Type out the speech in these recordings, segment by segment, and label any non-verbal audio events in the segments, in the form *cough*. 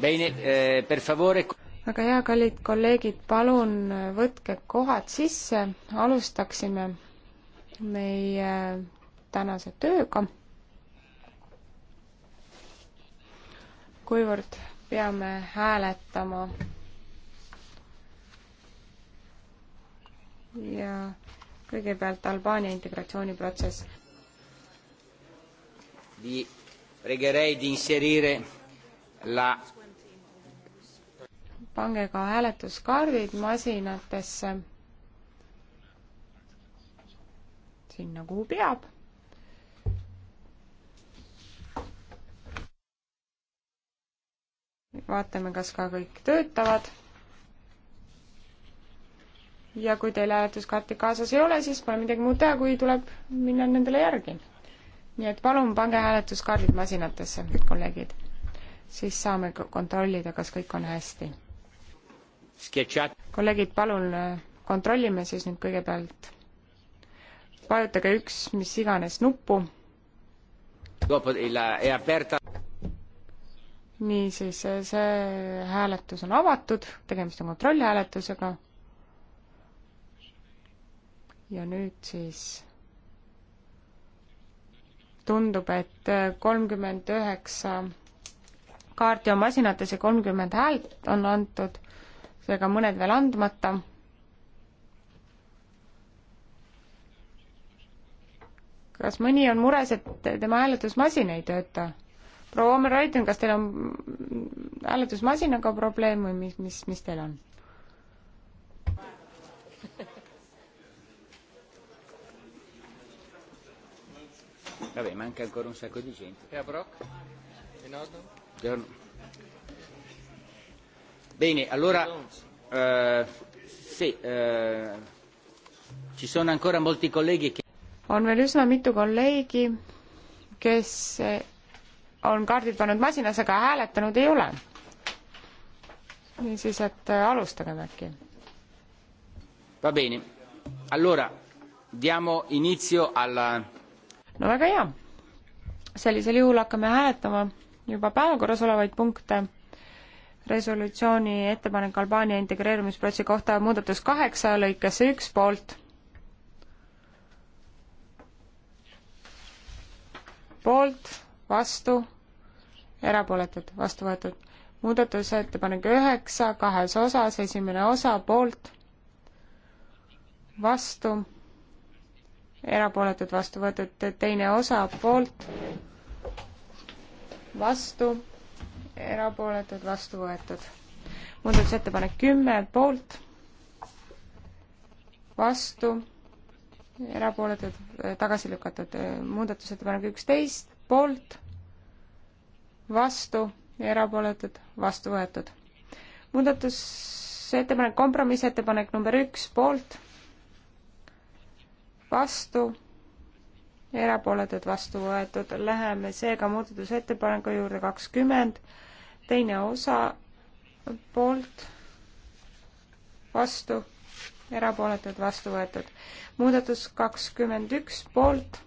Eh, väga hea, kallid kolleegid, palun eh, võtke kohad sisse, alustaksime meie eh, tänase tööga. kuivõrd peame hääletama ja kõigepealt Albaania integratsiooniprotsess. Vi pregherei di inserire la pange ka hääletuskaardid masinatesse sinna, kuhu peab. vaatame, kas ka kõik töötavad. ja kui teil hääletuskaarti kaasas ei ole, siis pole midagi muud teha, kui tuleb minna nendele järgi. nii et palun pange hääletuskaardid masinatesse, kolleegid siis saame kontrollida, kas kõik on hästi. kolleegid, palun äh, kontrollime siis nüüd kõigepealt. vajutage üks mis iganes nuppu. niisiis, äh, see hääletus on avatud, tegemist on kontrollhääletusega. ja nüüd siis tundub, et äh, kolmkümmend üheksa kaarti on masinates ja kolmkümmend häält on antud, seega mõned veel andmata. kas mõni on mures, et tema hääletusmasin ei tööta? proua Omer-Raidin, kas teil on hääletusmasinaga probleem või mis, mis, mis teil on? Vabbè, manca ancora un sacco di gente. E a Brock? In ordine? Bene, allora eh, sì, eh, ci sono ancora molti colleghi che... on veel üsna mitu kolleegi, kes eh, on kaardid pannud masinas, aga hääletanud ei ole. niisiis, et eh, alustagem äkki. Va bene, allora diamo inizio alla no väga hea, sellisel juhul hakkame hääletama juba päevakorras olevaid punkte. resolutsiooni ettepanek Albaania integreerumisprotsi kohta muudatus kaheksa lõikesse üks poolt. poolt, vastu, erapooletud, vastu võetud. muudatusettepanek üheksa kahes osas, esimene osa poolt, vastu erapooletud vastu võetud teine osa poolt, vastu, erapooletud, vastu võetud. muudatusettepanek kümme poolt, vastu, erapooletud, äh, tagasi lükatud. Äh, muudatusettepanek üksteist poolt, vastu, erapooletud, vastu võetud. muudatusettepanek, kompromissettepanek number üks poolt, vastu erapooletud vastu võetud. Läheme seega muudatusettepaneku juurde kakskümmend, teine osa poolt, vastu, erapooletud vastu võetud. muudatus kakskümmend üks poolt,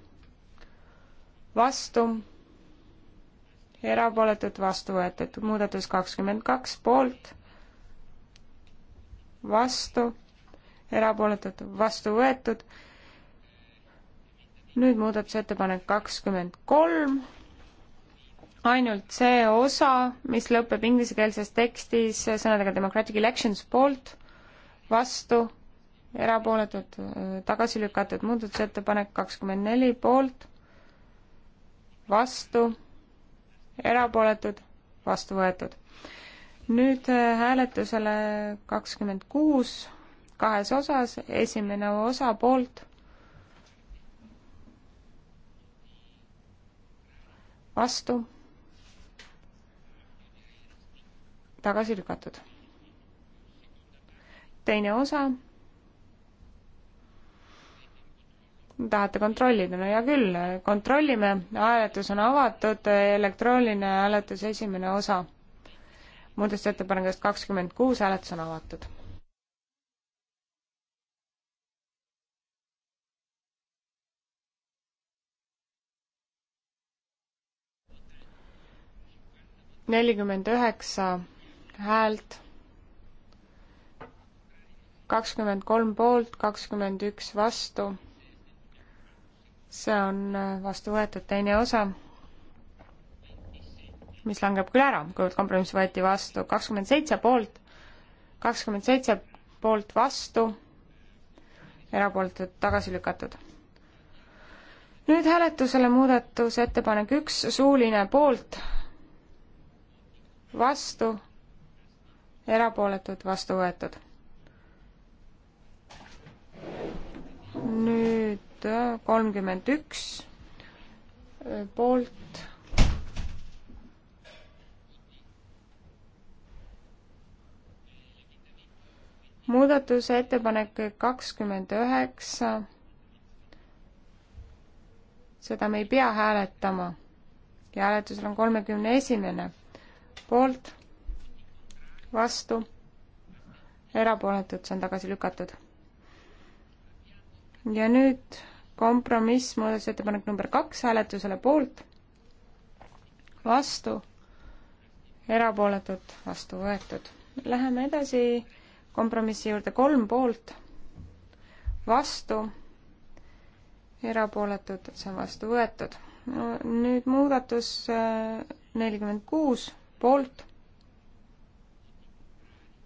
vastu, erapooletud vastu võetud. muudatus kakskümmend kaks poolt, vastu, erapooletud vastu võetud nüüd muudatusettepanek kakskümmend kolm, ainult see osa, mis lõpeb inglisekeelses tekstis sõnadega Democratic Elections poolt, vastu, erapooletud, tagasi lükatud muudatusettepanek kakskümmend neli poolt, vastu, erapooletud, vastu võetud. nüüd hääletusele kakskümmend kuus kahes osas, esimene osa poolt vastu, tagasi lükatud. teine osa. tahate kontrollida, no hea küll, kontrollime, hääletus on avatud, elektrooniline hääletus, esimene osa. muudatusettepanekust kakskümmend kuus hääletus on avatud nelikümmend üheksa häält, kakskümmend kolm poolt, kakskümmend üks vastu. see on vastu võetud teine osa, mis langeb küll ära, kuivõrd kompromiss võeti vastu, kakskümmend seitse poolt, kakskümmend seitse poolt vastu, erapooletud tagasi lükatud. nüüd hääletusele muudatusettepanek üks, suuline poolt vastu, erapooletud, vastu võetud. nüüd kolmkümmend üks poolt muudatuse ettepanek kakskümmend üheksa, seda me ei pea hääletama ja hääletusel on kolmekümne esimene poolt, vastu, erapooletud, see on tagasi lükatud. ja nüüd kompromiss, muudatusettepanek number kaks, hääletusele poolt, vastu, erapooletud, vastu võetud. Läheme edasi kompromissi juurde, kolm poolt, vastu, erapooletud, see on vastu võetud. nüüd muudatus äh, nelikümmend kuus poolt,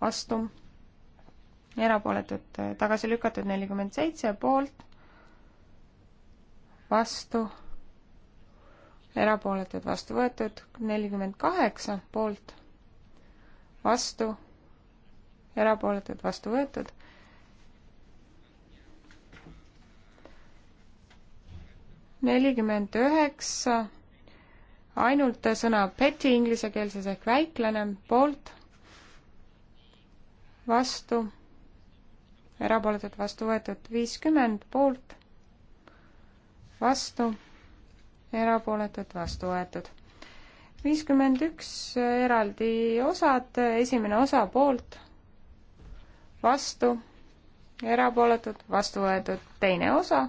vastu, erapooletud tagasi lükatud nelikümmend seitse poolt, vastu, erapooletud vastu võetud nelikümmend kaheksa poolt, vastu, erapooletud vastu võetud nelikümmend üheksa ainult sõna petty inglisekeelses ehk väiklane, poolt, vastu, erapooletult vastu võetud viiskümmend, poolt, vastu, erapooletult vastu võetud. viiskümmend üks eraldi osad, esimene osa poolt, vastu, erapooletult vastu võetud, teine osa,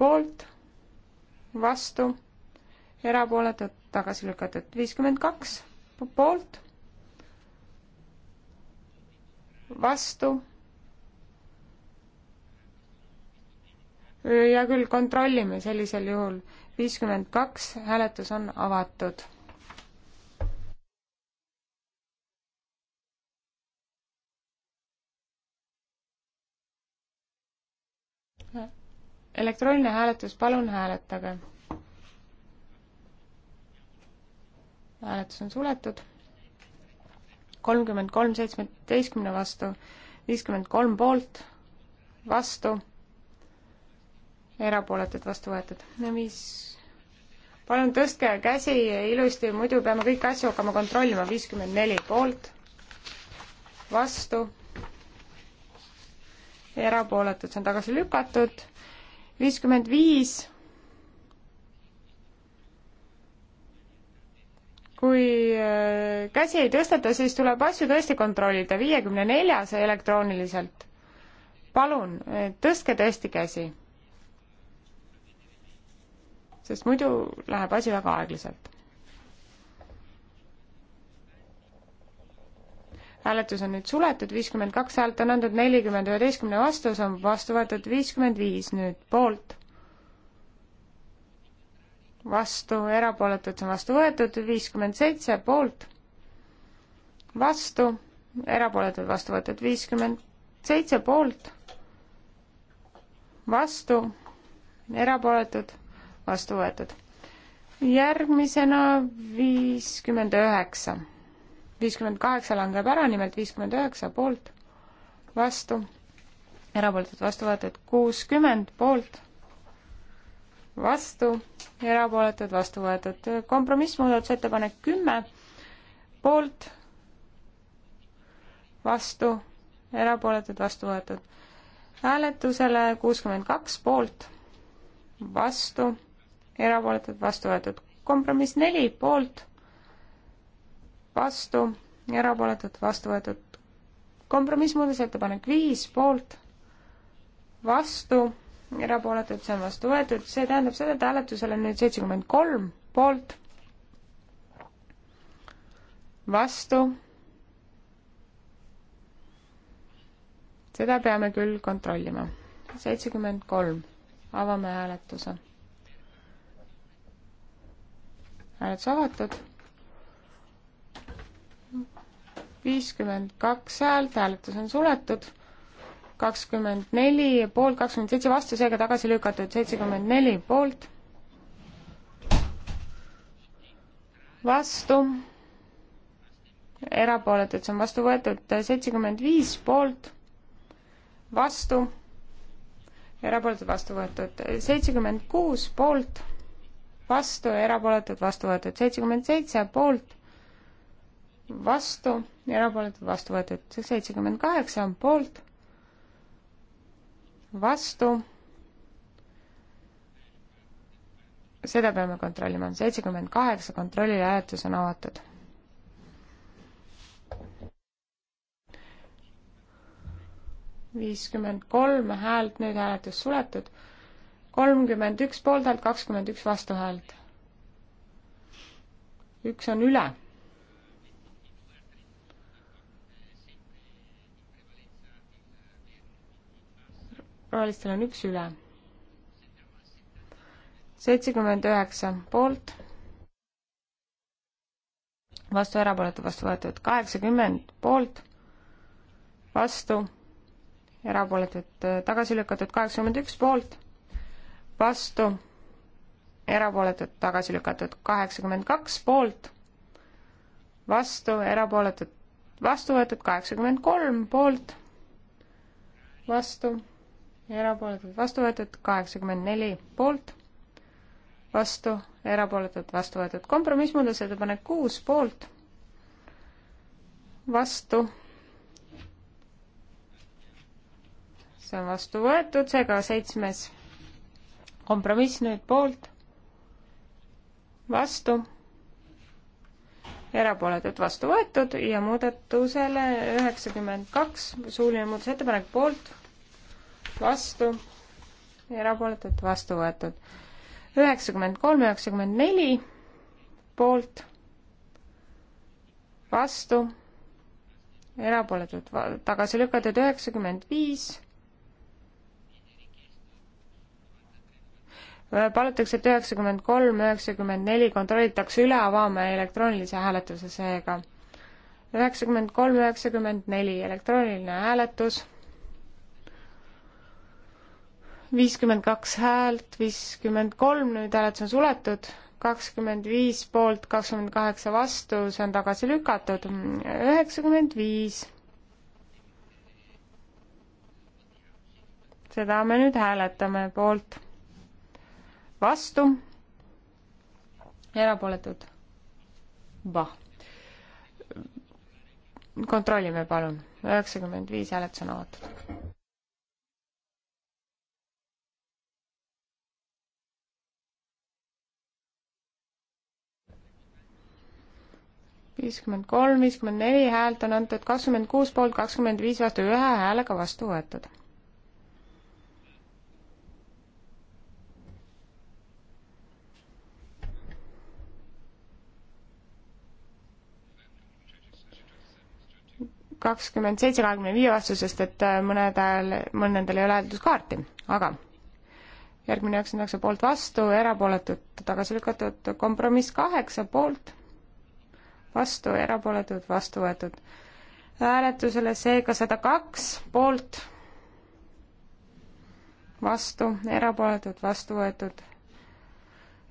poolt, vastu erapooletud, tagasi lükatud. viiskümmend kaks poolt, vastu. hea küll, kontrollime sellisel juhul. viiskümmend kaks, hääletus on avatud. elektrooniline hääletus, palun hääletage hääletus on suletud. kolmkümmend kolm seitsmeteistkümne vastu, viiskümmend kolm poolt, vastu, erapooletud, vastu võetud. no mis, palun tõstke käsi ilusti, muidu peame kõiki asju hakkama kontrollima, viiskümmend neli poolt, vastu, erapooletud, see on tagasi lükatud, viiskümmend viis kui äh, käsi ei tõsteta, siis tuleb asju tõesti kontrollida, viiekümne neljas elektrooniliselt. palun, äh, tõstke tõesti käsi. sest muidu läheb asi väga aeglaselt. hääletus on nüüd suletud, viiskümmend kaks häält on antud, nelikümmend üheteistkümne vastu, see on vastu võetud viiskümmend viis nüüd poolt vastu, erapooletud, see on vastu võetud, viiskümmend seitse poolt, vastu, erapooletud, vastu võetud, viiskümmend seitse poolt, vastu, erapooletud, vastu võetud. järgmisena viiskümmend üheksa, viiskümmend kaheksa langeb ära, nimelt viiskümmend üheksa poolt, vastu, erapooletud, vastu võetud, kuuskümmend poolt vastu, erapooletud, vastu võetud. kompromissmuudatusettepanek kümme, poolt, vastu, erapooletud, vastu võetud. hääletusele kuuskümmend kaks poolt, vastu, erapooletud, vastu võetud. kompromiss neli poolt, vastu, erapooletud, vastu võetud. kompromissmuudatusettepanek viis poolt, vastu erapooletud, see on vastu võetud, see tähendab seda, et hääletusel on nüüd seitsekümmend kolm poolt, vastu. seda peame küll kontrollima. seitsekümmend kolm, avame hääletuse. hääletus avatud. viiskümmend kaks häält, hääletus on suletud kakskümmend neli poolt, kakskümmend seitse vastu, seega tagasi lükatud, seitsekümmend neli poolt. vastu, erapooletud, see on vastu võetud, seitsekümmend viis poolt, vastu, erapooletud, vastu võetud, seitsekümmend kuus poolt, vastu, erapooletud, vastu võetud, seitsekümmend seitse poolt vastu, erapooletud vastu võetud seitsekümmend kaheksa on poolt, vastu. seda peame kontrollima, seitsekümmend kaheksa kontrollile hääletus on avatud. viiskümmend kolm häält, nüüd hääletus suletud, kolmkümmend üks poolthäält, kakskümmend üks vastuhäält. üks on üle rohelistel on üks üle. seitsekümmend üheksa poolt, vastu erapooletu, vastu võetud kaheksakümmend poolt, vastu erapooletud tagasi lükatud kaheksakümmend üks poolt, vastu erapooletud tagasi lükatud kaheksakümmend kaks poolt, vastu erapooletud vastu võetud kaheksakümmend kolm poolt, vastu erapooletud, vastu võetud, kaheksakümmend neli poolt, vastu, erapooletud, vastu võetud. kompromissmuudatusettepanek kuus poolt, vastu, see on vastu võetud, seega seitsmes kompromiss nüüd poolt, vastu, erapooletud vastu võetud ja muudatusele üheksakümmend kaks, suuline muudatusettepanek poolt vastu, erapooletud, vastu võetud. üheksakümmend kolm, üheksakümmend neli poolt, vastu, erapooletud, tagasi lükatud üheksakümmend viis äh, palutakse, et üheksakümmend kolm, üheksakümmend neli kontrollitakse üle, avame elektroonilise hääletuse seega. üheksakümmend kolm, üheksakümmend neli, elektrooniline hääletus viiskümmend kaks häält, viiskümmend kolm, nüüd hääletus on suletud, kakskümmend viis poolt, kakskümmend kaheksa vastu, see on tagasi lükatud, üheksakümmend viis. seda me nüüd hääletame, poolt, vastu, erapooletud, vah. kontrollime palun, üheksakümmend viis hääletus on avatud viiskümmend kolm, viiskümmend neli häält on antud, kakskümmend kuus poolt, kakskümmend viis vastu, ühe häälega vastu võetud. kakskümmend seitse, kahekümne viie vastu, sest et äh, mõned hääl, mõnedel ei ole häälduskaarti, aga järgmine üheksakümmend üheksa poolt vastu, erapooletud tagasi lükatud, kompromiss kaheksa poolt vastu, erapooletud, vastu võetud. hääletusele seega sada kaks poolt, vastu, erapooletud, vastu võetud.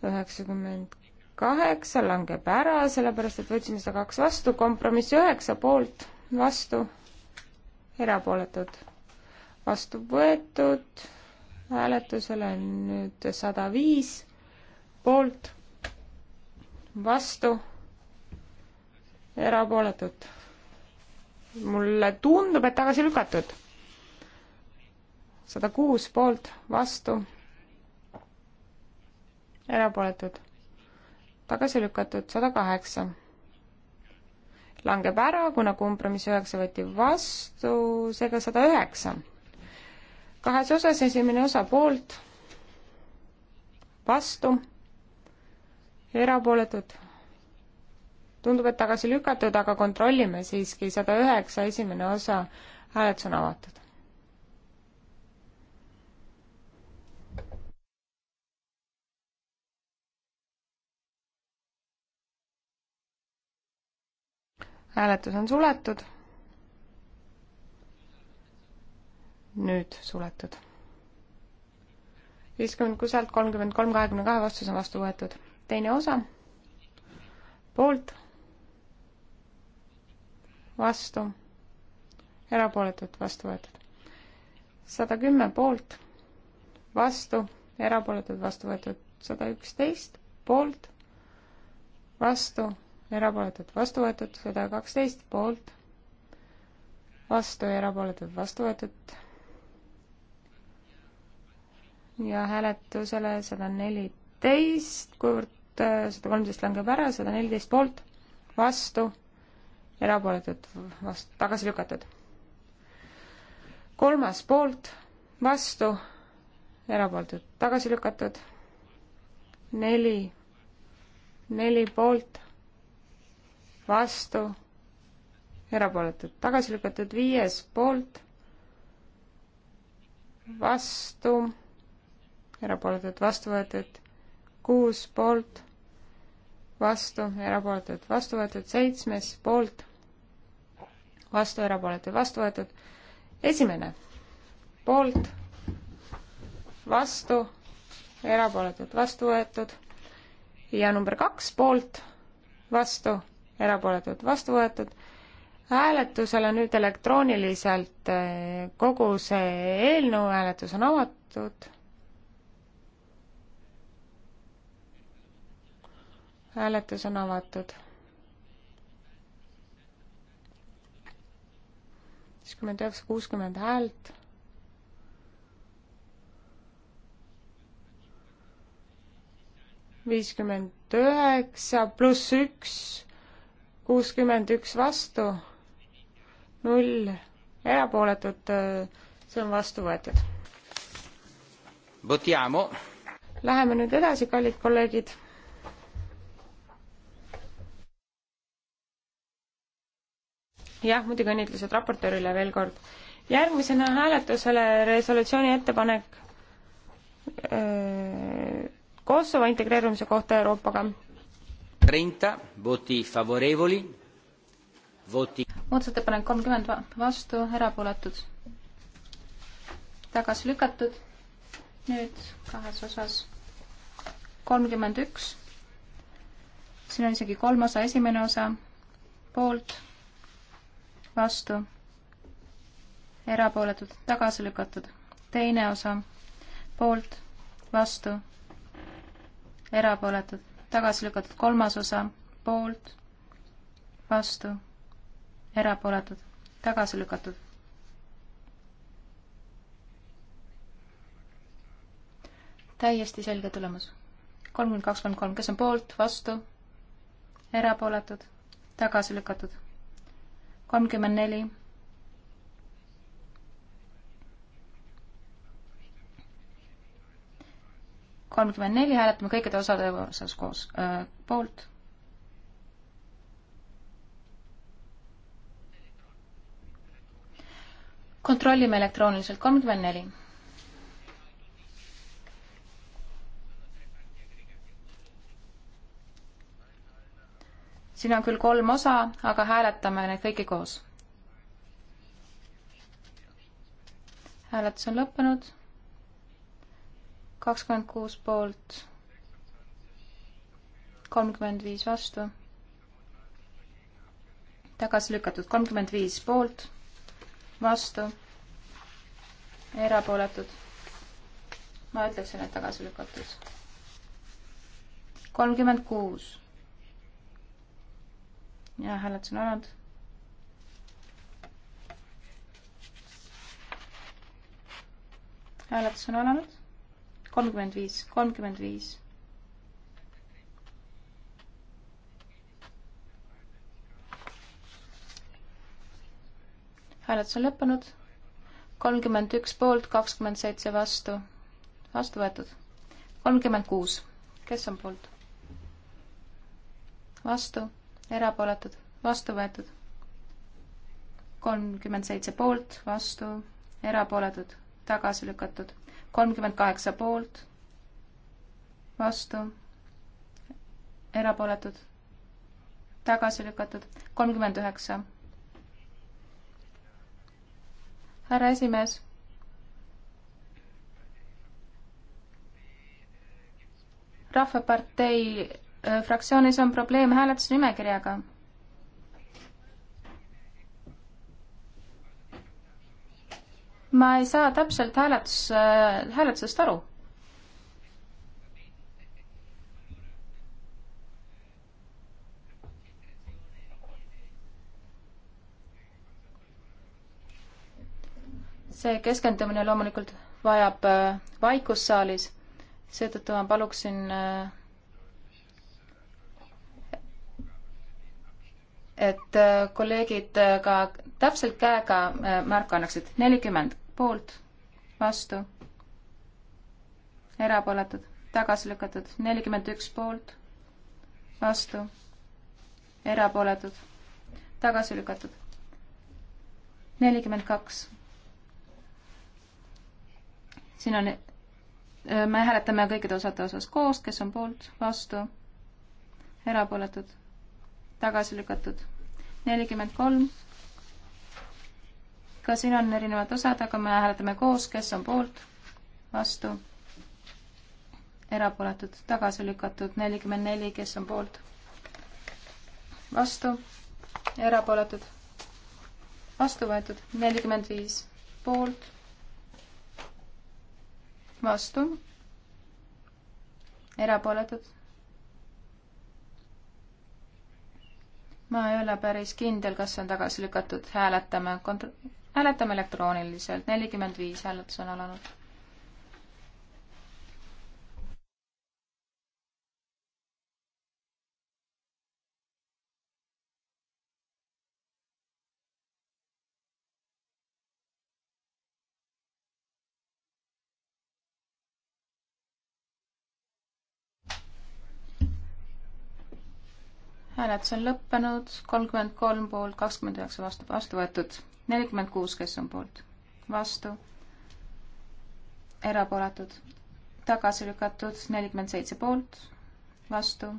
üheksakümmend kaheksa langeb ära, sellepärast et võtsime sada kaks vastu, kompromiss üheksa poolt, vastu, erapooletud, vastu võetud, hääletusele on nüüd sada viis poolt, vastu erapooletud. mulle tundub, et tagasi lükatud. sada kuus poolt, vastu, erapooletud, tagasi lükatud, sada kaheksa. langeb ära, kuna kompromiss üheksa võeti vastu, seega sada üheksa. kahes osas esimene osa poolt, vastu, erapooletud tundub, et tagasi lükatud, aga kontrollime siiski, sada üheksa, esimene osa, hääletus on avatud. hääletus on suletud. nüüd suletud. viiskümmend kuuselt kolmkümmend kolm kahekümne kahe vastus on vastu võetud. teine osa poolt vastu, erapooletud, vastu võetud. sada kümme poolt, vastu, erapooletud, vastu võetud. sada üksteist poolt, vastu, erapooletud, vastu võetud. sada kaksteist poolt, vastu, erapooletud, vastu võetud. ja hääletusele sada neliteist, kuivõrd äh, sada kolmteist langeb ära, sada neliteist poolt, vastu erapooletud, vastu, tagasi lükatud. kolmas poolt, vastu, erapooletud, tagasi lükatud. neli, neli poolt, vastu, erapooletud, tagasi lükatud, viies poolt, vastu, erapooletud, vastu võetud, kuus poolt vastu, erapooletud, vastu võetud seitsmes, poolt, vastu, erapooletuid vastu võetud. esimene, poolt, vastu, erapooletuid vastu võetud. ja number kaks, poolt, vastu, erapooletuid vastu võetud. hääletusele nüüd elektrooniliselt eh, kogu see eelnõu, hääletus on avatud hääletus on avatud. viiskümmend üheksa, kuuskümmend häält. viiskümmend üheksa pluss üks, kuuskümmend üks vastu, null erapooletut, see on vastu võetud. Läheme nüüd edasi, kallid kolleegid jah, muidugi õnnitlused raportöörile veel kord. järgmisena hääletusele resolutsiooni ettepanek öö, äh, Kosovo integreerumise kohta Euroopaga. muudatusettepanek kolmkümmend vastu, erapooletud, tagasi lükatud, nüüd kahes osas kolmkümmend üks, siin on isegi kolm osa, esimene osa poolt vastu, erapooletud, tagasi lükatud. teine osa, poolt, vastu, erapooletud, tagasi lükatud. kolmas osa, poolt, vastu, erapooletud, tagasi lükatud. täiesti selge tulemus. kolmkümmend kaks, kolmkümmend kolm, kes on poolt, vastu, erapooletud, tagasi lükatud kolmkümmend neli. kolmkümmend neli, hääletame kõikide osade osas koos äh,, poolt. kontrollime elektrooniliselt, kolmkümmend neli siin on küll kolm osa, aga hääletame neid kõiki koos. hääletus on lõppenud. kakskümmend kuus poolt, kolmkümmend viis vastu. tagasi lükatud kolmkümmend viis poolt, vastu, erapooletud. ma ütleksin, et tagasi lükatud. kolmkümmend kuus ja hääletus on alanud. hääletus on alanud. kolmkümmend viis, kolmkümmend viis. hääletus on lõppenud. kolmkümmend üks poolt, kakskümmend seitse vastu. vastu võetud. kolmkümmend kuus. kes on poolt? vastu erapooletud, vastu võetud. kolmkümmend seitse poolt, vastu, erapooletud, tagasi lükatud. kolmkümmend kaheksa poolt, vastu, erapooletud, tagasi lükatud. kolmkümmend üheksa. härra esimees rahvapartei Äh, fraktsioonis on probleem hääletusnimekirjaga. ma ei saa täpselt hääletus, äh, hääletusest aru. see keskendumine loomulikult vajab äh, vaikust saalis, seetõttu ma paluksin äh, et äh, kolleegid äh, ka täpselt käega äh, märku annaksid. nelikümmend poolt, vastu, erapooletud, tagasi lükatud, nelikümmend üks poolt, vastu, erapooletud, tagasi lükatud, nelikümmend kaks. siin on, me hääletame kõikide osade osas koos, kes on poolt, vastu, erapooletud tagasi lükatud. nelikümmend kolm. ka siin on erinevad osad, aga me hääletame koos, kes on poolt, vastu, erapooletud, tagasi lükatud, nelikümmend neli, kes on poolt, vastu, erapooletud, vastu võetud, nelikümmend viis, poolt, vastu, erapooletud ma ei ole päris kindel, kas see on tagasi lükatud, hääletame kont-, hääletame elektrooniliselt, nelikümmend viis hääletus on alanud hääletus on lõppenud, kolmkümmend kolm poolt, kakskümmend üheksa vastu, vastu võetud, nelikümmend kuus, kes on poolt, vastu, erapooletud, tagasi lükatud, nelikümmend seitse poolt, vastu,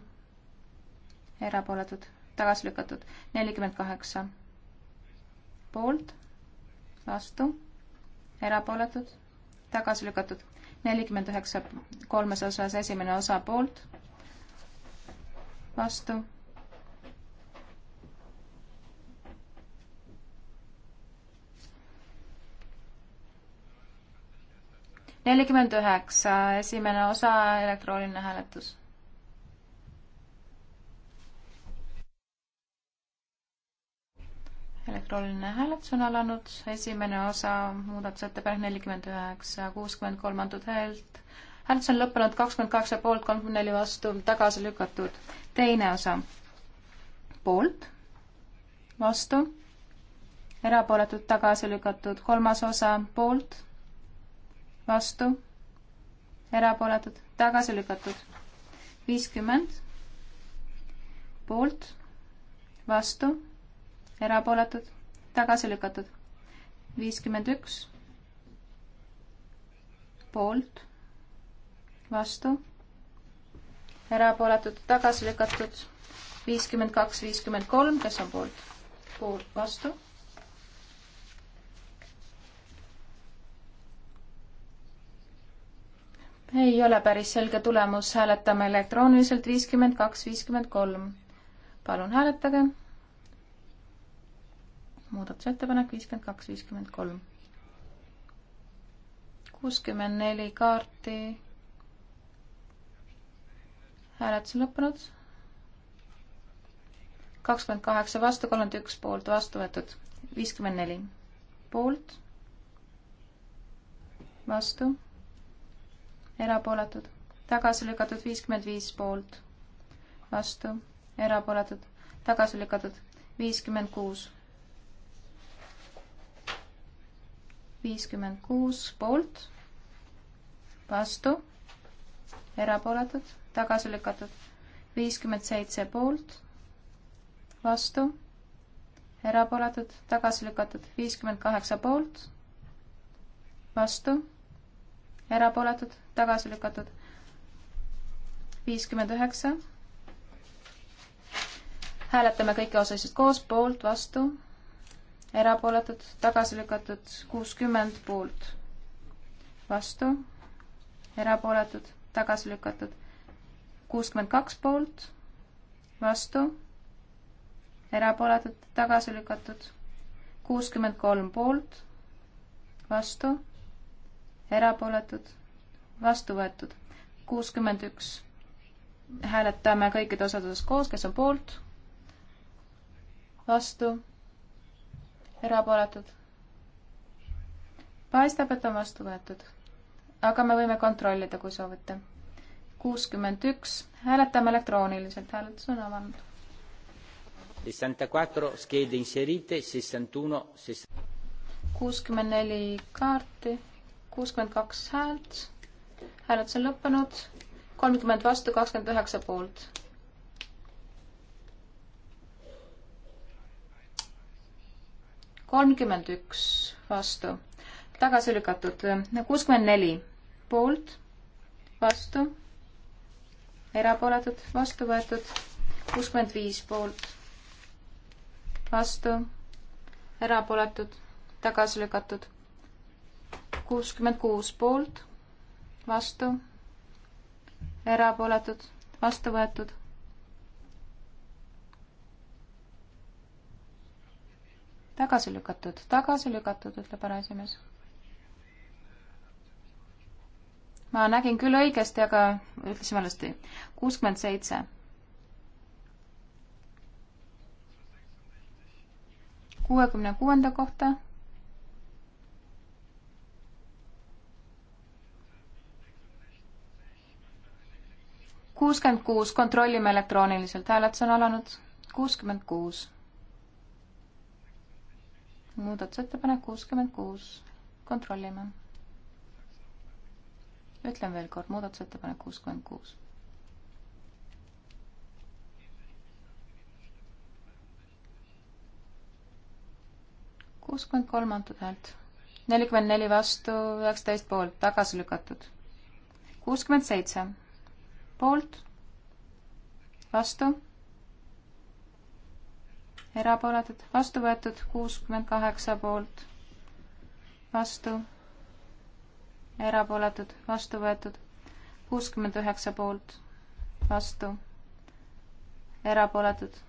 erapooletud, tagasi lükatud, nelikümmend kaheksa poolt, vastu, erapooletud, tagasi lükatud, nelikümmend üheksa kolmes osas esimene osa poolt, vastu nelikümmend üheksa, esimene osa, elektrooniline hääletus. elektrooniline hääletus on alanud, esimene osa, muudatusettepanek nelikümmend üheksa, kuuskümmend kolm antud häält. hääletus on lõppenud kakskümmend kaheksa poolt, kolmkümmend neli vastu, tagasi lükatud. teine osa, poolt, vastu erapooletult tagasi lükatud, kolmas osa poolt, vastu, erapooletud, tagasi lükatud. viiskümmend poolt, vastu, erapooletud, tagasi lükatud. viiskümmend üks poolt, vastu, erapooletud, tagasi lükatud. viiskümmend kaks, viiskümmend kolm, kes on poolt? poolt, vastu ei ole päris selge tulemus, hääletame elektrooniliselt viiskümmend kaks, viiskümmend kolm. palun hääletage. muudatusettepanek viiskümmend kaks, viiskümmend kolm. kuuskümmend neli kaarti. hääletus on lõppenud. kakskümmend kaheksa vastu, kolmkümmend üks poolt, vastu võetud viiskümmend neli poolt, vastu erapooletud, tagasi lükatud viiskümmend viis poolt, vastu, erapooletud, tagasi lükatud viiskümmend kuus. viiskümmend kuus poolt, vastu, erapooletud, tagasi lükatud viiskümmend seitse poolt, vastu, erapooletud, tagasi lükatud viiskümmend kaheksa poolt, vastu erapooletud, tagasi lükatud. viiskümmend üheksa. hääletame kõiki osasid koos, poolt, vastu, erapooletud, tagasi lükatud, kuuskümmend poolt, vastu, erapooletud, tagasi lükatud, kuuskümmend kaks poolt, vastu, erapooletud, tagasi lükatud, kuuskümmend kolm poolt, vastu erapooletud, vastu võetud. kuuskümmend üks. hääletame kõikide osaduses koos, kes on poolt, vastu, erapooletud. paistab, et on vastu võetud. aga me võime kontrollida, kui soovite. kuuskümmend üks, hääletame elektrooniliselt, hääletus on avanud. 64 schede inserite, 61, 60. 64 kaarti kuuskümmend kaks häält, hääletus on lõppenud, kolmkümmend vastu, kakskümmend üheksa poolt. kolmkümmend üks vastu, tagasi lükatud, kuuskümmend neli poolt, vastu, erapooletud, vastu võetud, kuuskümmend viis poolt, vastu, erapooletud, tagasi lükatud kuuskümmend kuus poolt, vastu, erapooletud, vastu võetud. tagasi lükatud, tagasi lükatud, ütleb härrasimees. ma nägin küll õigesti, aga ütlesin valesti. kuuskümmend seitse kuuekümne kuuenda kohta kuuskümmend kuus, kontrollime elektrooniliselt, hääletus on alanud. kuuskümmend kuus. muudatusettepanek kuuskümmend kuus, kontrollime. ütlen veel kord, muudatusettepanek kuuskümmend kuus. kuuskümmend kolm antud häält, nelikümmend neli vastu, üheksateist poolt, tagasi lükatud. kuuskümmend seitse poolt, vastu, erapooletud, vastu võetud kuuskümmend kaheksa poolt, vastu, erapooletud, vastu võetud kuuskümmend üheksa poolt, vastu, erapooletud,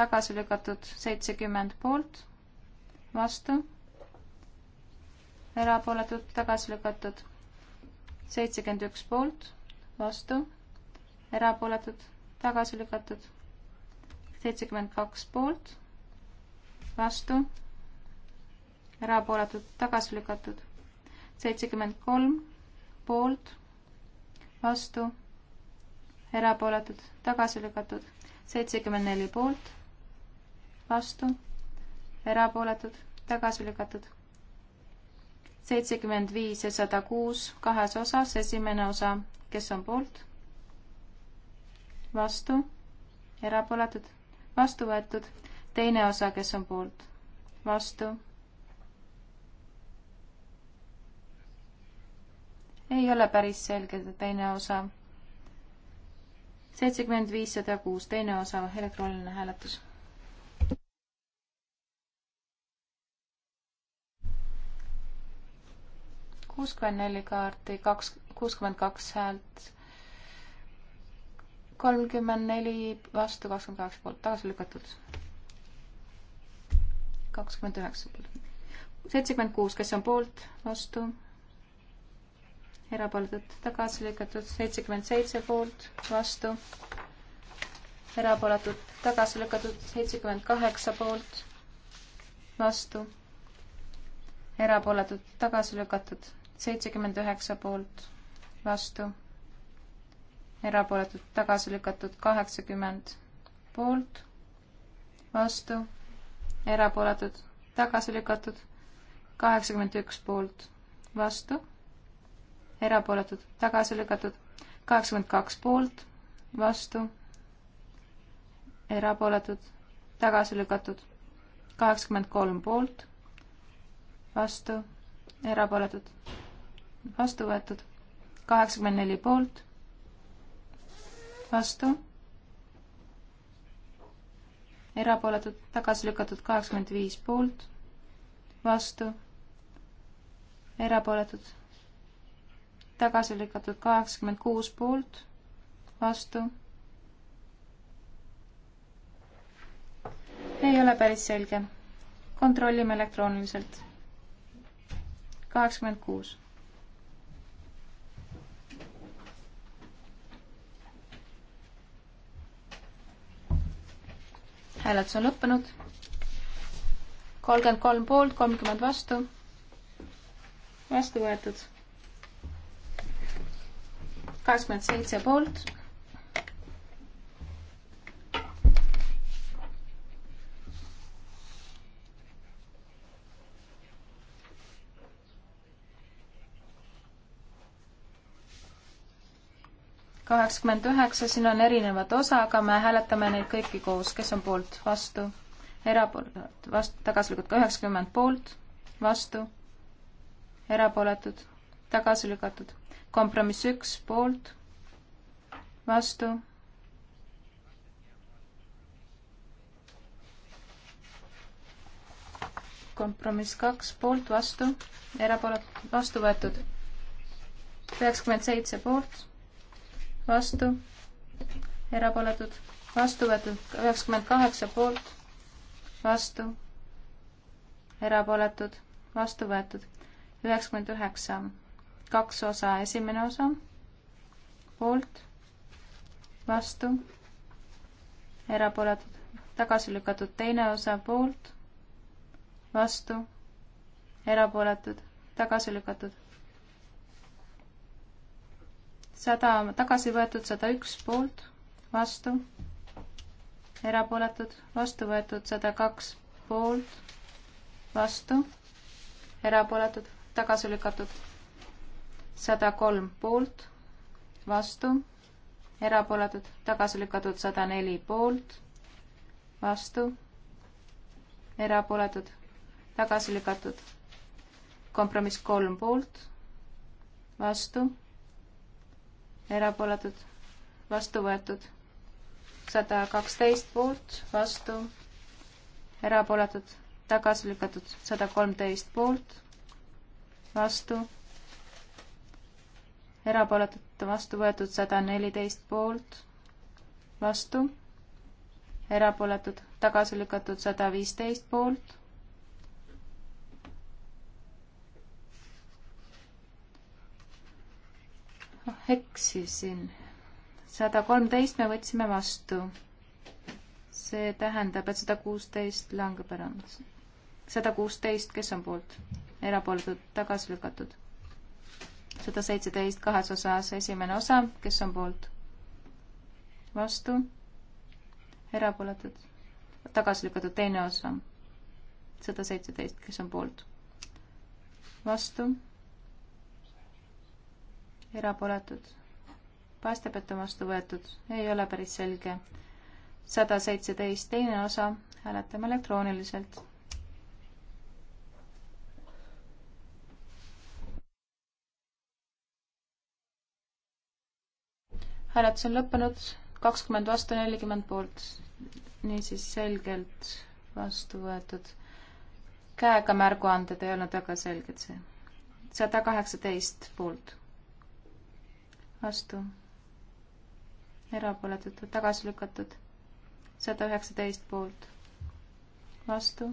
tagasi lükatud seitsekümmend poolt, vastu, erapooletud, tagasi lükatud seitsekümmend üks poolt, vastu erapooletud, tagasi lükatud. seitsekümmend kaks poolt, vastu, erapooletud, tagasi lükatud. seitsekümmend kolm poolt, vastu, erapooletud, tagasi lükatud. seitsekümmend neli poolt, vastu, erapooletud, tagasi lükatud seitsekümmend viis ja sada kuus kahes osas, esimene osa, kes on poolt, vastu, erapooletud, vastu võetud, teine osa, kes on poolt, vastu. ei ole päris selge, teine osa. seitsekümmend viis, sada kuus, teine osa, elektrooniline hääletus. kuuskümmend neli kaarti, kaks, kuuskümmend kaks häält kolmkümmend neli vastu, kakskümmend kaheksa poolt, tagasi lükatud. kakskümmend üheksa poolt. seitsekümmend kuus, kes on poolt, vastu, erapooletud, tagasi lükatud, seitsekümmend seitse poolt, vastu, erapooletud, tagasi lükatud, seitsekümmend kaheksa poolt, vastu, erapooletud, tagasi lükatud, seitsekümmend üheksa poolt, vastu erapooletud tagasi lükatud kaheksakümmend poolt, vastu, erapooletud tagasi lükatud kaheksakümmend üks poolt, vastu, erapooletud tagasi lükatud kaheksakümmend kaks poolt, vastu, erapooletud tagasi lükatud kaheksakümmend kolm poolt, vastu, erapooletud, vastu võetud kaheksakümmend neli poolt vastu, erapooletud, tagasi lükatud kaheksakümmend viis poolt, vastu, erapooletud, tagasi lükatud kaheksakümmend kuus poolt, vastu. ei ole päris selge. kontrollime elektrooniliselt. kaheksakümmend kuus hääletus on lõppenud. kolmkümmend kolm poolt, kolmkümmend vastu. vastu võetud. kakskümmend seitse poolt kaheksakümmend üheksa, siin on erinevad osa, aga me hääletame neid kõiki koos, kes on poolt, vastu, erapooletud, vastu, tagasi lükatud, üheksakümmend poolt, vastu, erapooletud, tagasi lükatud. kompromiss üks, poolt, vastu. kompromiss kaks, poolt, vastu, erapooletud, vastu võetud. üheksakümmend seitse poolt vastu, erapooletud, vastu võetud üheksakümmend kaheksa poolt, vastu, erapooletud, vastu võetud üheksakümmend üheksa, kaks osa, esimene osa, poolt, vastu, erapooletud, tagasi lükatud teine osa, poolt, vastu, erapooletud, tagasi lükatud sada tagasi võetud, sada üks poolt, vastu, erapooletud, vastu võetud, sada kaks poolt, vastu, erapooletud, tagasi lükatud, sada kolm poolt, vastu, erapooletud, tagasi lükatud, sada neli poolt, vastu, erapooletud, tagasi lükatud kompromiss kolm poolt, vastu, erapooletud, vastu võetud. sada kaksteist poolt, vastu, erapooletud, tagasi lükatud. sada kolmteist poolt, vastu, erapooletud, vastu võetud. sada neliteist poolt, vastu, erapooletud, tagasi lükatud. sada viisteist poolt eksisin. sada kolmteist me võtsime vastu. see tähendab, et sada kuusteist langeb ära. sada kuusteist, kes on poolt? erapooletud, tagasi lükatud. sada seitseteist kahes osas, esimene osa, kes on poolt? vastu, erapooletud, tagasi lükatud, teine osa, sada seitseteist, kes on poolt? vastu erapooletud. paistab, et on vastu võetud, ei ole päris selge. sada seitseteist, teine osa, hääletame elektrooniliselt. hääletus on lõppenud, kakskümmend vastu, nelikümmend poolt. niisiis selgelt vastu võetud. käega märguanded ei olnud väga selged see. sada kaheksateist poolt vastu, erapooletud, tagasi lükatud, sada üheksateist poolt, vastu,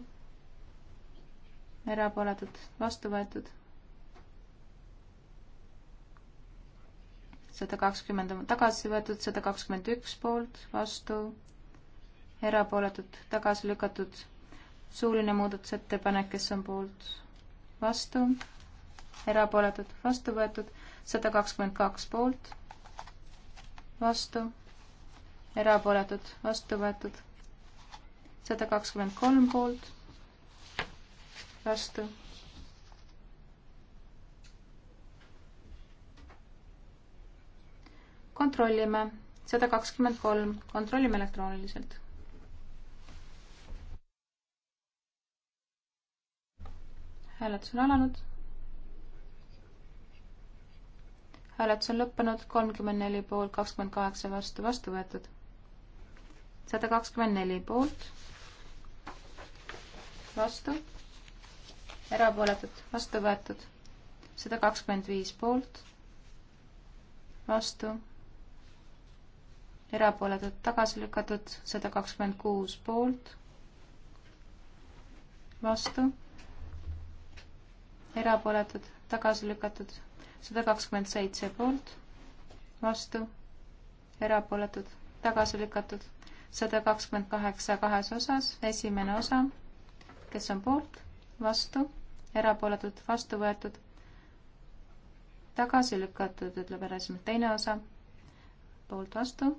erapooletud, vastu võetud, sada kakskümmend on tagasi võetud, sada kakskümmend üks poolt, vastu, erapooletud, tagasi lükatud, suuline muudatusettepanek, kes on poolt, vastu, erapooletud, vastu võetud, sada kakskümmend kaks poolt, vastu, erapooletud, vastu võetud. sada kakskümmend kolm poolt, vastu. kontrollime, sada kakskümmend kolm, kontrollime elektrooniliselt hääletus on alanud hääletus on lõppenud, kolmkümmend neli poolt, kakskümmend kaheksa vastu, vastu võetud. sada kakskümmend neli poolt, vastu, erapooletud, vastu võetud. sada kakskümmend viis poolt, vastu, erapooletud, tagasi lükatud, sada kakskümmend kuus poolt, vastu, erapooletud, tagasi lükatud sada kakskümmend seitse poolt, vastu, erapooletud, tagasi lükatud, sada kakskümmend kaheksa kahes osas, esimene osa, kes on poolt, vastu, erapooletud, vastu võetud, tagasi lükatud, ütleb härrasmees, teine osa, poolt, vastu.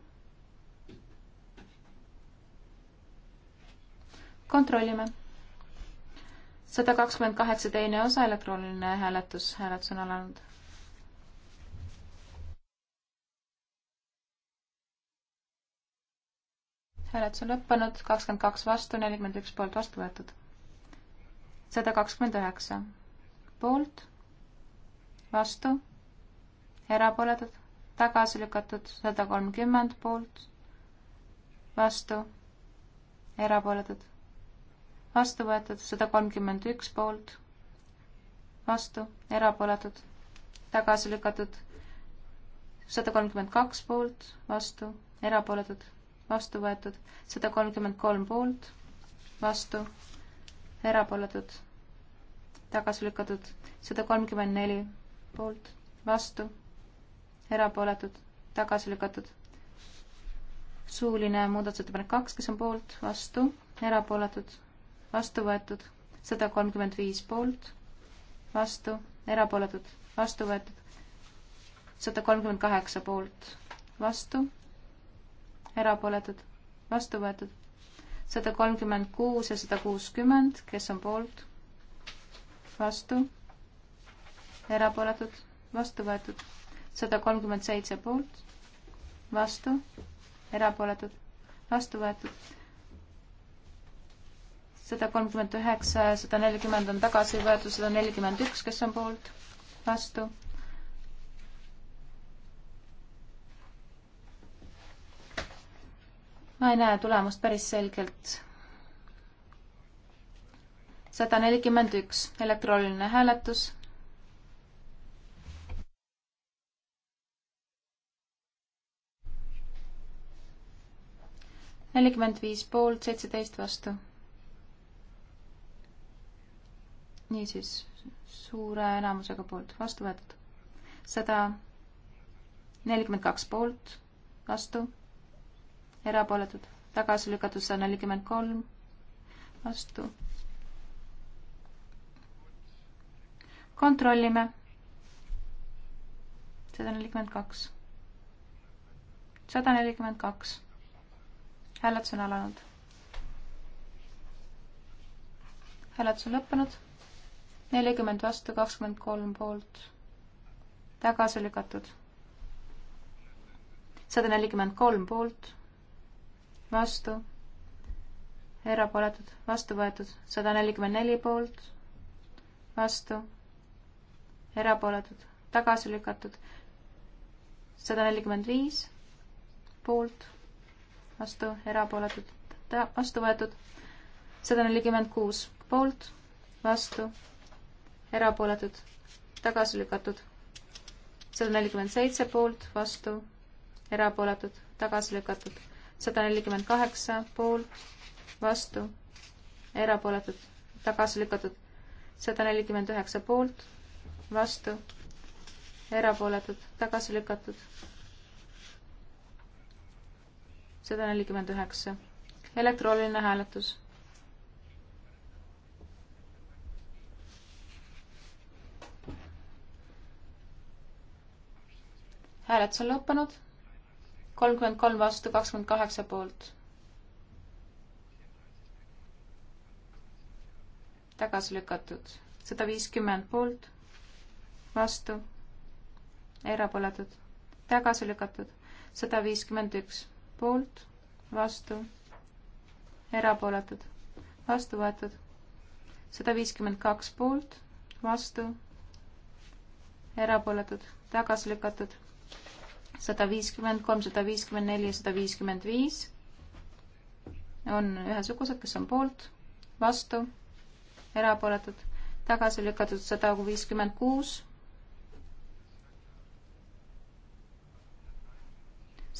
kontrollime. sada kakskümmend kaheksa teine osa, elektrooniline hääletus, hääletus on alanud hääletus on lõppenud, kakskümmend kaks vastu, nelikümmend üks poolt vastu võetud. sada kakskümmend üheksa poolt, vastu, erapooletud, tagasi lükatud, sada kolmkümmend poolt, vastu, erapooletud, vastu võetud, sada kolmkümmend üks poolt, vastu, erapooletud, tagasi lükatud, sada kolmkümmend kaks poolt, vastu, erapooletud vastu võetud, sada kolmkümmend kolm poolt, vastu, erapooletud, tagasi lükatud, sada kolmkümmend neli poolt, vastu, erapooletud, tagasi lükatud. suuline muudatusettepanek kaks, kes on poolt, vastu, erapooletud, vastu võetud, sada kolmkümmend viis poolt, vastu, erapooletud, vastu võetud, sada kolmkümmend kaheksa poolt, vastu erapooletud, vastu võetud. sada kolmkümmend kuus ja sada kuuskümmend, kes on poolt, vastu, erapooletud, vastu võetud. sada kolmkümmend seitse poolt, vastu, erapooletud, vastu võetud sada kolmkümmend üheksa ja sada nelikümmend on tagasi võetud, sada nelikümmend üks, kes on poolt, vastu, ma ei näe tulemust päris selgelt. sada nelikümmend üks, elektrooniline hääletus. nelikümmend viis poolt, seitseteist vastu. niisiis, suure enamusega poolt, vastu võetud. sada nelikümmend kaks poolt, vastu erapooletud, tagasi lükatud sada nelikümmend kolm, vastu. kontrollime. sada nelikümmend kaks. sada nelikümmend kaks. hääletus on alanud. hääletus on lõppenud. nelikümmend vastu, kakskümmend kolm poolt. tagasi lükatud. sada nelikümmend kolm poolt vastu, erapooletud, vastu võetud, sada nelikümmend neli poolt, vastu, erapooletud, tagasi lükatud, sada nelikümmend viis poolt, vastu, erapooletud, vastu võetud, sada nelikümmend kuus poolt, vastu, erapooletud, tagasi lükatud, sada nelikümmend seitse poolt, vastu, erapooletud, tagasi lükatud sada nelikümmend kaheksa poolt, vastu, erapooletud, tagasi lükatud. sada nelikümmend üheksa poolt, vastu, erapooletud, tagasi lükatud. sada nelikümmend üheksa. elektrooniline hääletus. hääletus on lõppenud kolmkümmend kolm vastu, kakskümmend kaheksa poolt. tagasi lükatud, sada viiskümmend poolt, vastu, erapooletud, tagasi lükatud, sada viiskümmend üks poolt, vastu, erapooletud, vastu võetud, sada viiskümmend kaks poolt, vastu, erapooletud, tagasi lükatud sada viiskümmend kolm, sada viiskümmend neli ja sada viiskümmend viis on ühesugused, kes on poolt, vastu, erapooletud, tagasi lükatud sada viiskümmend kuus,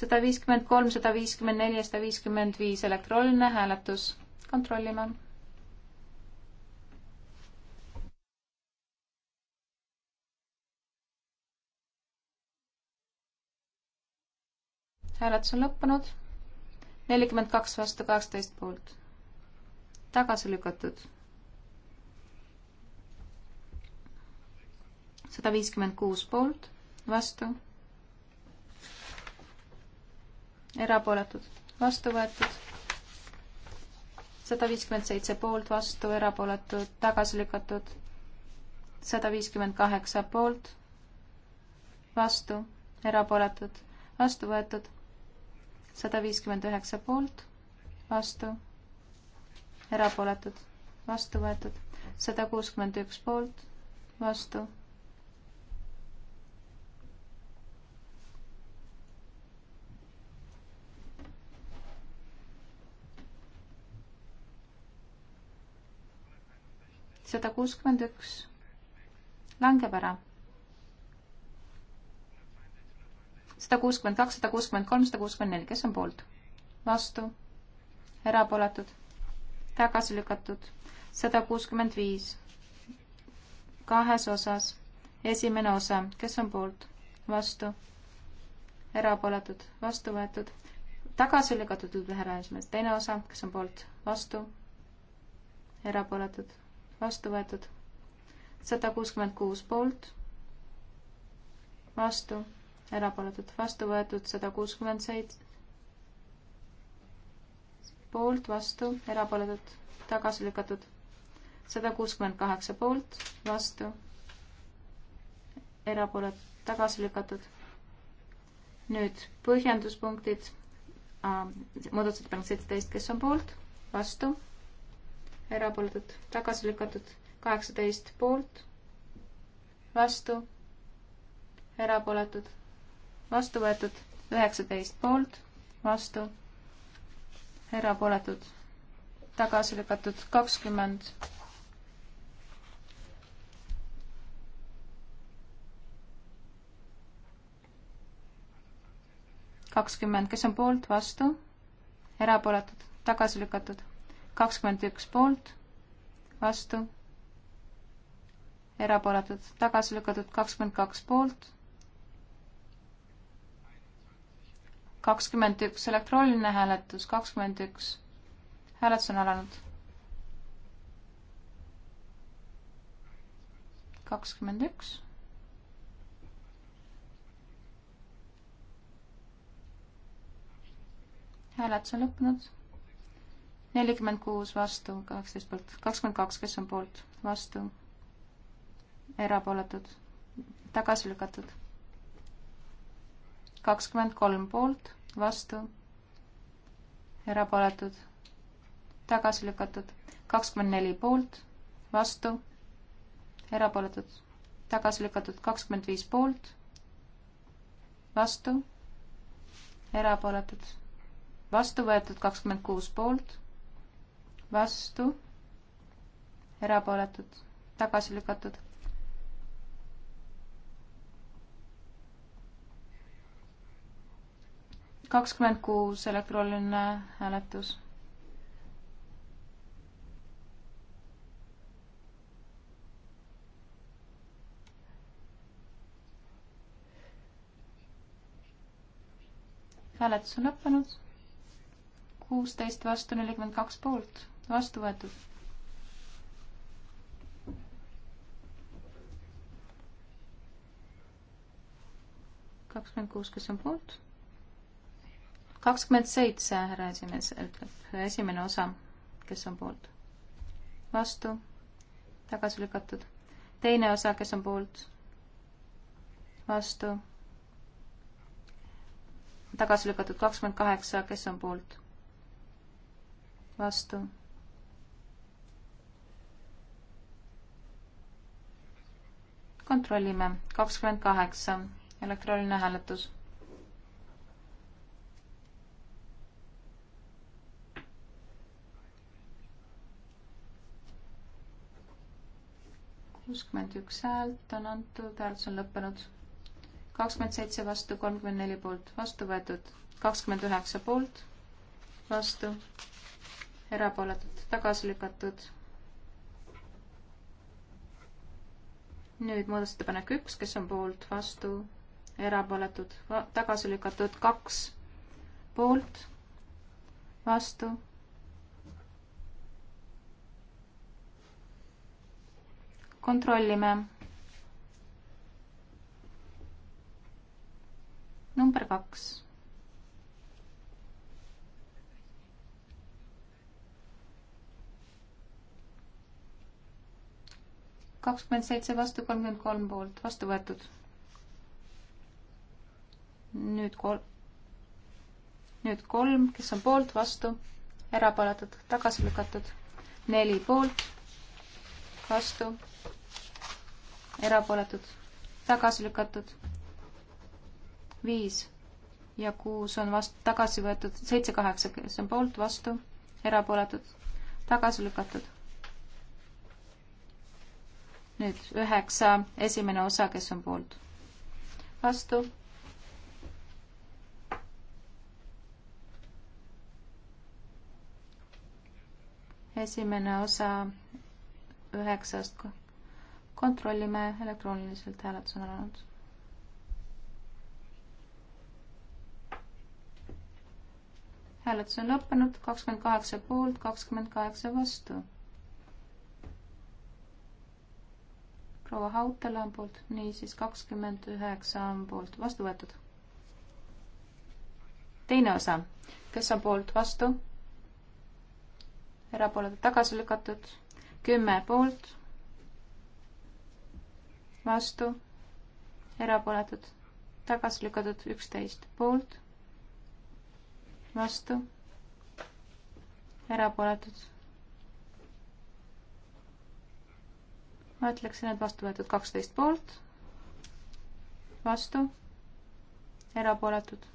sada viiskümmend kolm, sada viiskümmend neli ja sada viiskümmend viis elektrooniline hääletus. kontrollime hääletus on lõppenud. nelikümmend kaks vastu kaheksateist poolt. tagasi lükatud. sada viiskümmend kuus poolt, vastu. erapooletud, vastu võetud sada viiskümmend seitse poolt, vastu, erapooletud, tagasi lükatud. sada viiskümmend kaheksa poolt, vastu, erapooletud, vastu võetud sada viiskümmend üheksa poolt, vastu, erapooletud, vastu võetud, sada kuuskümmend üks poolt, vastu. sada kuuskümmend üks langeb ära sada kuuskümmend kaks, sada kuuskümmend kolm, sada kuuskümmend neli, kes on poolt? vastu, erapooletud, tagasi lükatud, sada kuuskümmend viis, kahes osas, esimene osa, kes on poolt? vastu, erapooletud, vastu võetud, tagasi lükatud, ütleb härra esimees, teine osa, kes on poolt? vastu, erapooletud, vastu võetud, sada kuuskümmend kuus poolt, vastu erapooletud, vastu võetud sada kuuskümmend seitse, poolt, vastu, erapooletud, tagasi lükatud, sada kuuskümmend kaheksa poolt, vastu, erapooletud, tagasi lükatud. nüüd põhjenduspunktid äh,, muudatusettepanek seitseteist, kes on poolt, vastu, erapooletud, tagasi lükatud, kaheksateist poolt, vastu, erapooletud vastu võetud, üheksateist poolt, vastu, erapooletud, tagasi lükatud, kakskümmend. kakskümmend, kes on poolt, vastu, erapooletud, tagasi lükatud, kakskümmend üks poolt, vastu erapooletud, tagasi lükatud kakskümmend kaks poolt, kakskümmend üks, elektrooniline hääletus, kakskümmend üks. hääletus on alanud. kakskümmend üks. hääletus on lõppenud. nelikümmend kuus vastu, kaheksateist poolt, kakskümmend kaks, kes on poolt, vastu, erapooletud, tagasi lükatud kakskümmend kolm poolt, vastu, erapooletud, tagasi lükatud, kakskümmend neli poolt, vastu, erapooletud, tagasi lükatud, kakskümmend viis poolt, vastu, erapooletud, vastu võetud kakskümmend kuus poolt, vastu, erapooletud, tagasi lükatud kakskümmend kuus elektrooniline hääletus. hääletus on lõppenud. kuusteist vastu, nelikümmend kaks poolt, vastu võetud. kakskümmend kuus, kes on poolt kakskümmend seitse, härra esimees ütleb, esimene osa, kes on poolt, vastu, tagasi lükatud. teine osa, kes on poolt, vastu, tagasi lükatud kakskümmend kaheksa, kes on poolt, vastu. kontrollime, kakskümmend kaheksa, elektrooniline hääletus kuuskümmend üks häält on antud, hääletus on lõppenud. kakskümmend seitse vastu, kolmkümmend neli poolt, vastu võetud kakskümmend üheksa poolt, vastu, erapooletud, tagasi lükatud. nüüd muudatusettepanek üks, kes on poolt, vastu, erapooletud, tagasi lükatud, kaks poolt, vastu kontrollime. number kaks. kakskümmend seitse vastu, kolmkümmend kolm poolt, vastu võetud. nüüd kolm, nüüd kolm, kes on poolt, vastu, erapooletud, tagasi lükatud, neli poolt, vastu erapooletud, tagasi lükatud. viis ja kuus on vast-, tagasi võetud, seitse, kaheksa, kes on poolt, vastu, erapooletud, tagasi lükatud. nüüd üheksa, esimene osa, kes on poolt, vastu. esimene osa üheksast kontrollime elektrooniliselt, hääletus on alanud. hääletus on lõppenud, kakskümmend kaheksa poolt, kakskümmend kaheksa vastu. proua Hautala on poolt, niisiis kakskümmend üheksa on poolt, vastu võetud. teine osa, kes on poolt, vastu? erapooletud tagasi lükatud, kümme poolt vastu, erapooletud, tagasi lükatud üksteist poolt, vastu, erapooletud. ma ütleksin, et vastu võetud kaksteist poolt, vastu, erapooletud,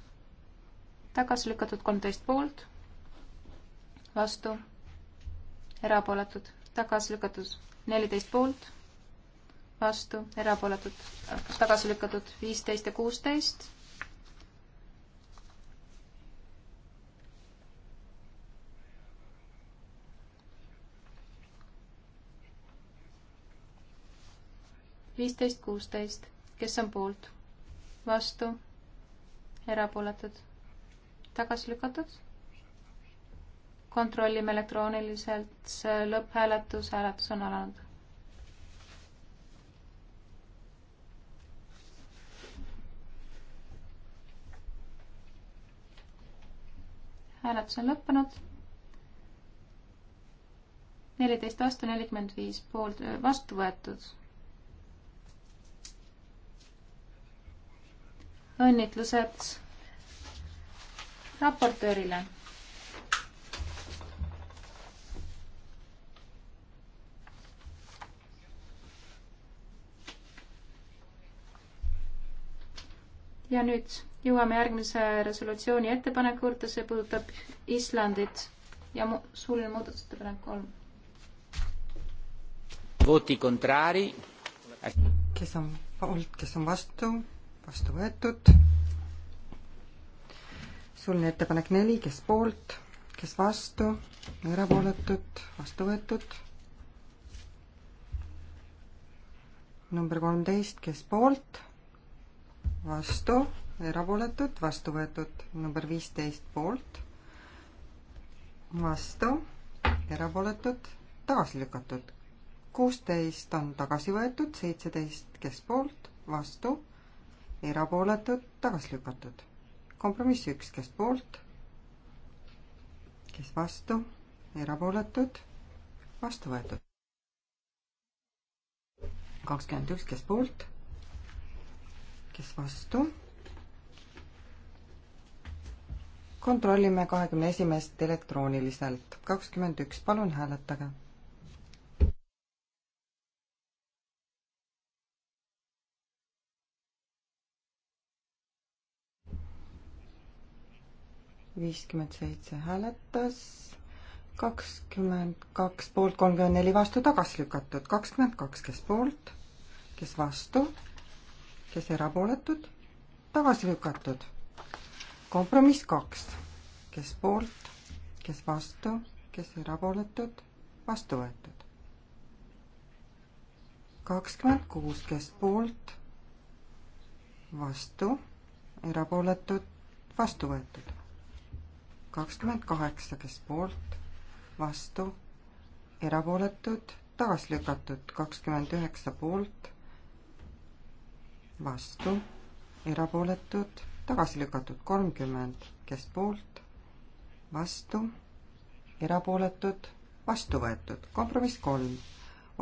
tagasi lükatud kolmteist poolt, vastu, erapooletud, tagasi lükatud neliteist poolt vastu, erapooletud, tagasi lükatud viisteist ja kuusteist. viisteist, kuusteist, kes on poolt, vastu, erapooletud, tagasi lükatud. kontrollime elektrooniliselt, lõpphääletus, hääletus on alanud. hääletus on lõppenud. neliteist vastu, nelikümmend viis poolt, vastu võetud. õnnitlused raportöörile ja nüüd jõuame järgmise resolutsiooni ettepaneku juurde, see puudutab Islandit ja mu-, suuline muudatusettepanek kolm. Voti contrari. kes on poolt, kes on vastu, vastu võetud. suuline ettepanek neli, kes poolt, kes vastu, erapooletud, vastu võetud. number kolmteist, kes poolt, vastu erapooletud, vastu võetud number viisteist poolt, vastu, erapooletud, tagasi lükatud. kuusteist on tagasi võetud, seitseteist keskpoolt, vastu, erapooletud, tagasi lükatud. kompromiss üks keskpoolt, kes vastu, erapooletud, vastu võetud. kakskümmend üks keskpoolt, kes vastu kontrollime kahekümne esimest elektrooniliselt. kakskümmend üks, palun hääletage. viiskümmend seitse hääletas, kakskümmend kaks poolt, kolmkümmend neli vastu tagasi lükatud, kakskümmend kaks, kes poolt, kes vastu, kes erapooletud, tagasi lükatud kompromiss kaks, kes poolt, kes vastu, kes erapooletud, vastu võetud. kakskümmend kuus, kes poolt, vastu, erapooletud, vastu võetud. kakskümmend kaheksa, kes poolt, vastu, erapooletud, tagasi lükatud, kakskümmend üheksa poolt, vastu, erapooletud tagasi lükatud kolmkümmend, kes poolt, vastu, erapooletud, vastu võetud, kompromiss kolm,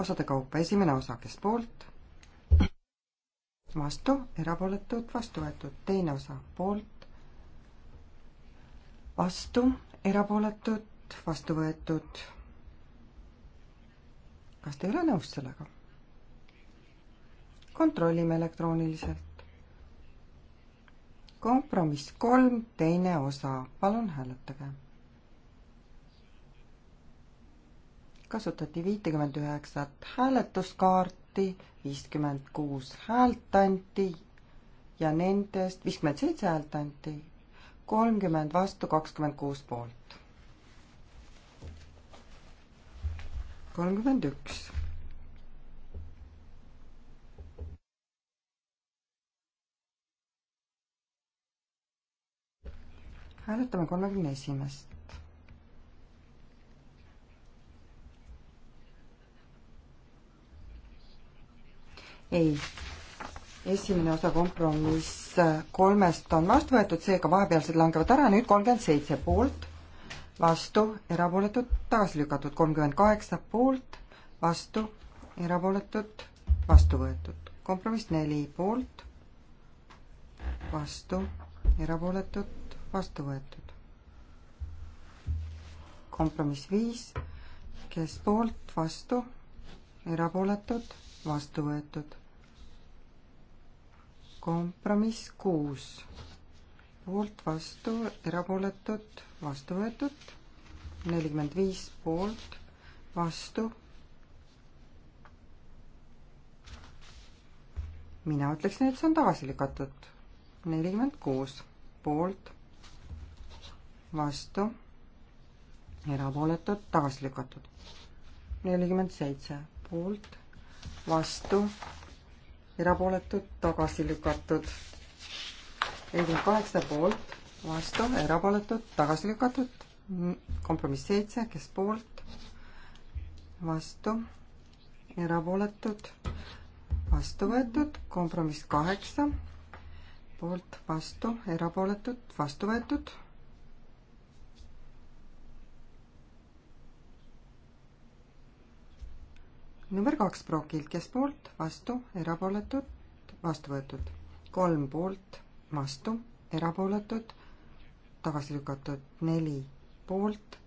osade kaupa esimene osa, kes poolt, vastu, erapooletud, vastu võetud, teine osa poolt, vastu, erapooletud, vastu võetud. kas te ei ole nõus sellega? kontrollime elektrooniliselt kompromiss kolm, teine osa, palun hääletage. kasutati viitekümmet üheksat hääletuskaarti, viiskümmend kuus häält anti ja nendest viiskümmend seitse häält anti, kolmkümmend vastu, kakskümmend kuus poolt. kolmkümmend üks hääletame kolmekümne esimest. ei, esimene osa kompromiss kolmest on vastu võetud, seega vahepealsed langevad ära, nüüd kolmkümmend seitse poolt, vastu, erapooletud, tagasi lükatud, kolmkümmend kaheksa poolt, vastu, erapooletud, vastu võetud. kompromiss neli poolt, vastu, erapooletud, vastu võetud. kompromiss viis, kes poolt, vastu, erapooletud, vastu võetud. kompromiss kuus, poolt, vastu, erapooletud, vastu võetud, nelikümmend viis poolt, vastu mina ütleksin, et see on tagasi lükatud. nelikümmend kuus poolt, vastu, erapooletud, tagasi lükatud. nelikümmend seitse poolt, vastu, erapooletud, tagasi lükatud. nelikümmend kaheksa poolt, vastu, erapooletud, tagasi lükatud. kompromiss seitse, kes poolt, vastu, erapooletud, vastu võetud, kompromiss kaheksa, poolt, vastu, erapooletud, vastu võetud number kaks Brokilt, kes poolt, vastu, erapooletud, vastu võetud. kolm poolt, vastu, erapooletud, tagasi lükatud, neli poolt,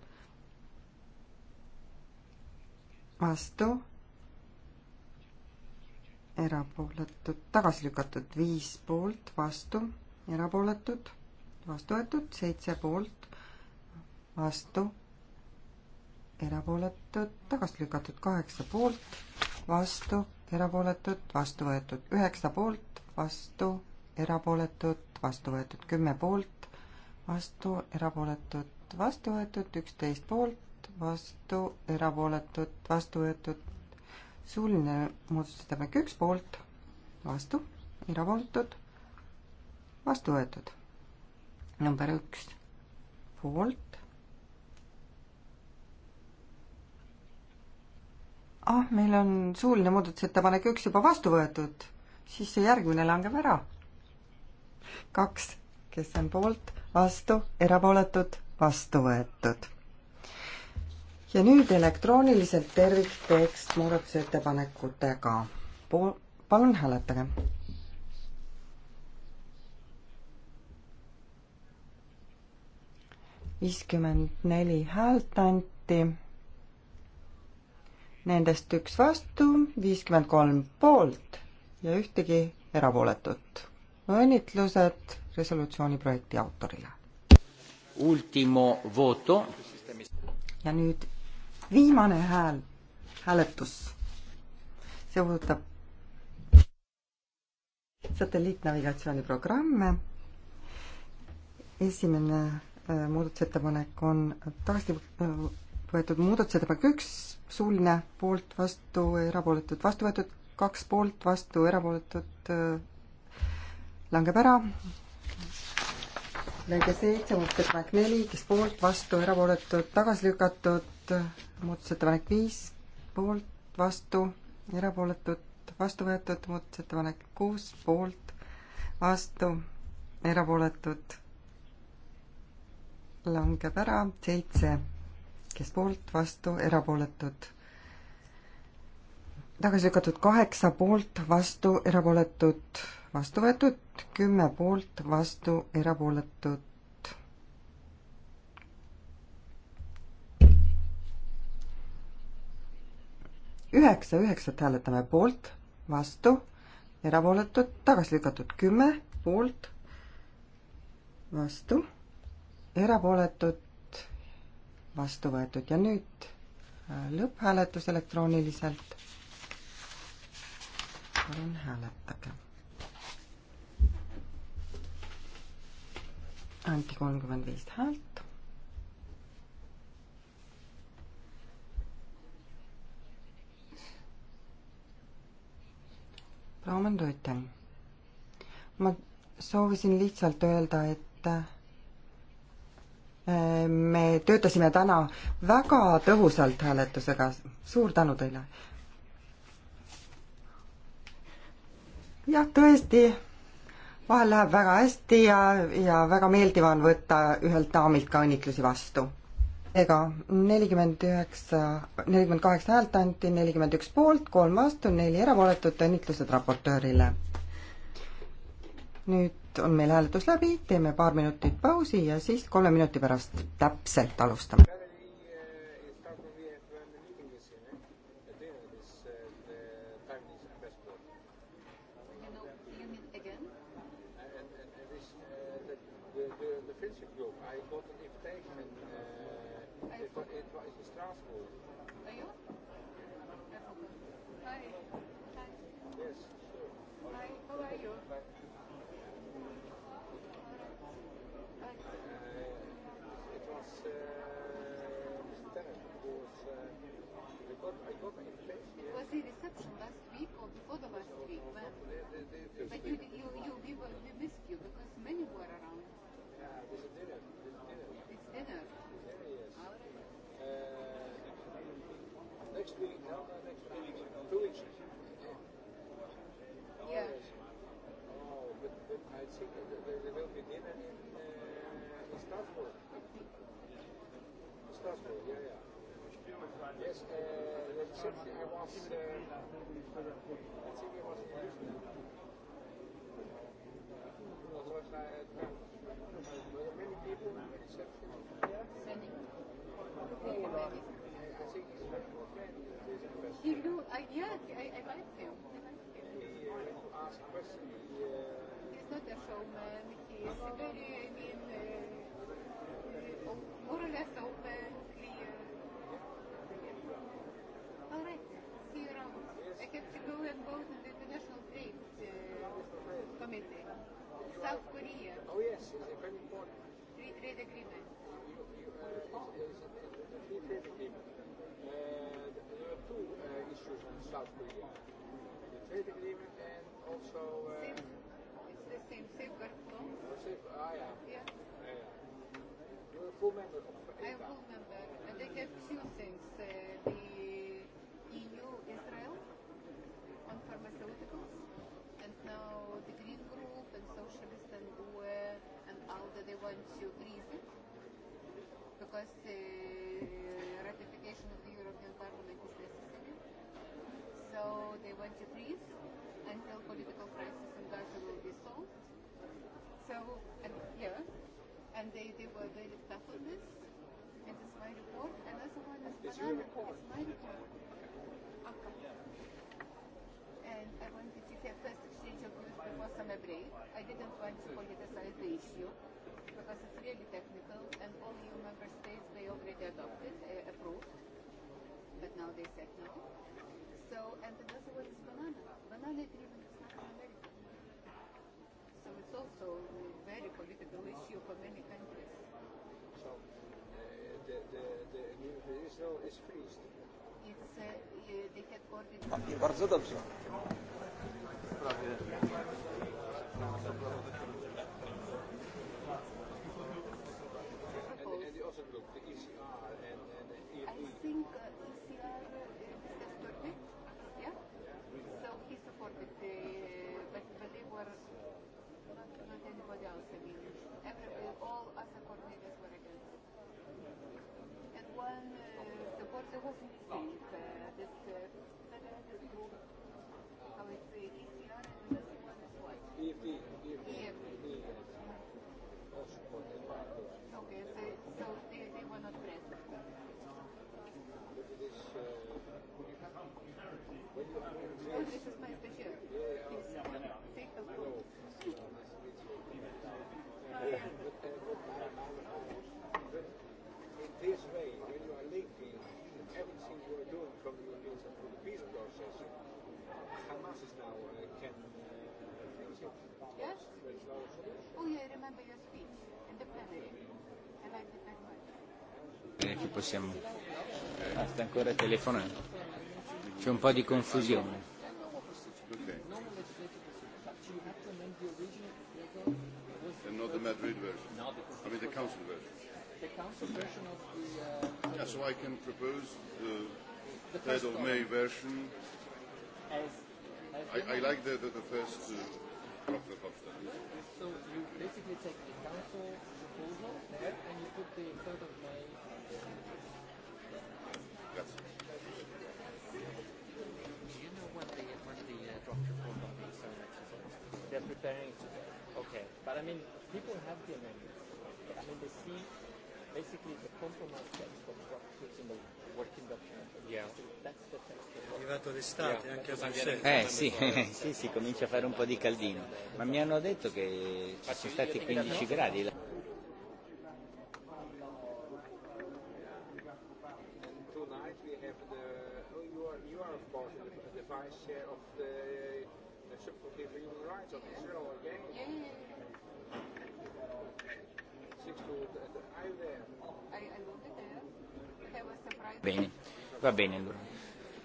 vastu, erapooletud, tagasi lükatud, viis poolt, vastu, erapooletud, vastu võetud, seitse poolt, vastu erapooletud, tagasi lükatud kaheksa poolt, vastu, erapooletud, vastu võetud üheksa poolt, vastu, erapooletud, vastu võetud kümme poolt, vastu, erapooletud, vastu võetud üksteist poolt, vastu, erapooletud, vastu võetud suuline muudatusettepanek üks poolt, vastu, erapooletud, vastu võetud. number üks poolt, ah, meil on suuline muudatusettepanek üks juba vastu võetud, siis see järgmine langeb ära. kaks, kes on poolt, vastu, erapooletud, vastu võetud. ja nüüd elektrooniliselt terviktekst muudatusettepanekutega. palun hääletage. viiskümmend neli häält anti nendest üks vastu, viiskümmend kolm poolt ja ühtegi erapooletut. õnnitlused resolutsiooni projekti autorile. Ultimo voto. ja nüüd viimane hääl, hääletus. see puudutab satelliitnavigatsiooniprogramme. esimene äh, muudatusettepanek on tagasi võetud muudatusettepanek üks, suuline poolt, vastu, erapooletud, vastu võetud, kaks poolt, vastu, erapooletud, äh, langeb ära. lõige seitse, muudatusettepanek neli, kes poolt, vastu, erapooletud, tagasi lükatud, muudatusettepanek viis, poolt, vastu, erapooletud, vastu võetud, muudatusettepanek kuus, poolt, vastu, erapooletud, langeb ära, seitse kes poolt, vastu, erapooletud. tagasi lükatud kaheksa poolt, vastu, erapooletud, vastu võetud, kümme poolt, vastu, erapooletud. üheksa, üheksat hääletame poolt, vastu, erapooletud, tagasi lükatud kümme, poolt, vastu, erapooletud, vastu võetud ja nüüd äh, lõpphääletus elektrooniliselt. palun hääletage. anti kolmkümmend viis häält. Raumen Rüütel. ma soovisin lihtsalt öelda, et äh, me töötasime täna väga tõhusalt hääletusega, suur tänu teile! jah, tõesti, vahel läheb väga hästi ja, ja väga meeldiv on võtta ühelt daamilt ka õnnitlusi vastu. ega nelikümmend üheksa, nelikümmend kaheksa häält anti, nelikümmend üks poolt, kolm vastu, neli erapooletut, õnnitlused raportöörile. nüüd nüüd on meil hääletus läbi, teeme paar minutit pausi ja siis kolme minuti pärast täpselt alustame. Entonces, eh, del sur llegamos a fin de... Eh, sí, llegamos a fin de... You do, I, yeah, I, I like him. I like him. He's not a showman. He's very, I mean, uh, more or less open. I have to go and vote in the International Trade uh, Committee. South Korea. Oh yes, it's very important. Free trade agreement. You, you, uh, free trade agreement. Uh, there are two uh, issues on South Korea. The trade agreement and also... Uh, same, it's the same safeguard law. Oh, safe, ah, yeah. Yeah. Uh, you're a full member of APA. I'm a full member. And they have two things. Uh, the want to reason, because uh, ratification of the European Parliament is necessary. So they want to freeze until political crisis in Gaza will be solved. So, and, yeah, and they, they were very tough on this. And it's my report. Another one is it's banana. Your report. It's my report. Okay. Yeah. And I wanted to have first exchange of views before summer break. I didn't want to politicize the issue because it's really technical and all EU member states, they already adopted, uh, approved, but now they said no. So, and another one is banana. Banana driven is not in America. So it's also a very political issue for many countries. So uh, the, the, the agreement with Israel is freezed. It's, uh, they had coordinated. Bardzo dobrze. Prawie. possiamo... Ah, sta ancora telefonando. C'è un po' di confusione. Okay. And not the Madrid version. I mean the council version. The council version of the. Uh, yeah, so I can propose the, the third of May version. As, as I, I like the the, the first. Uh, So you basically take the council proposal there and you put the 3rd of May. That's it. Do you know when the, when the uh, draft report on these elections is? They're preparing today. Okay. But I mean, people have the amendments. I mean, they see basically the compromise text of what was in the working document. Yeah. That's the text. È arrivato d'estate, yeah. anche a Bruxelles. Eh sì, *laughs* sì, sì, comincia a fare un po' di caldino. Ma mi hanno detto che ci sono stati 15 gradi. Bene, va bene allora.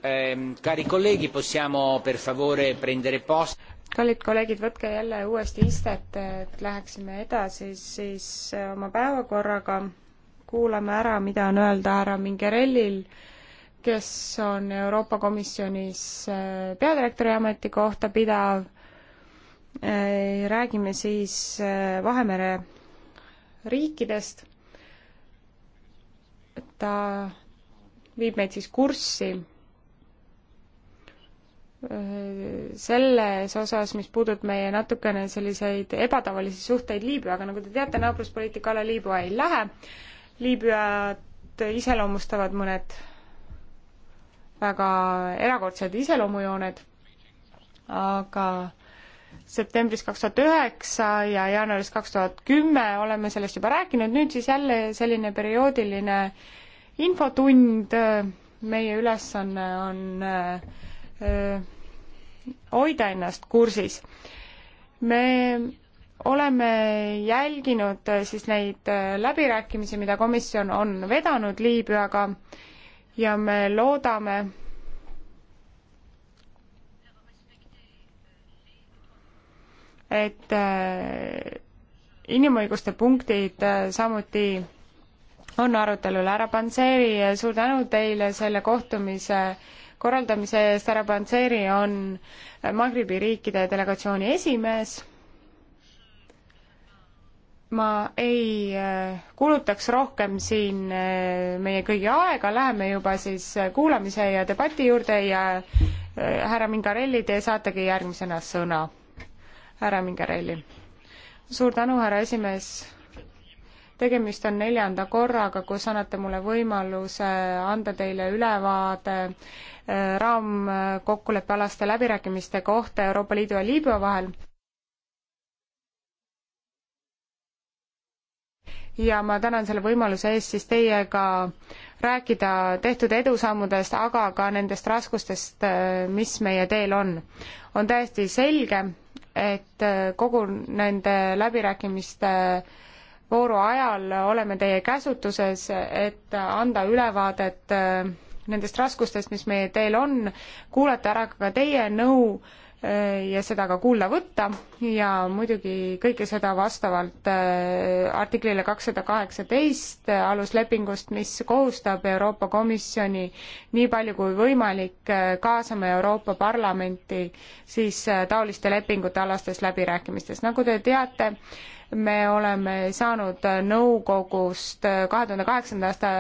Ehm, cari colleghi, possiamo per favore prendere posto? kallid kolleegid, võtke jälle uuesti istet, et läheksime edasi siis eh, oma päevakorraga. kuulame ära, mida on öelda härra Mingerellil, kes on Euroopa Komisjonis eh, peadirektori ametikohta pidav. Eh, räägime siis Vahemere riikidest. ta viib meid siis kurssi äh, selles osas, mis puudutab meie natukene selliseid ebatavalisi suhteid Liibüaga, nagu te teate, naabruspoliitika alla Liibüa ei lähe. Liibüat iseloomustavad mõned väga erakordsed iseloomujooned, aga septembris kaks tuhat üheksa ja jaanuaris kaks tuhat kümme oleme sellest juba rääkinud, nüüd siis jälle selline perioodiline äh, infotund, äh, meie ülesanne on äh, äh, hoida ennast kursis. me oleme jälginud siis neid läbirääkimisi, mida komisjon on vedanud Liibüaga ja me loodame, et inimõiguste punktid samuti on arutelul. härra Panseri, suur tänu teile selle kohtumise korraldamise eest. härra Panseri on Magribi riikide delegatsiooni esimees. ma ei eh, kulutaks rohkem siin eh, meie kõigi aega, läheme juba siis kuulamise ja debati juurde ja eh, härra Mingarelli, te saategi järgmisena sõna. härra Mingarelli. suur tänu, härra esimees tegemist on neljanda korraga, kus annate mulle võimaluse anda teile ülevaade äh, raamkokkuleppealaste läbirääkimiste kohta Euroopa Liidu ja Liibüa vahel. ja ma tänan selle võimaluse eest siis teiega rääkida tehtud edusammudest, aga ka nendest raskustest, äh, mis meie teel on. on täiesti selge, et äh, kogu nende läbirääkimiste äh, vooru ajal oleme teie käsutuses, et anda ülevaadet äh, nendest raskustest, mis meie teel on, kuulata ära ka teie nõu äh, ja seda ka kuulda võtta ja muidugi kõike seda vastavalt äh, artiklile kakssada kaheksateist aluslepingust, mis kohustab Euroopa Komisjoni nii palju kui võimalik kaasama Euroopa Parlamenti siis taoliste lepingute alastes läbirääkimistes. nagu te teate, me oleme saanud nõukogust äh, kahe tuhande kaheksanda aasta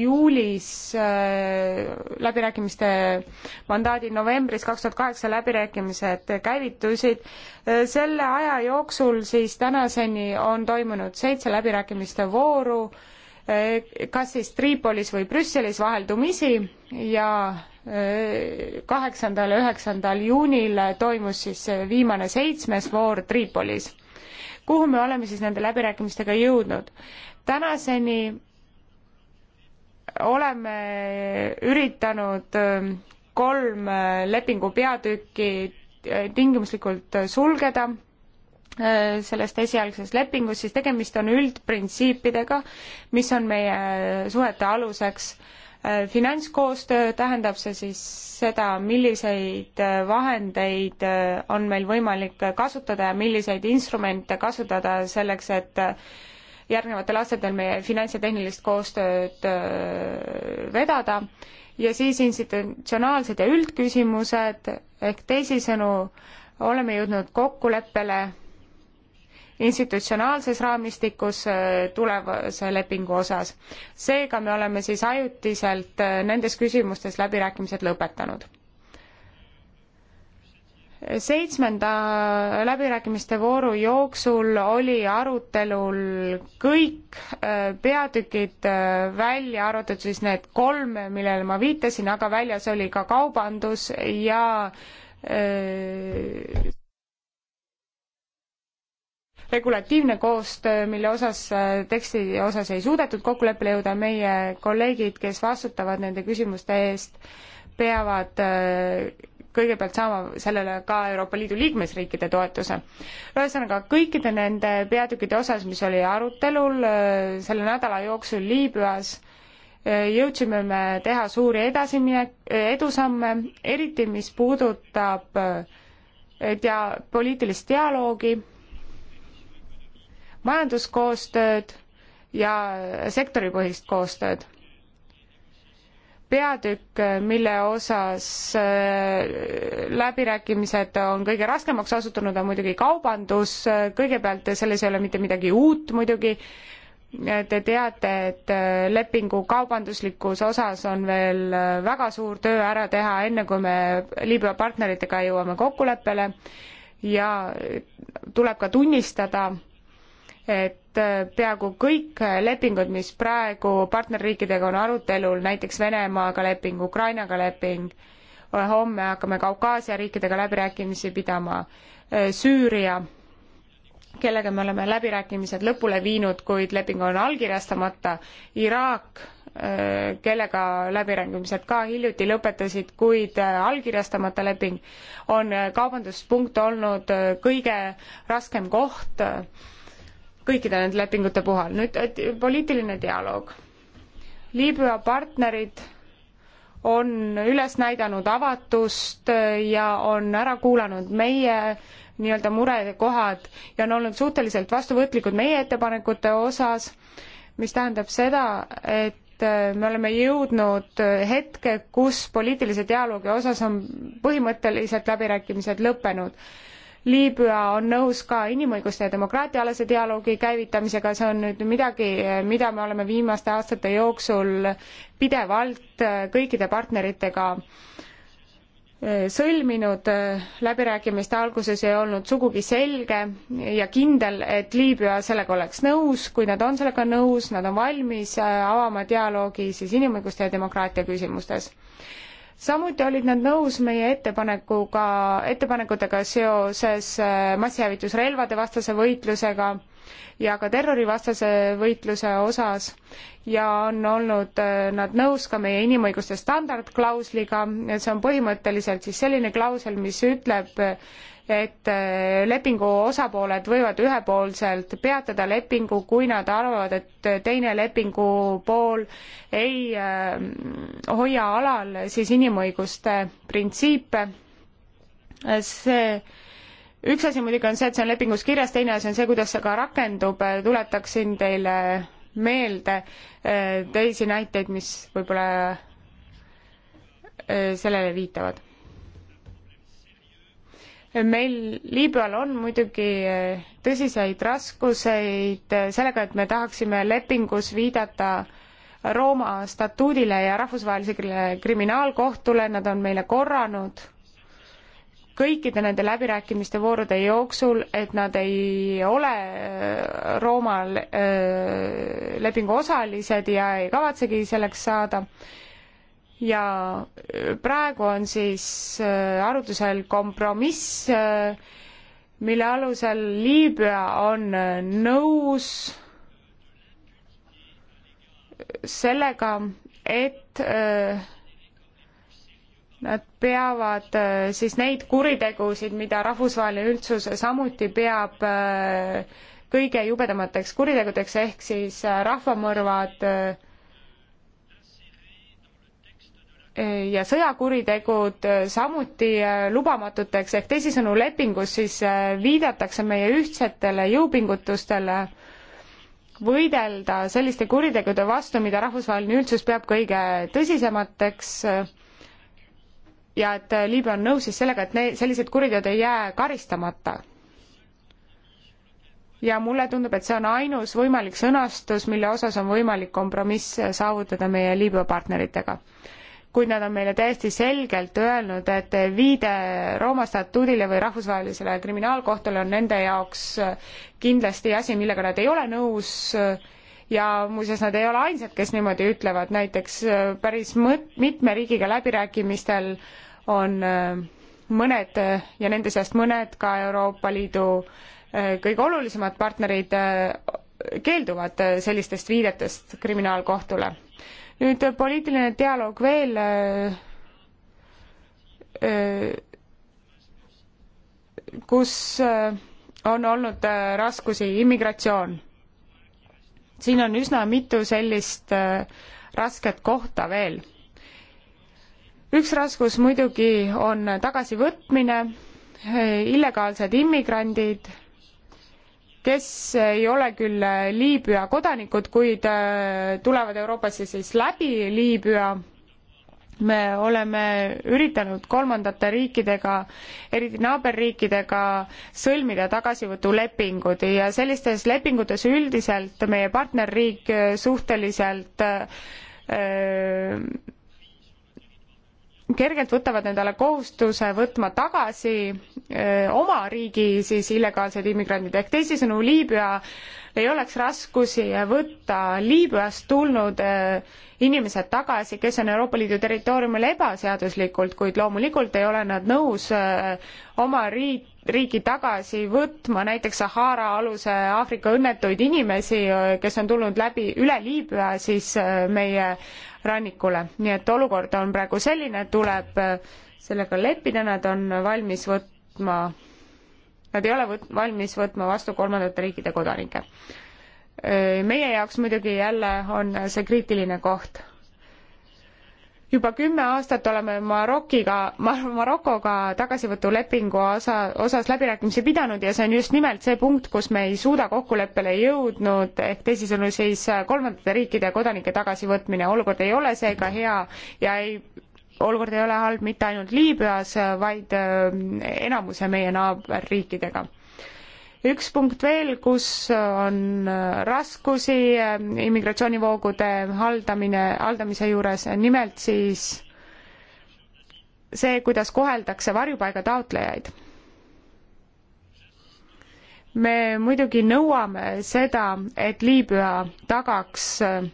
juulis äh, läbirääkimiste mandaadi novembris kaks tuhat kaheksa läbirääkimised käivitusid. Äh, selle aja jooksul siis tänaseni on toimunud seitse läbirääkimiste vooru, kas siis Tripolis või Brüsselis vaheldumisi ja kaheksandal ja üheksandal juunil toimus siis viimane seitsmes voor Tripolis kuhu me oleme siis nende läbirääkimistega jõudnud? tänaseni oleme üritanud ähm, kolm äh, lepingu peatükki äh, tingimuslikult äh, sulgeda sellest esialgsest lepingust, siis tegemist on üldprintsiipidega, mis on meie suhete aluseks äh, Äh, finantskoostöö, tähendab see siis seda, milliseid äh, vahendeid äh, on meil võimalik kasutada ja milliseid instrumente kasutada selleks, et järgnevatel aastatel meie finants- ja tehnilist koostööd vedada ja siis institutsionaalsed ja üldküsimused ehk teisisõnu oleme jõudnud kokkuleppele institutsionaalses raamistikus äh, tulevase lepingu osas. seega me oleme siis ajutiselt äh, nendes küsimustes läbirääkimised lõpetanud. seitsmenda läbirääkimiste vooru jooksul oli arutelul kõik äh, peatükid, välja arvatud siis need kolm, millele ma viitasin, aga väljas oli ka kaubandus ja öö, regulatiivne koostöö, mille osas, äh, teksti osas ei suudetud kokkuleppele jõuda, meie kolleegid, kes vastutavad nende küsimuste eest, peavad äh, kõigepealt saama sellele ka Euroopa Liidu liikmesriikide toetuse. ühesõnaga, kõikide nende peatükkide osas, mis oli arutelul äh, selle nädala jooksul Liibüas, jõudsime me teha suuri edasiminek, edusamme, eriti mis puudutab dia-, poliitilist dialoogi majanduskoostööd ja sektoripõhist koostööd. peatükk, mille osas äh, läbirääkimised on kõige raskemaks osutunud, on muidugi kaubandus, äh, kõigepealt selles ei ole mitte midagi uut muidugi, te teate, et äh, lepingu kaubanduslikus osas on veel väga suur töö ära teha, enne kui me Liibüa partneritega jõuame kokkuleppele ja tuleb ka tunnistada, et äh, peaaegu kõik lepingud, mis praegu partnerriikidega on arutelul, näiteks Venemaaga leping, Ukrainaga leping, äh, homme hakkame Kaukaasia riikidega läbirääkimisi pidama, äh, Süüria, kellega me oleme läbirääkimised lõpule viinud, kuid leping on allkirjastamata, Iraak, kellega läbirääkimised ka hiljuti lõpetasid, kuid allkirjastamata leping, on kaubanduspunkt olnud kõige raskem koht kõikide nende lepingute puhul. nüüd poliitiline dialoog. Liibüa partnerid on üles näidanud avatust ja on ära kuulanud meie nii-öelda murekohad ja on olnud suhteliselt vastuvõtlikud meie ettepanekute osas, mis tähendab seda, et me oleme jõudnud hetke, kus poliitilise dialoogi osas on põhimõtteliselt läbirääkimised lõppenud Liibüa on nõus ka inimõiguste ja demokraatiaalase dialoogi käivitamisega, see on nüüd midagi, mida me oleme viimaste aastate jooksul pidevalt kõikide partneritega e, sõlminud, e, läbirääkimiste alguses ei olnud sugugi selge ja kindel, et Liibüa sellega oleks nõus, kui nad on sellega nõus, nad on valmis e, avama dialoogi siis inimõiguste ja demokraatia küsimustes samuti olid nad nõus meie ettepanekuga, ettepanekutega seoses äh, massihävitusrelvade vastase võitlusega ja ka terrorivastase võitluse osas ja on olnud äh, nad nõus ka meie inimõiguste standardklausliga, et see on põhimõtteliselt siis selline klausel, mis ütleb, et äh, lepingu osapooled võivad ühepoolselt peatada lepingu, kui nad arvavad, et teine lepingupool ei äh, hoia alal siis inimõiguste printsiipe. see üks asi muidugi on see, et see on lepingus kirjas, teine asi on see, kuidas see ka rakendub, tuletaksin teile meelde äh, teisi näiteid, mis võib-olla sellele viitavad meil Liibüal on muidugi eh, tõsiseid raskuseid eh, sellega, et me tahaksime lepingus viidata Rooma statuudile ja rahvusvahelisele kriminaalkohtule, nad on meile korranud kõikide nende läbirääkimiste voorude jooksul, et nad ei ole eh, Rooma lepingu osalised ja ei kavatsegi selleks saada ja praegu on siis äh, arutusel kompromiss, äh, mille alusel Liibüa on äh, nõus sellega, et nad peavad siis neid kuritegusid, mida rahvusvaheline üldsus samuti peab kõige jubedamateks kuritegudeks, ehk siis rahvamõrvad, ja sõjakuritegud samuti äh, lubamatuteks, ehk teisisõnu lepingus siis äh, viidatakse meie ühtsetele jõupingutustele võidelda selliste kuritegude vastu, mida rahvusvaheline üldsus peab kõige tõsisemateks äh, ja et Liibüa on nõus siis sellega, et need, sellised kuriteod ei jää karistamata. ja mulle tundub, et see on ainus võimalik sõnastus, mille osas on võimalik kompromiss saavutada meie Liibüa partneritega kuid nad on meile täiesti selgelt öelnud, et viide Rooma statuudile või rahvusvahelisele kriminaalkohtule on nende jaoks kindlasti asi, millega nad ei ole nõus ja muuseas, nad ei ole ainsad, kes niimoodi ütlevad, näiteks äh, päris mõt-, mitme riigiga läbirääkimistel on äh, mõned äh, ja nende seast mõned ka Euroopa Liidu kõige olulisemad partnerid keelduvad sellistest viidetest kriminaalkohtule nüüd äh, poliitiline dialoog veel äh, äh, kus on olnud raskusi, immigratsioon. siin on üsna mitu sellist rasket kohta veel. üks raskus muidugi on tagasivõtmine, illegaalsed immigrandid kes ei ole küll Liibüa kodanikud, kuid äh, tulevad Euroopasse siis läbi Liibüa. me oleme üritanud kolmandate riikidega, eriti naaberriikidega, sõlmida tagasivõtulepingud ja sellistes lepingutes üldiselt meie partnerriik äh, suhteliselt öö, äh, kergelt võtavad endale kohustuse võtma tagasi öö, eh, oma riigi siis illegaalsed immigrandid, ehk teisisõnu, Liibüa ei oleks raskusi võtta Liibüast tulnud öö, eh, inimesed tagasi, kes on Euroopa Liidu territooriumil ebaseaduslikult, kuid loomulikult ei ole nad nõus öö, eh, oma riik riiki tagasi võtma näiteks Sahara aluse Aafrika õnnetuid inimesi, kes on tulnud läbi üle Liibüa siis äh, meie rannikule. nii et olukord on praegu selline, tuleb äh, sellega leppida, nad on valmis võtma, nad ei ole võt-, valmis võtma vastu kolmandate riikide kodanikke. Äh, meie jaoks muidugi jälle on see kriitiline koht juba kümme aastat oleme Marokiga, Marokoga tagasivõtulepingu osa, osas läbirääkimisi pidanud ja see on just nimelt see punkt, kus me ei suuda kokkuleppele jõudnud, ehk teisisõnu siis kolmandate riikide kodanike tagasivõtmine, olukord ei ole seega hea ja ei olukord ei ole halb mitte ainult Liibüas, vaid äh, enamuse meie naaberriikidega üks punkt veel, kus on raskusi äh, immigratsioonivoogude haldamine, haldamise juures, nimelt siis see, kuidas koheldakse varjupaiga taotlejaid. me muidugi nõuame seda, et Liibüa tagaks äh,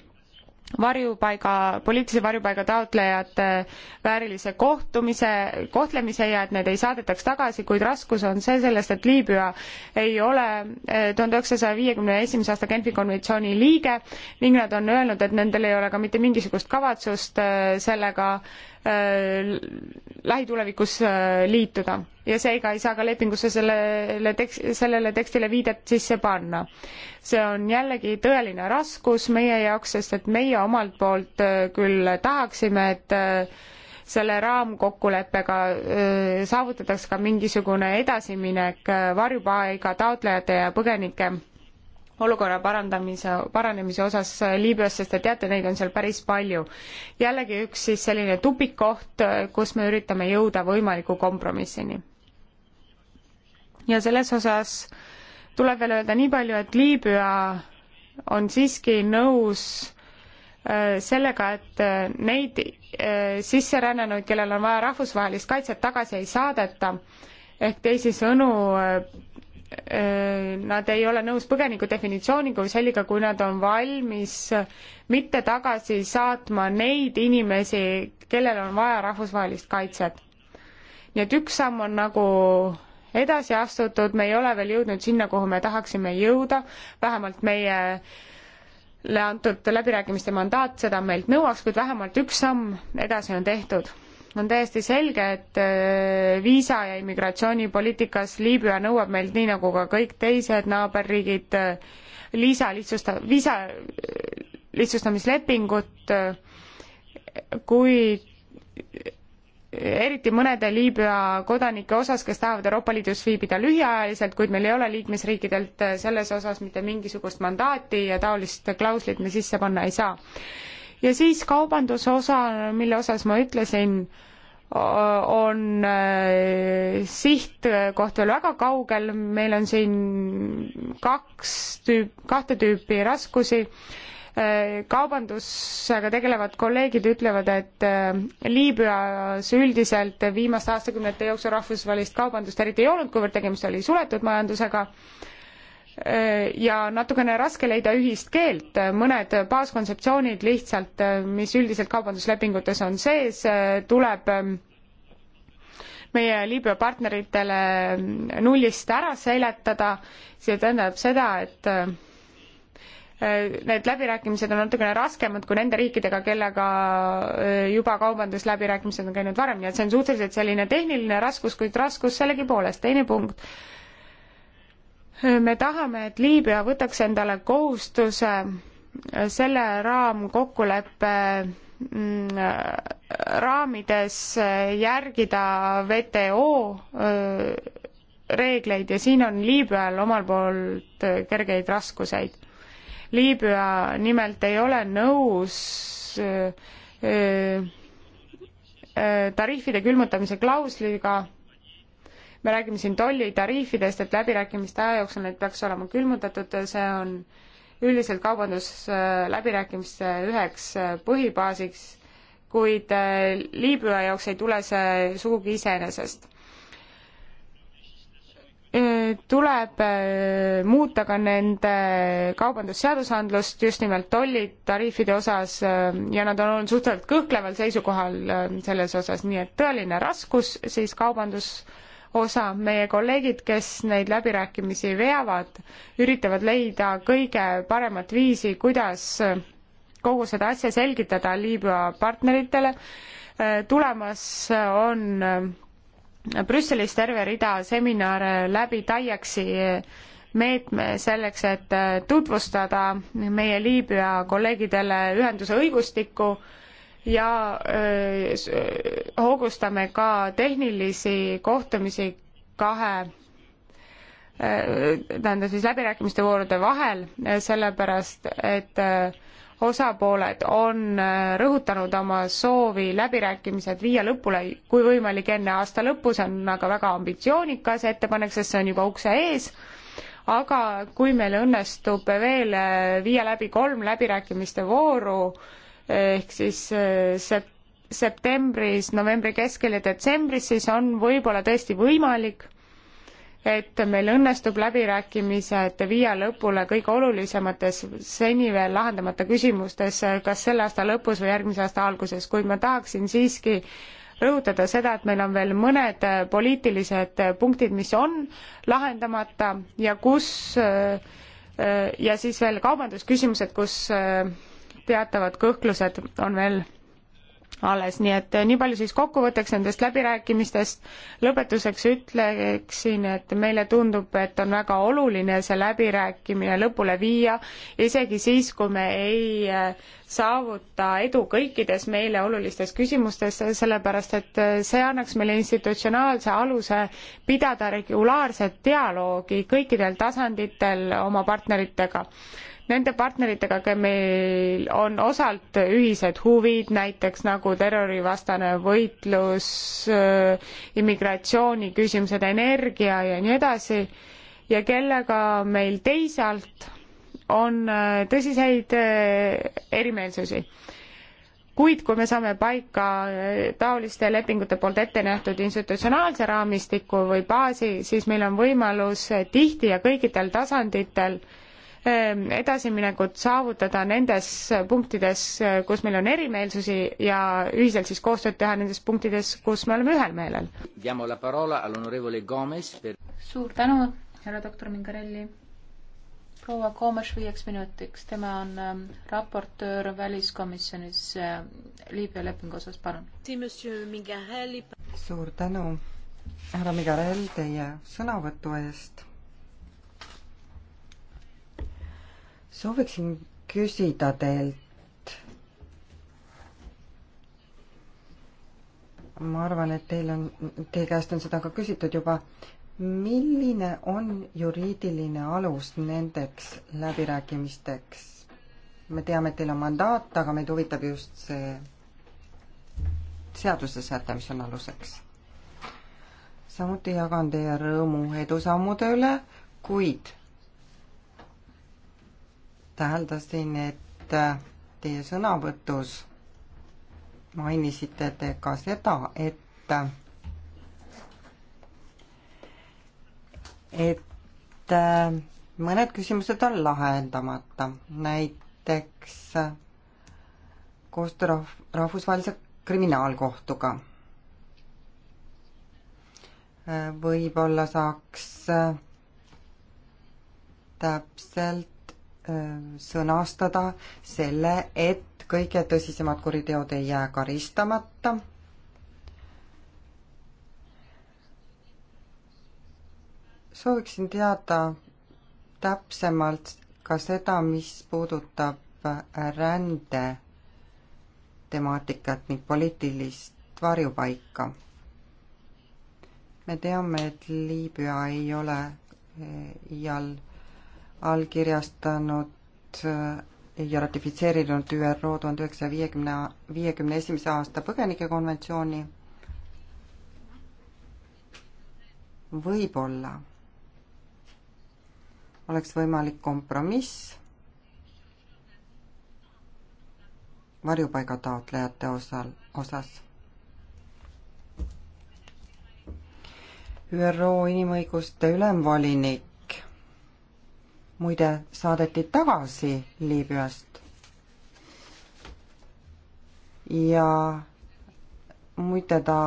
varjupaiga, poliitilise varjupaiga taotlejate äh, väärilise kohtumise, kohtlemise ja et need ei saadetaks tagasi, kuid raskus on see sellest, et Liibüa ei ole tuhande äh, üheksasaja viiekümne esimese aasta Genfi konventsiooni liige ning nad on öelnud, et nendel ei ole ka mitte mingisugust kavatsust äh, sellega äh, Äh, lähitulevikus äh, liituda ja seega ei saa ka lepingusse sellele tekst, sellele tekstile viidet sisse panna. see on jällegi tõeline raskus meie jaoks, sest et meie omalt poolt äh, küll tahaksime, et selle raamkokkuleppega saavutatakse ka mingisugune edasiminek varjupaiga taotlejate ja põgenike olukorra parandamise, paranemise osas äh, Liibüas, sest te teate, neid on seal päris palju. jällegi üks siis selline tupikkoht, äh, kus me üritame jõuda võimaliku kompromissini. ja selles osas tuleb veel öelda nii palju, et Liibüa on siiski nõus äh, sellega, et neid sisserännanuid, kellel on vaja rahvusvahelist kaitset, tagasi ei saadeta, ehk teisisõnu nad ei ole nõus põgeniku definitsiooniga või sellega, kui nad on valmis mitte tagasi saatma neid inimesi, kellel on vaja rahvusvahelist kaitset. nii et üks samm on nagu edasi astutud, me ei ole veel jõudnud sinna, kuhu me tahaksime jõuda, vähemalt meile antud läbirääkimiste mandaat seda meilt nõuaks, kuid vähemalt üks samm edasi on tehtud on täiesti selge, et äh, viisa ja immigratsioonipoliitikas Liibüa nõuab meilt, nii nagu ka kõik teised naaberriigid, liisa äh, lihtsusta-, viisa äh, lihtsustamislepingut, kui eriti mõnede Liibüa kodanike osas, kes tahavad Euroopa Liidus viibida lühiajaliselt, kuid meil ei ole liikmesriikidelt selles osas mitte mingisugust mandaati ja taolist klauslit me sisse panna ei saa ja siis kaubanduse osa, mille osas ma ütlesin, on äh, sihtkoht veel väga kaugel, meil on siin kaks tüüp, kahte tüüpi raskusi. Äh, kaubandusega tegelevad kolleegid ütlevad, et äh, Liibüas üldiselt viimaste aastakümnete jooksul rahvusvahelist kaubandust eriti ei olnud, kuivõrd tegemist oli suletud majandusega ja natukene raske leida ühist keelt, mõned baaskontseptsioonid lihtsalt, mis üldiselt kaubanduslepingutes on sees, tuleb meie Liibüa partneritele nullist ära seletada, see tähendab seda, et need läbirääkimised on natukene raskemad kui nende riikidega, kellega äh, juba kaubandusläbirääkimised on käinud varem, nii et see on suhteliselt selline tehniline raskus, kuid raskus sellegipoolest. teine punkt me tahame, et Liibüa võtaks endale kohustuse selle raamkokkuleppe mm, raamides järgida WTO reegleid ja siin on Liibüal omal poolt kergeid raskuseid. Liibüa nimelt ei ole nõus tariifide külmutamise klausliga me räägime siin tollitariifidest, et läbirääkimiste aja jooksul need peaks olema külmutatud, see on üldiselt kaubandusläbirääkimiste üheks põhibaasiks, kuid äh, Liibüa jaoks ei tule see sugugi iseenesest. Äh, tuleb äh, muuta ka nende kaubandusseadusandlust just nimelt tollid tariifide osas ja nad on olnud suhteliselt kõhkleval seisukohal selles osas, nii et tõeline raskus siis kaubandus äh, osa. meie kolleegid, kes neid läbirääkimisi veavad, üritavad leida kõige paremat viisi, kuidas kogu seda asja selgitada Liibüa partneritele. tulemas on Brüsselis terve rida seminare läbi TAIEX-i meetme selleks, et tutvustada meie Liibüa kolleegidele ühenduse õigustikku ja äh, hoogustame ka tehnilisi kohtumisi kahe äh, tähendab siis läbirääkimiste voorude vahel, äh, sellepärast et osapooled on rõhutanud oma soovi läbirääkimised viia lõpule, kui võimalik, enne aasta lõppu, see on aga väga ambitsioonikas ettepanek, sest see on juba ukse ees, aga kui meil õnnestub veel viia läbi kolm läbirääkimiste vooru, ehk siis eh, sept-, septembris, novembri keskel ja detsembris, siis on võib-olla tõesti võimalik, et meil õnnestub läbirääkimised viia lõpule kõige olulisemates seni veel lahendamata küsimustes, kas selle aasta lõpus või järgmise aasta alguses, kuid ma tahaksin siiski rõhutada seda, et meil on veel mõned poliitilised punktid, mis on lahendamata ja kus eh, eh, ja siis veel kaubandusküsimused, kus teatavad kõhklused on veel alles, nii et eh, nii palju siis kokkuvõtteks nendest läbirääkimistest. lõpetuseks ütleksin, et meile tundub, et on väga oluline see läbirääkimine lõpule viia, isegi siis, kui me ei eh, saavuta edu kõikides meile olulistes küsimustes, sellepärast et eh, see annaks meile institutsionaalse aluse pidada regulaarset dialoogi kõikidel tasanditel oma partneritega nende partneritega, kellega meil on osalt ühised huvid, näiteks nagu terrorivastane võitlus, äh, immigratsiooni küsimused, energia ja nii edasi, ja kellega meil teisalt on äh, tõsiseid äh, erimeelsusi kuid kui me saame paika taoliste lepingute poolt ette nähtud institutsionaalse raamistiku või baasi, siis meil on võimalus tihti ja kõikidel tasanditel äh, Ähm, edasiminekut saavutada nendes punktides, kus meil on erimeelsusi ja ühiselt siis koostööd teha nendes punktides, kus me oleme ühel meelel. Per... suur tänu, härra doktor Mingarelli. proua Gomes viieks minutiks, tema on ähm, raportöör väliskomisjonis äh, Liibüa lepingu osas, palun. suur tänu, härra Mingarell, teie sõnavõtu eest sooviksin küsida teilt. ma arvan, et teil on, teie käest on seda ka küsitud juba. milline on juriidiline alus nendeks läbirääkimisteks? me teame, et teil on mandaat, aga meid huvitab just see seadusesäte, mis on aluseks. samuti jagan teie rõõmu edusammude üle, kuid täheldasin, et teie sõnavõtus mainisite te ka seda, et et mõned küsimused on lahendamata, näiteks koostöö rahv-, rahvusvahelise kriminaalkohtuga. võib-olla saaks täpselt Äh, sõnastada selle, et kõige tõsisemad kuriteod ei jää karistamata. sooviksin teada täpsemalt ka seda, mis puudutab äh, rände temaatikat ning poliitilist varjupaika. me teame, et Liibüa ei ole iial äh, allkirjastanud äh, ja ratifitseerinud ÜRO tuhande üheksasaja viiekümne, viiekümne esimese aasta põgenikekonventsiooni. võib-olla oleks võimalik kompromiss varjupaiga taotlejate osal, osas. ÜRO inimõiguste ülemvolinik muide saadeti tagasi Liibüast. ja muide ta,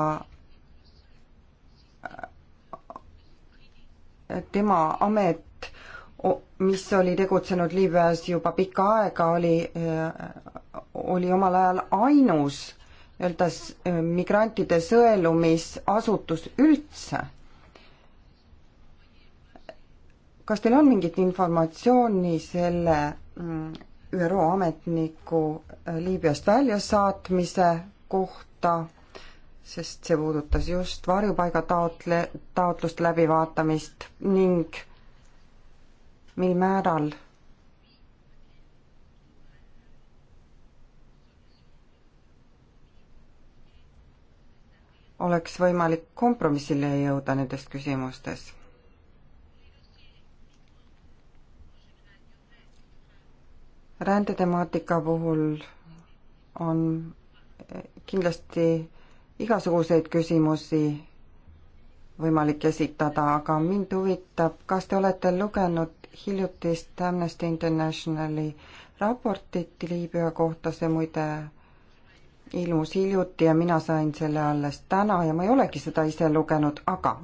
tema amet, mis oli tegutsenud Liibüas juba pikka aega, oli, oli omal ajal ainus nii-öelda migrantide sõelumisasutus üldse kas teil on mingit informatsiooni selle mm, ÜRO ametniku äh, Liibüast väljasaatmise kohta, sest see puudutas just varjupaiga taotle, taotluste läbivaatamist ning mil määral oleks võimalik kompromissile jõuda nendes küsimustes rändetemaatika puhul on kindlasti igasuguseid küsimusi võimalik esitada, aga mind huvitab, kas te olete lugenud hiljutist Amnesty Internationali raportit Liibüa kohta, see muide ilmus hiljuti ja mina sain selle alles täna ja ma ei olegi seda ise lugenud, aga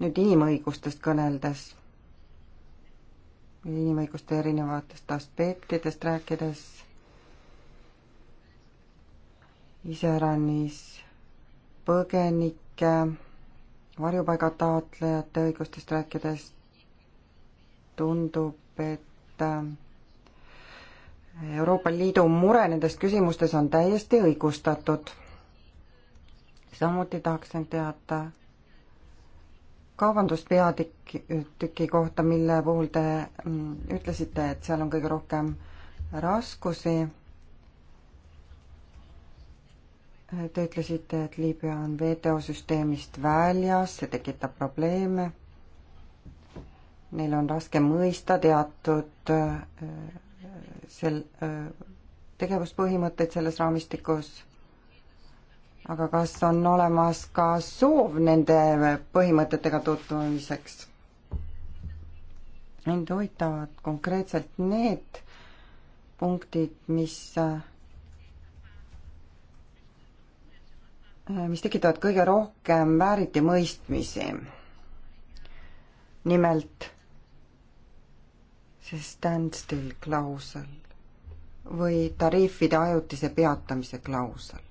nüüd inimõigustest kõneldes inimõiguste erinevatest aspektidest rääkides, iseäranis põgenike, varjupaiga taotlejate õigustest rääkides tundub, et äh, Euroopa Liidu mure nendes küsimustes on täiesti õigustatud. samuti tahaksin teada, kaubanduspeatüki kohta, mille puhul te mm, ütlesite, et seal on kõige rohkem raskusi. Te ütlesite, et Liibüa on WTO süsteemist väljas, see tekitab probleeme. Neil on raske mõista teatud äh, sel-, äh, tegevuspõhimõtteid selles raamistikus aga kas on olemas ka soov nende põhimõtetega tutvumiseks? mind huvitavad konkreetselt need punktid, mis, mis tekitavad kõige rohkem vääritimõistmisi. nimelt see standstill klausel või tariifide ajutise peatamise klausel.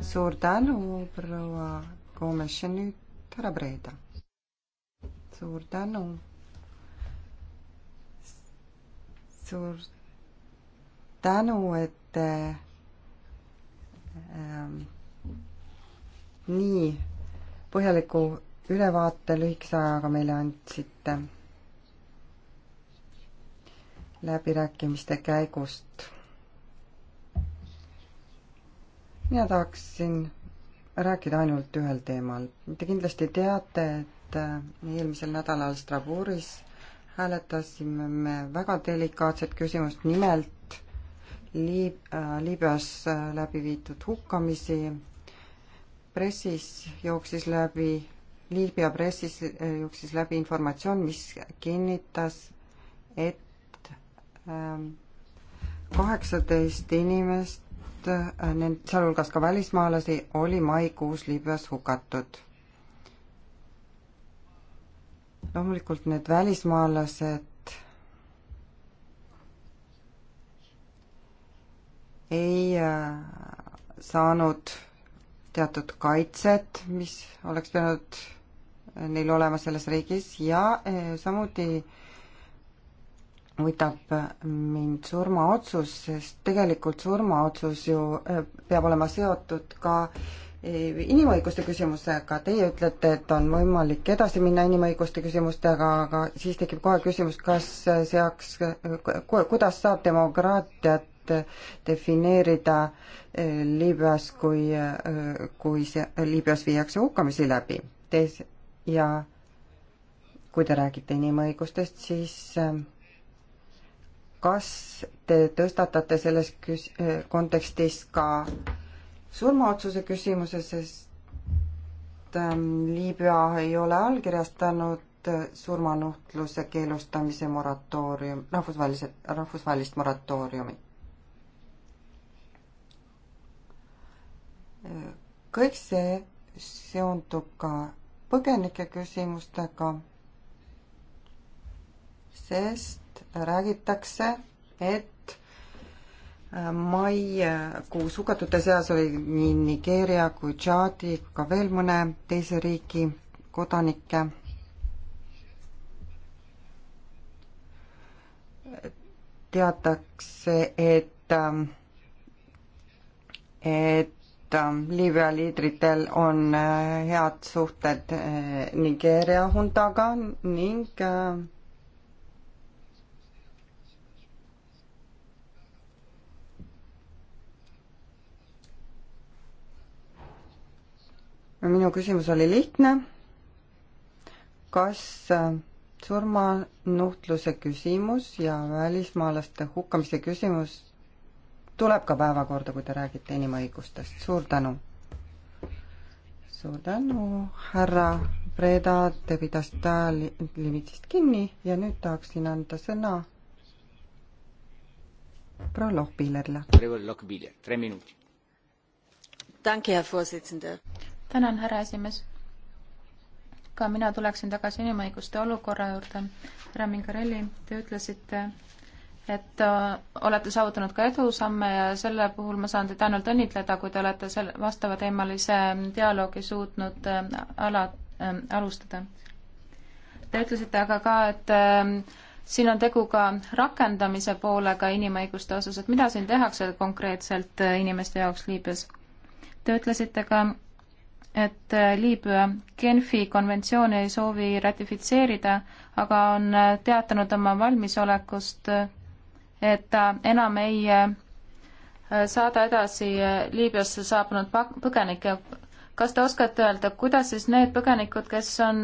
suur tänu, proua Koomes ja nüüd härra Breda. suur tänu. suur tänu, et te ähm, nii põhjaliku ülevaate lühikese ajaga meile andsite läbirääkimiste käigust mina tahaksin rääkida ainult ühel teemal. Te kindlasti teate, et äh, eelmisel nädalal Strabourgis hääletasime me väga delikaatset küsimust, nimelt Liib-, äh, Liibüas äh, läbi viidud hukkamisi. pressis jooksis läbi, Liibüa pressis jooksis läbi informatsioon, mis kinnitas, et ähm, kaheksateist inimest Äh, nend-, sealhulgas ka välismaalasi, oli maikuus Liibüas hukatud. loomulikult need välismaalased ei äh, saanud teatud kaitset, mis oleks pidanud äh, neil olema selles riigis ja samuti äh, huvitab mind surmaotsus, sest tegelikult surmaotsus ju äh, peab olema seotud ka äh, inimõiguste küsimusega, teie ütlete, et on võimalik edasi minna inimõiguste küsimustega, aga siis tekib kohe küsimus, kas see hakkas, kuidas saab demokraatiat äh, defineerida Liibüas, kui, kui see, Liibüas viiakse hukkamisi läbi. Teis- ja kui te räägite inimõigustest, siis kas te tõstatate selles küs-, äh, kontekstis ka surmaotsuse küsimuse, sest ähm, Liibüa ei ole allkirjastanud äh, surmanuhtluse keelustamise moratoorium, rahvusvahelise, rahvusvahelist moratooriumit. Äh, kõik see seondub ka põgenike küsimustega, sest räägitakse, et äh, maikuus hukatute seas oli nii Nigeeria kui Tšaadi, ka veel mõne teise riigi kodanikke. teatakse, et, äh, et äh, Liibüa liidritel on head suhted Nigeeria hundaga ning minu küsimus oli lihtne. kas äh, surmanuhtluse küsimus ja välismaalaste hukkamise küsimus tuleb ka päevakorda, kui te räägite inimõigustest? suur tänu! suur tänu, härra Breda, te pidasite ajalimiidist kinni ja nüüd tahaksin anda sõna proua Lohbillerile. Danke, Herr Vorsitzender tänan, härra esimees. ka mina tuleksin tagasi inimõiguste olukorra juurde. härra Mingarelli, te ütlesite, et äh, olete saavutanud ka edusamme ja selle puhul ma saan teid ainult õnnitleda, kui te olete selle vastavateemalise mm, dialoogi suutnud äh, ala äh,, alustada. Te ütlesite aga ka, et äh, siin on tegu ka rakendamise poolega inimõiguste osas, et mida siin tehakse konkreetselt äh, inimeste jaoks Liibüas? Te ütlesite ka, et äh, Liibüa Genfi konventsiooni ei soovi ratifitseerida, aga on äh, teatanud oma valmisolekust, äh, et ta enam ei saada edasi Liibüasse saabunud põgenikke. kas te oskate öelda, kuidas siis need põgenikud, kes on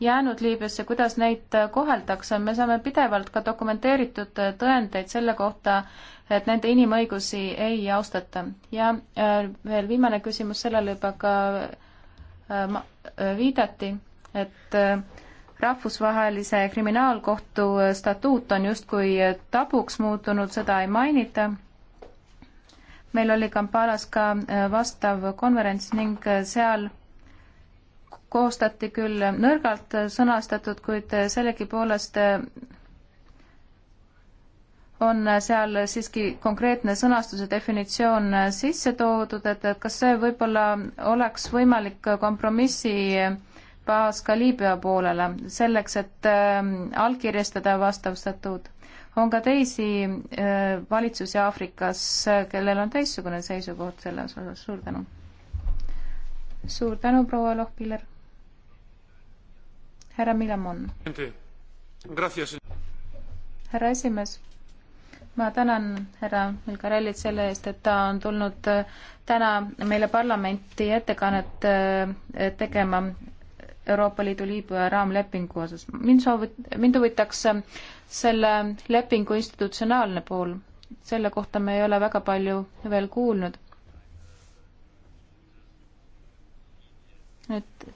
jäänud Liibüasse, kuidas neid koheldakse, me saame pidevalt ka dokumenteeritud tõendeid selle kohta, et nende inimõigusi ei austata. ja veel viimane küsimus, sellele juba ka Äh, äh, viidati, et äh, rahvusvahelise kriminaalkohtu statuut on justkui tabuks muutunud, seda ei mainita. meil oli Kampalas ka vastav konverents ning seal koostati küll nõrgalt sõnastatud, kuid sellegipoolest on seal siiski konkreetne sõnastuse definitsioon sisse toodud, et, et kas see võib-olla oleks võimalik kompromissi baas ka Liibüa poolele, selleks et ähm, allkirjastada vastav statuut. on ka teisi äh, valitsusi Aafrikas, kellel on teistsugune seisukoht selles osas, suur tänu. suur tänu, proua Lohpiller. härra Milamon. härra esimees ma tänan härra Milgarellit selle eest, et ta on tulnud äh, täna meile parlamenti ettekannet äh, tegema Euroopa Liidu Liibüa raamlepingu osas. mind soovit-, mind huvitaks äh, selle lepingu institutsionaalne pool. selle kohta me ei ole väga palju veel kuulnud. et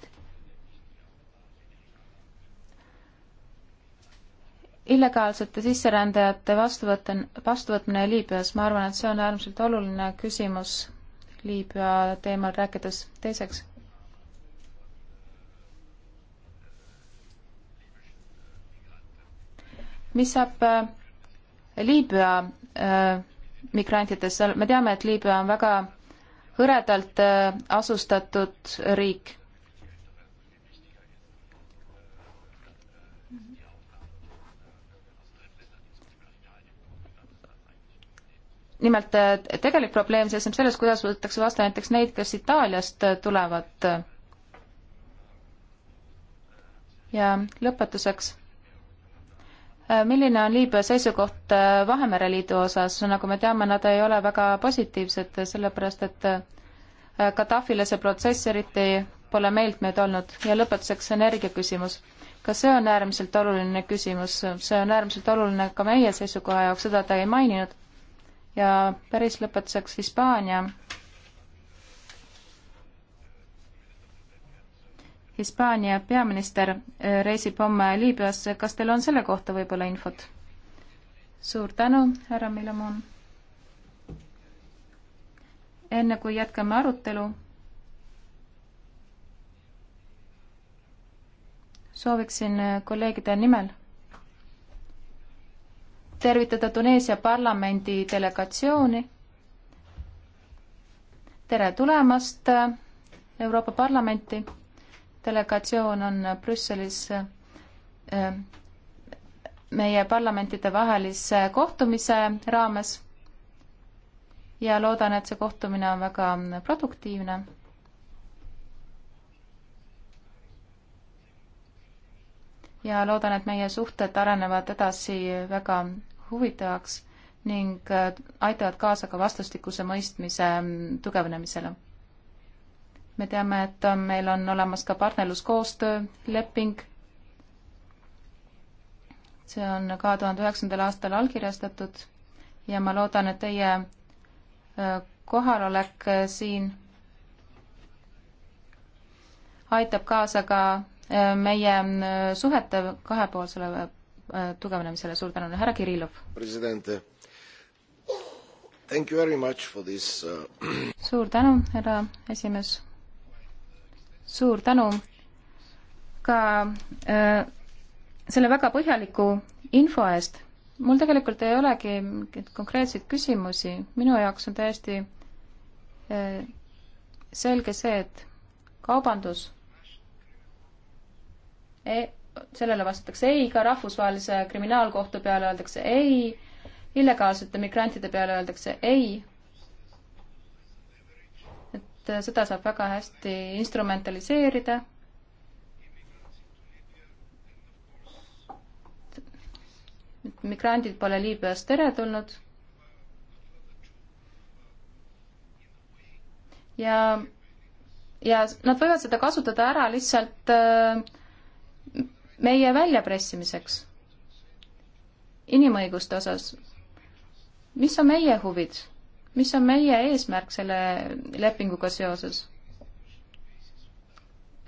illegaalsete sisserändajate vastuvõtten, vastuvõtmine Liibüas, ma arvan, et see on äärmiselt oluline küsimus Liibüa teemal rääkides. teiseks, mis saab äh, Liibüa äh, migrantidest, me teame, et Liibüa on väga hõredalt äh, asustatud riik nimelt eh, tegelik probleem seisneb selles, kuidas võetakse vastu näiteks neid, kes Itaaliast eh, tulevad. ja lõpetuseks. Eh, milline on Liibüa seisukoht Vahemere Liidu osas, nagu me teame, nad ei ole väga positiivsed, sellepärast et Gaddafile see protsess eriti pole meeltmööda olnud ja lõpetuseks energiaküsimus ka see on äärmiselt oluline küsimus, see on äärmiselt oluline ka meie seisukoha jaoks, seda ta ei maininud ja päris lõpetuseks Hispaania. Hispaania peaminister eh, reisib homme Liibüasse, kas teil on selle kohta võib-olla infot? suur tänu, härra Milamon. enne kui jätkame arutelu, sooviksin eh, kolleegide nimel tervitada Tuneesia parlamendi delegatsiooni. tere tulemast äh, Euroopa Parlamenti. delegatsioon on Brüsselis äh, meie parlamentide vahelise kohtumise raames ja loodan, et see kohtumine on väga produktiivne. ja loodan, et meie suhted arenevad edasi väga huvitavaks ning äh, aitavad kaasa ka vastastikuse mõistmise mm, tugevnemisele. me teame, et äh, meil on olemas ka partnerluskoostöö leping. see on kahe tuhande üheksandal aastal allkirjastatud ja ma loodan, et teie äh, kohalolek siin aitab kaasa ka meie mm, suhete kahepoolsele Äh, tugevnemisele, suur tänu, härra Kirillov. Uh, *clears throat* suur tänu, härra esimees. suur tänu ka äh, selle väga põhjaliku info eest. mul tegelikult ei olegi mingeid konkreetseid küsimusi, minu jaoks on täiesti äh, selge see, et kaubandus ei, sellele vastatakse ei, ka rahvusvahelise kriminaalkohtu peale öeldakse ei, illegaalsete migrantide peale öeldakse ei. et äh, seda saab väga hästi instrumentaliseerida. migrandid pole Liibüast teretulnud. ja, ja nad võivad seda kasutada ära lihtsalt äh, meie väljapressimiseks inimõiguste osas. mis on meie huvid, mis on meie eesmärk selle lepinguga seoses?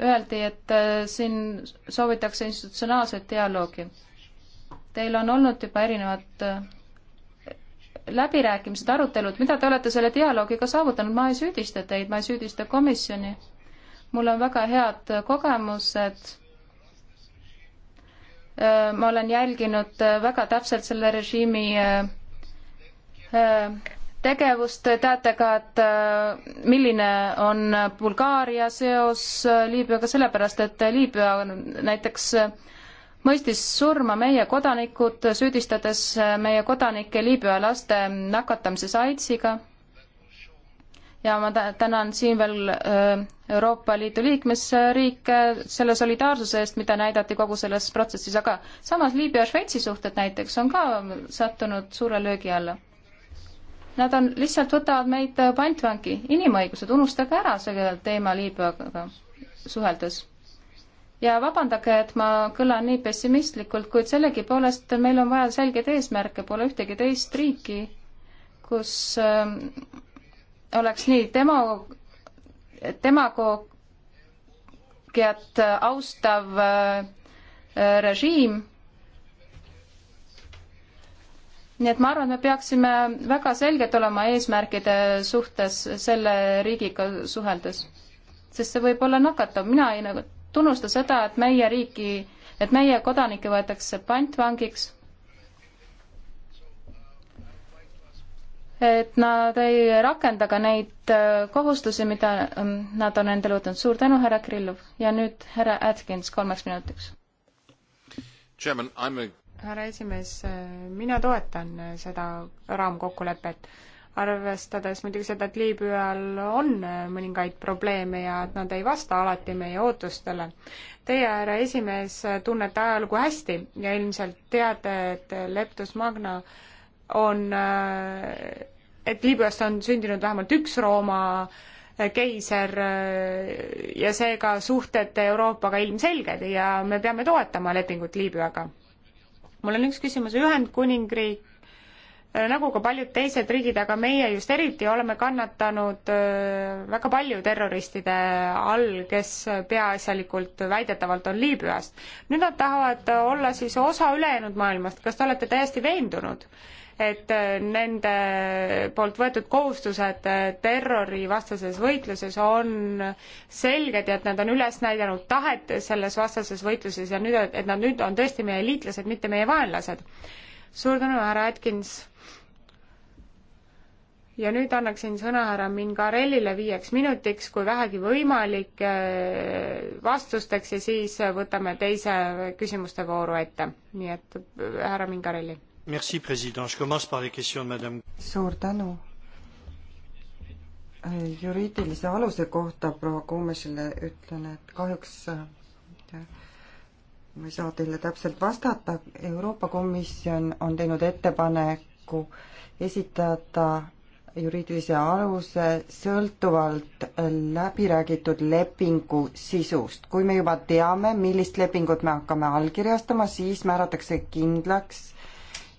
Öeldi, et äh, siin soovitakse institutsionaalset dialoogi. Teil on olnud juba erinevad äh, läbirääkimised, arutelud, mida te olete selle dialoogiga saavutanud, ma ei süüdista teid, ma ei süüdista komisjoni. mul on väga head kogemused Äh, ma olen jälginud äh, väga täpselt selle režiimi äh, tegevust, teate ka, et milline on Bulgaaria seos Liibüaga, sellepärast et Liibüa näiteks mõistis surma meie kodanikud, süüdistades meie kodanikke Liibüa laste nakatamises AIDSiga ja ma tänan siin veel äh, Euroopa Liidu liikmesriike selle solidaarsuse eest, mida näidati kogu selles protsessis, aga samas Liibüa ja Šveitsi suhted näiteks on ka sattunud suure löögi alla. Nad on, lihtsalt võtavad meid pantvangi, inimõigused, unustage ära see teema Liibüaga suheldes. ja vabandage, et ma kõlan nii pessimistlikult, kuid sellegipoolest meil on vaja selgeid eesmärke, pole ühtegi teist riiki, kus äh, oleks nii demo, demagoogiat austav äh, režiim. nii et ma arvan, et me peaksime väga selged olema eesmärkide suhtes selle riigiga suheldes, sest see võib olla nakatav, mina ei nagu tunnusta seda, et meie riiki, et meie kodanikke võetakse pantvangiks et nad ei rakenda ka neid äh, kohustusi, mida ähm, nad on endale võtnud. suur tänu, härra Krillov ja nüüd härra Atkins kolmeks minutiks. härra esimees, äh, mina toetan äh, seda raamkokkulepet, arvestades muidugi seda, et Liibüal on mõningaid probleeme ja et nad ei vasta alati meie ootustele. Teie, härra esimees, tunnete ajalugu hästi ja ilmselt teate, et Leptus Magna on äh, et Liibüast on sündinud vähemalt üks Rooma eh, keiser eh, ja seega suhted Euroopaga ilmselged ja me peame toetama lepingut Liibüaga. mul on üks küsimus, Ühendkuningriik eh, nagu ka paljud teised riigid, aga meie just eriti oleme kannatanud väga palju terroristide all, kes peaasjalikult väidetavalt on Liibüast. nüüd nad tahavad olla siis osa ülejäänud maailmast, kas te olete täiesti veendunud? et äh, nende poolt võetud kohustused äh, terrorivastases võitluses on selged ja et nad on üles näidanud tahet selles vastases võitluses ja nüüd, et nad nüüd on tõesti meie liitlased, mitte meie vaenlased. suur tänu, härra Atkins. ja nüüd annaksin sõna härra Mingarellile viieks minutiks, kui vähegi võimalik, äh, vastusteks ja siis võtame teise küsimuste vooru ette. nii et härra Mingarelli suur tänu. Äh, juriidilise aluse kohta proua Kuumesile ütlen, et kahjuks äh, ma ei saa teile täpselt vastata, Euroopa Komisjon on teinud ettepaneku esitada juriidilise aluse sõltuvalt läbiräägitud lepingu sisust. kui me juba teame, millist lepingut me hakkame allkirjastama, siis määratakse kindlaks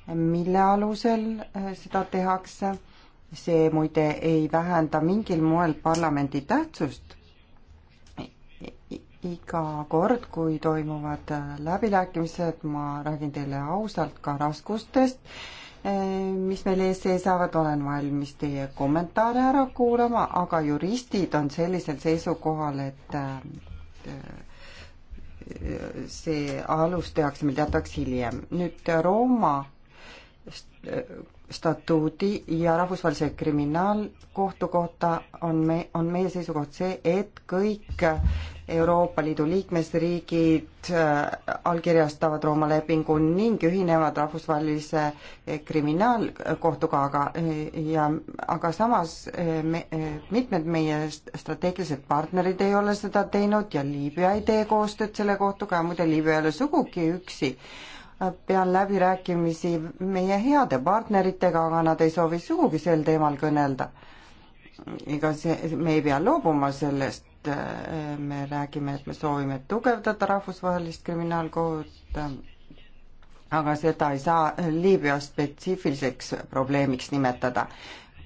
mille alusel äh, seda tehakse. see muide ei vähenda mingil moel parlamendi tähtsust. iga kord, kui toimuvad äh, läbirääkimised, ma räägin teile ausalt ka raskustest, äh, mis meil ees seisavad, olen valmis teie kommentaare ära kuulama, aga juristid on sellisel seisukohal, et see alus tehakse meil teatavaks hiljem. nüüd Rooma statuudi ja Rahvusvahelise Kriminaalkohtu kohta on me, on meie seisukoht see, et kõik Euroopa Liidu liikmesriigid äh, allkirjastavad Rooma lepingu ning ühinevad Rahvusvahelise äh, Kriminaalkohtuga, aga äh, ja aga samas me, mitmed meie strateegilised partnerid ei ole seda teinud ja Liibüa ei tee koostööd selle kohtuga ja muide, Liibüa ei ole sugugi üksi pean läbirääkimisi meie heade partneritega, aga nad ei soovi sugugi sel teemal kõnelda. ega see, me ei pea loobuma sellest, äh, me räägime, et me soovime tugevdada rahvusvahelist kriminaalkohut, äh, aga seda ei saa Liibüa spetsiifiliseks probleemiks nimetada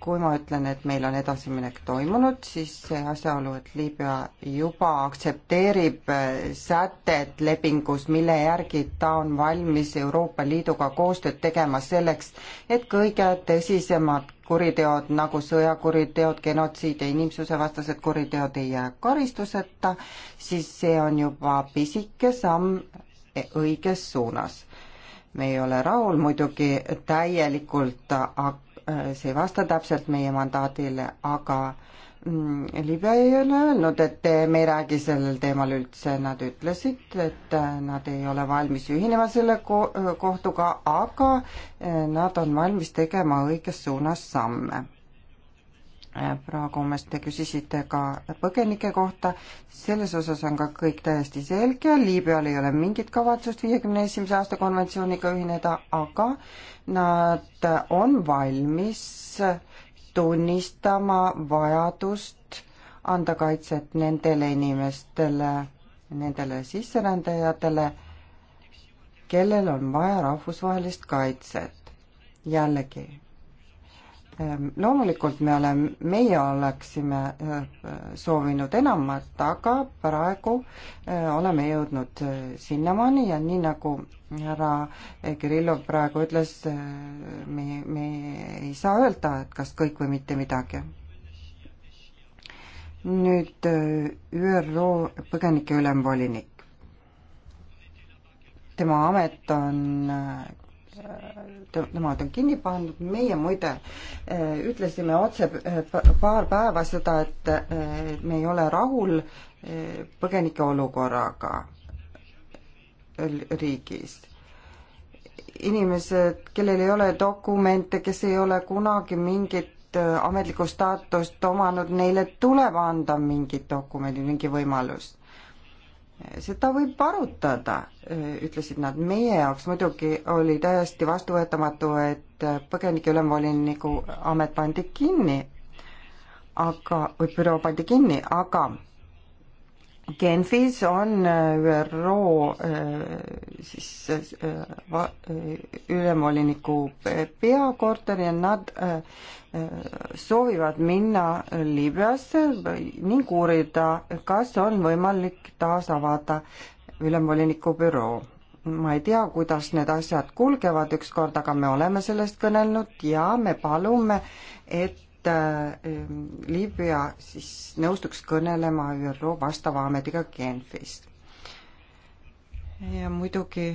kui ma ütlen, et meil on edasiminek toimunud, siis see asjaolu, et Liibüa juba aktsepteerib äh, sätet lepingus, mille järgi ta on valmis Euroopa Liiduga koostööd tegema selleks, et kõige tõsisemad kuriteod nagu sõjakuriteod, genotsiid ja inimsusevastased kuriteod ei jää karistuseta, siis see on juba pisike samm õiges suunas me ei ole rahul muidugi täielikult, aga Äh, see ei vasta täpselt meie mandaadile, aga mm, Libe ei ole öelnud, et me ei räägi sellel teemal üldse, nad ütlesid, et äh, nad ei ole valmis ühinema selle ko-, äh, kohtuga, aga nad on valmis tegema õiges suunas samme Äh, proua Kummes, te küsisite ka põgenike kohta, selles osas on ka kõik täiesti selge, Liibüal ei ole mingit kavatsust viiekümne esimese aasta konventsiooniga ühineda, aga nad on valmis tunnistama vajadust anda kaitset nendele inimestele, nendele sisserändajatele, kellel on vaja rahvusvahelist kaitset. jällegi Ehm, loomulikult me oleme, meie oleksime ehm, soovinud enamat, aga praegu ehm, oleme jõudnud sinnamaani ja nii nagu härra Kirillov praegu ütles, me, me ei saa öelda, et kas kõik või mitte midagi. nüüd ÜRO põgenike ülemvolinik. tema amet on Äh, nemad on kinni pandud, meie muide äh, ütlesime otse äh, paar päeva seda, et me ei ole rahul põgenike olukorraga riigis inimesed, kellel ei ole dokumente, kes ei ole kunagi mingit ametlikku staatust omanud, neile tuleb anda mingid dokumendid, mingi võimalus seda võib arutada, ütlesid nad. meie jaoks muidugi oli täiesti vastuvõetamatu, et põgenike ülemvoliniku amet pandi kinni, aga, või büroo pandi kinni, aga Genfis on äh, ÜRO äh, siis äh, ülemvoliniku peakorter ja nad soovivad minna Liibüasse ning uurida, kas on võimalik taas avada ülemvoliniku büroo. ma ei tea, kuidas need asjad kulgevad ükskord, aga me oleme sellest kõnelnud ja me palume, et et äh, Liibüa siis nõustuks kõnelema ÜRO vastava ametiga Genfis. ja muidugi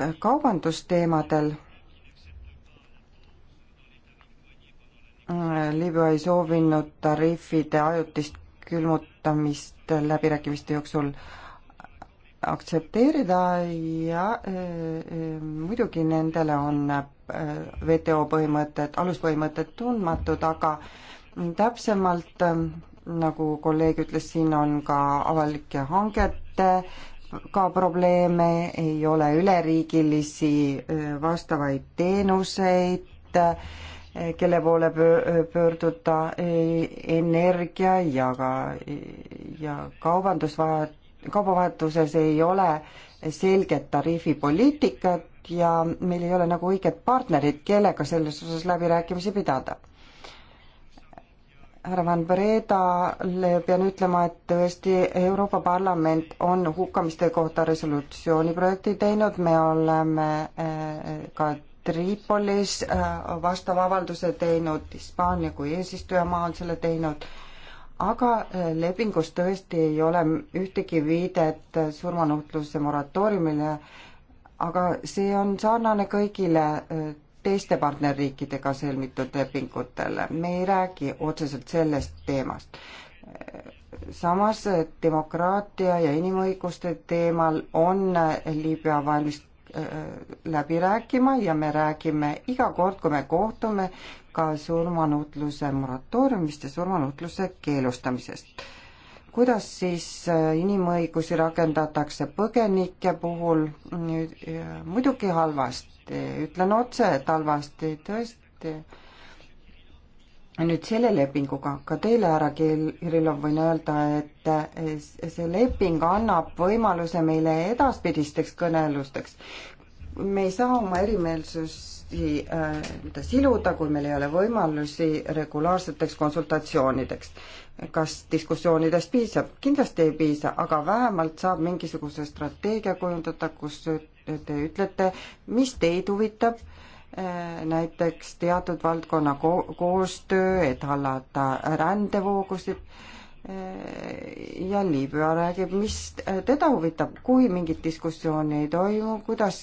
äh, kaubandusteemadel äh, Liibüa ei soovinud tariifide ajutist külmutamist läbirääkimiste jooksul aktsepteerida ja äh, äh, muidugi nendele on Äh, WTO põhimõtted, aluspõhimõtted tundmatud, aga täpsemalt, äh, nagu kolleeg ütles, siin on ka avalike hangete ka probleeme, ei ole üleriigilisi äh, vastavaid teenuseid, kelle poole pöörduda, energia ja ka, ja kaubandusvahet, kaubavahetuses ei ole selget tariifipoliitikat, ja meil ei ole nagu õiget partnerit, kellega selles osas läbirääkimisi pidada. härra Van Bredale pean ütlema, et tõesti Euroopa Parlament on hukkamiste kohta resolutsiooni projekti teinud, me oleme eh, ka Tripolis eh, vastava avalduse teinud, Hispaania kui eesistujamaa on selle teinud, aga eh, lepingus tõesti ei ole ühtegi viidet surmanuhtluse moratooriumile aga see on sarnane kõigile äh, teiste partnerriikidega sõlmitud lepingutele. me ei räägi otseselt sellest teemast. Äh, samas äh, demokraatia ja inimõiguste teemal on Liibüa valmis läbi rääkima ja me räägime iga kord, kui me kohtume ka surmanuhtluse moratooriumist ja surmanuhtluse keelustamisest kuidas siis äh, inimõigusi rakendatakse põgenike puhul, muidugi halvasti, ütlen otse, et halvasti, tõesti. nüüd selle lepinguga, ka teile, härra Kirillov, võin öelda, et äh, see leping annab võimaluse meile edaspidisteks kõnelusteks me ei saa oma erimeelsusi äh, nii-öelda äh, siluda, kui meil ei ole võimalusi regulaarseteks konsultatsioonideks. kas diskussioonidest piisab? kindlasti ei piisa, aga vähemalt saab mingisuguse strateegia kujundada, kus te ütlete, mis teid huvitab äh,, näiteks teatud valdkonna ko koostöö, et hallata rändevoogusid äh, ja Liibüa räägib, mis teda huvitab, kui mingit diskussiooni ei toimu, kuidas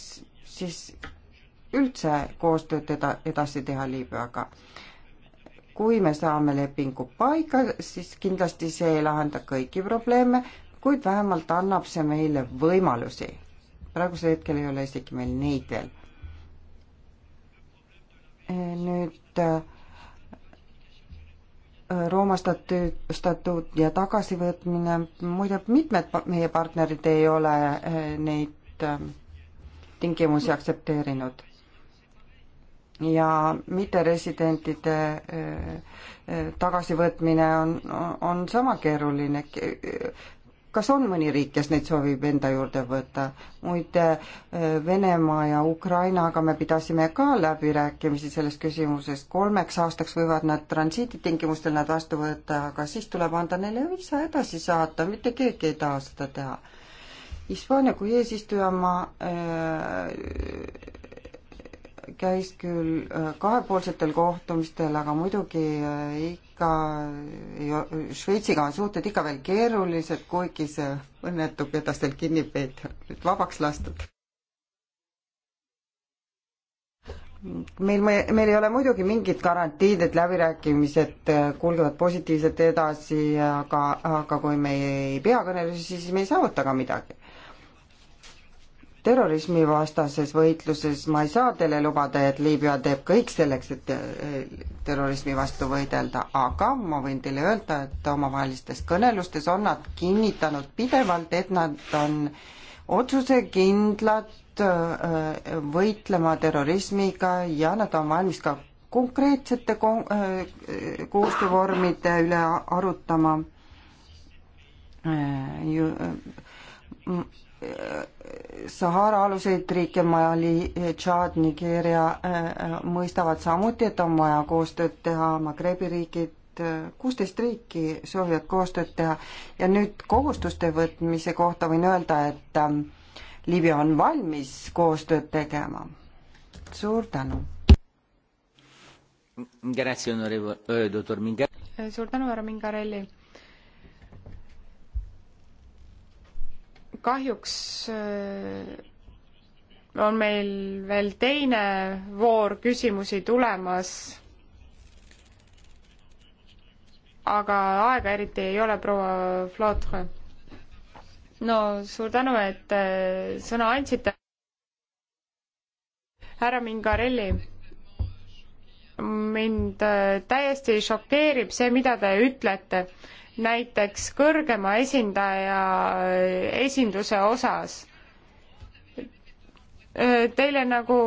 siis üldse koostööd eda-, edasi teha Liibüaga. kui me saame lepingu paika, siis kindlasti see ei lahenda kõiki probleeme, kuid vähemalt annab see meile võimalusi. praegusel hetkel ei ole isegi meil neid veel. Eh, nüüd eh, Rooma statuut, statuut ja tagasivõtmine, muide mitmed meie partnerid ei ole eh, neid tingimusi aktsepteerinud. ja mitteresidentide eh, eh, tagasivõtmine on, on sama keeruline. kas on mõni riik, kes neid soovib enda juurde võtta? muide, eh, Venemaa ja Ukrainaga me pidasime ka läbirääkimisi selles küsimuses, kolmeks aastaks võivad nad transiiditingimustel nad vastu võtta, aga siis tuleb anda neile viisa edasi saata, mitte keegi ei taha seda teha Hispaania kui eesistujamaa äh, käis küll äh, kahepoolsetel kohtumistel, aga muidugi äh, ikka, Šveitsiga on suhted ikka veel keerulised, kuigi see õnnetu, keda sealt kinni peeti, nüüd vabaks lastud. meil, meil ei ole muidugi mingit garantiid, et läbirääkimised kulgevad positiivselt edasi, aga, aga kui me ei pea kõnelusi, siis me ei saavuta ka midagi terrorismivastases võitluses ma ei saa teile lubada, et Liibüa teeb kõik selleks, et terrorismi vastu võidelda, aga ma võin teile öelda, et omavahelistes kõnelustes on nad kinnitanud pidevalt, et nad on otsusekindlad äh, võitlema terrorismiga ja nad on valmis ka konkreetsete äh, koostöövormide üle arutama äh, Sahara aluseid riike, Mali, Tšaad, Nigeeria äh, mõistavad samuti, et on vaja koostööd teha, Magrebi riigid, äh, kuusteist riiki soovivad koostööd teha ja nüüd kohustuste võtmise kohta võin öelda, et ähm, Liibüa on valmis koostööd tegema. suur tänu. Eh, suur tänu, härra Mingarelli kahjuks äh, on meil veel teine voor küsimusi tulemas. aga aega eriti ei ole, proua Flotre. no suur tänu, et äh, sõna andsite. härra Mingarelli mind äh, täiesti šokeerib see, mida te ütlete näiteks kõrgema esindaja esinduse osas. Teile nagu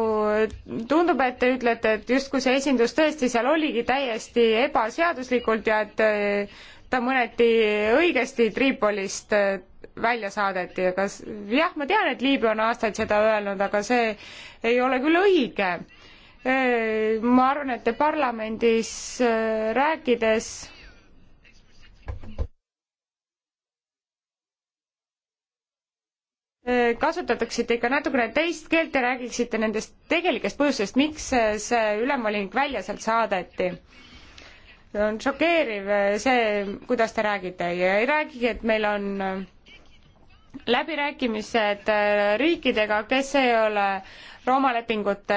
tundub, et te ütlete, et justkui see esindus tõesti seal oligi täiesti ebaseaduslikult ja et äh, ta mõneti õigesti Tripolist äh, välja saadeti, aga jah, ma tean, et Liibüa on aastaid seda öelnud, aga see ei ole küll õige. Äh, ma arvan, et te parlamendis rääkides kasutatakse ikka natukene teist keelt ja räägiksite nendest tegelikest põhjustest, miks see ülemvolinik välja sealt saadeti. on šokeeriv see, kuidas te räägite ja ei räägigi, et meil on läbirääkimised riikidega, kes ei ole Rooma lepingut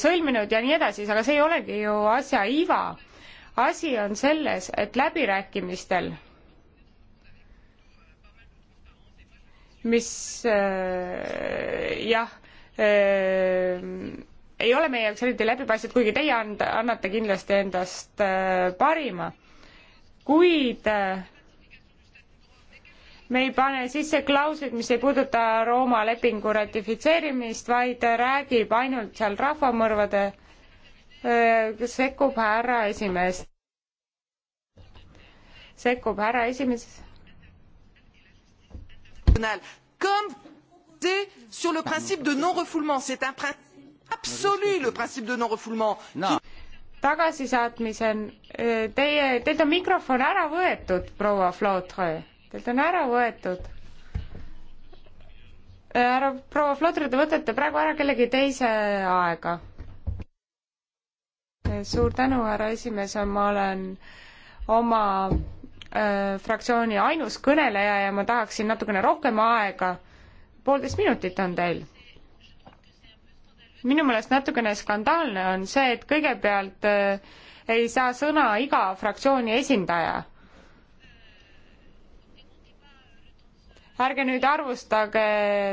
sõlminud ja nii edasi, aga see ei olegi ju asja iva. asi on selles, et läbirääkimistel mis äh, jah, äh, ei ole meie jaoks eriti läbipaistvad, kuigi teie anda, annate kindlasti endast äh, parima. kuid me ei pane sisse klauslit, mis ei puuduta Rooma lepingu ratifitseerimist, vaid räägib ainult seal rahvamõrvade, sekkub härra esimees. sekkub härra esimees nationale comme basée sur le principe de non refoulement. c'est un principe absolu le principe de non refoulement. No. tagasisaatmise äh, teie teilt on mikrofon ära võetud proua Flotre teilt on ära võetud äh, härra proua Flotre te võtate praegu ära kellegi teise aega äh, suur tänu härra esimees ma olen oma Äh, fraktsiooni ainus kõneleja ja ma tahaksin natukene rohkem aega. poolteist minutit on teil. minu meelest natukene skandaalne on see, et kõigepealt äh, ei saa sõna iga fraktsiooni esindaja ärge nüüd arvustage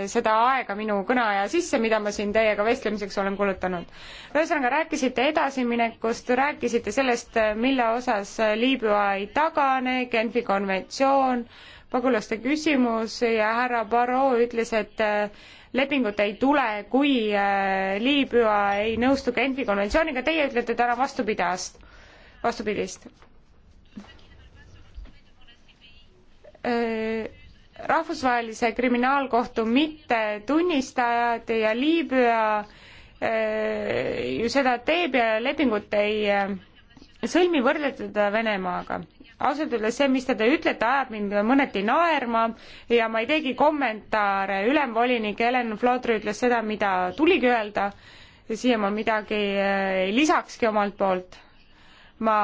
seda aega minu kõneaja sisse, mida ma siin teiega vestlemiseks olen kulutanud. ühesõnaga, rääkisite edasiminekust, rääkisite sellest, mille osas Liibüa ei tagane, Genfi konventsioon, pagulaste küsimus ja härra Barrot ütles, et äh, lepingut ei tule, kui äh, Liibüa ei nõustu Genfi konventsiooniga, teie ütlete täna vastupidast, vastupidist. Uh rahvusvahelise kriminaalkohtu mittetunnistajad ja Liibüa eh, ju seda teeb ja lepingut ei eh, sõlmi, võrdlete teda Venemaaga. ausalt öeldes see, mis te ütlete, ajab mind mõneti naerma ja ma ei teegi kommentaare, ülemvolinik Helen Flodr ütles seda, mida tuligi öelda, siia ma midagi ei eh, lisakski omalt poolt ma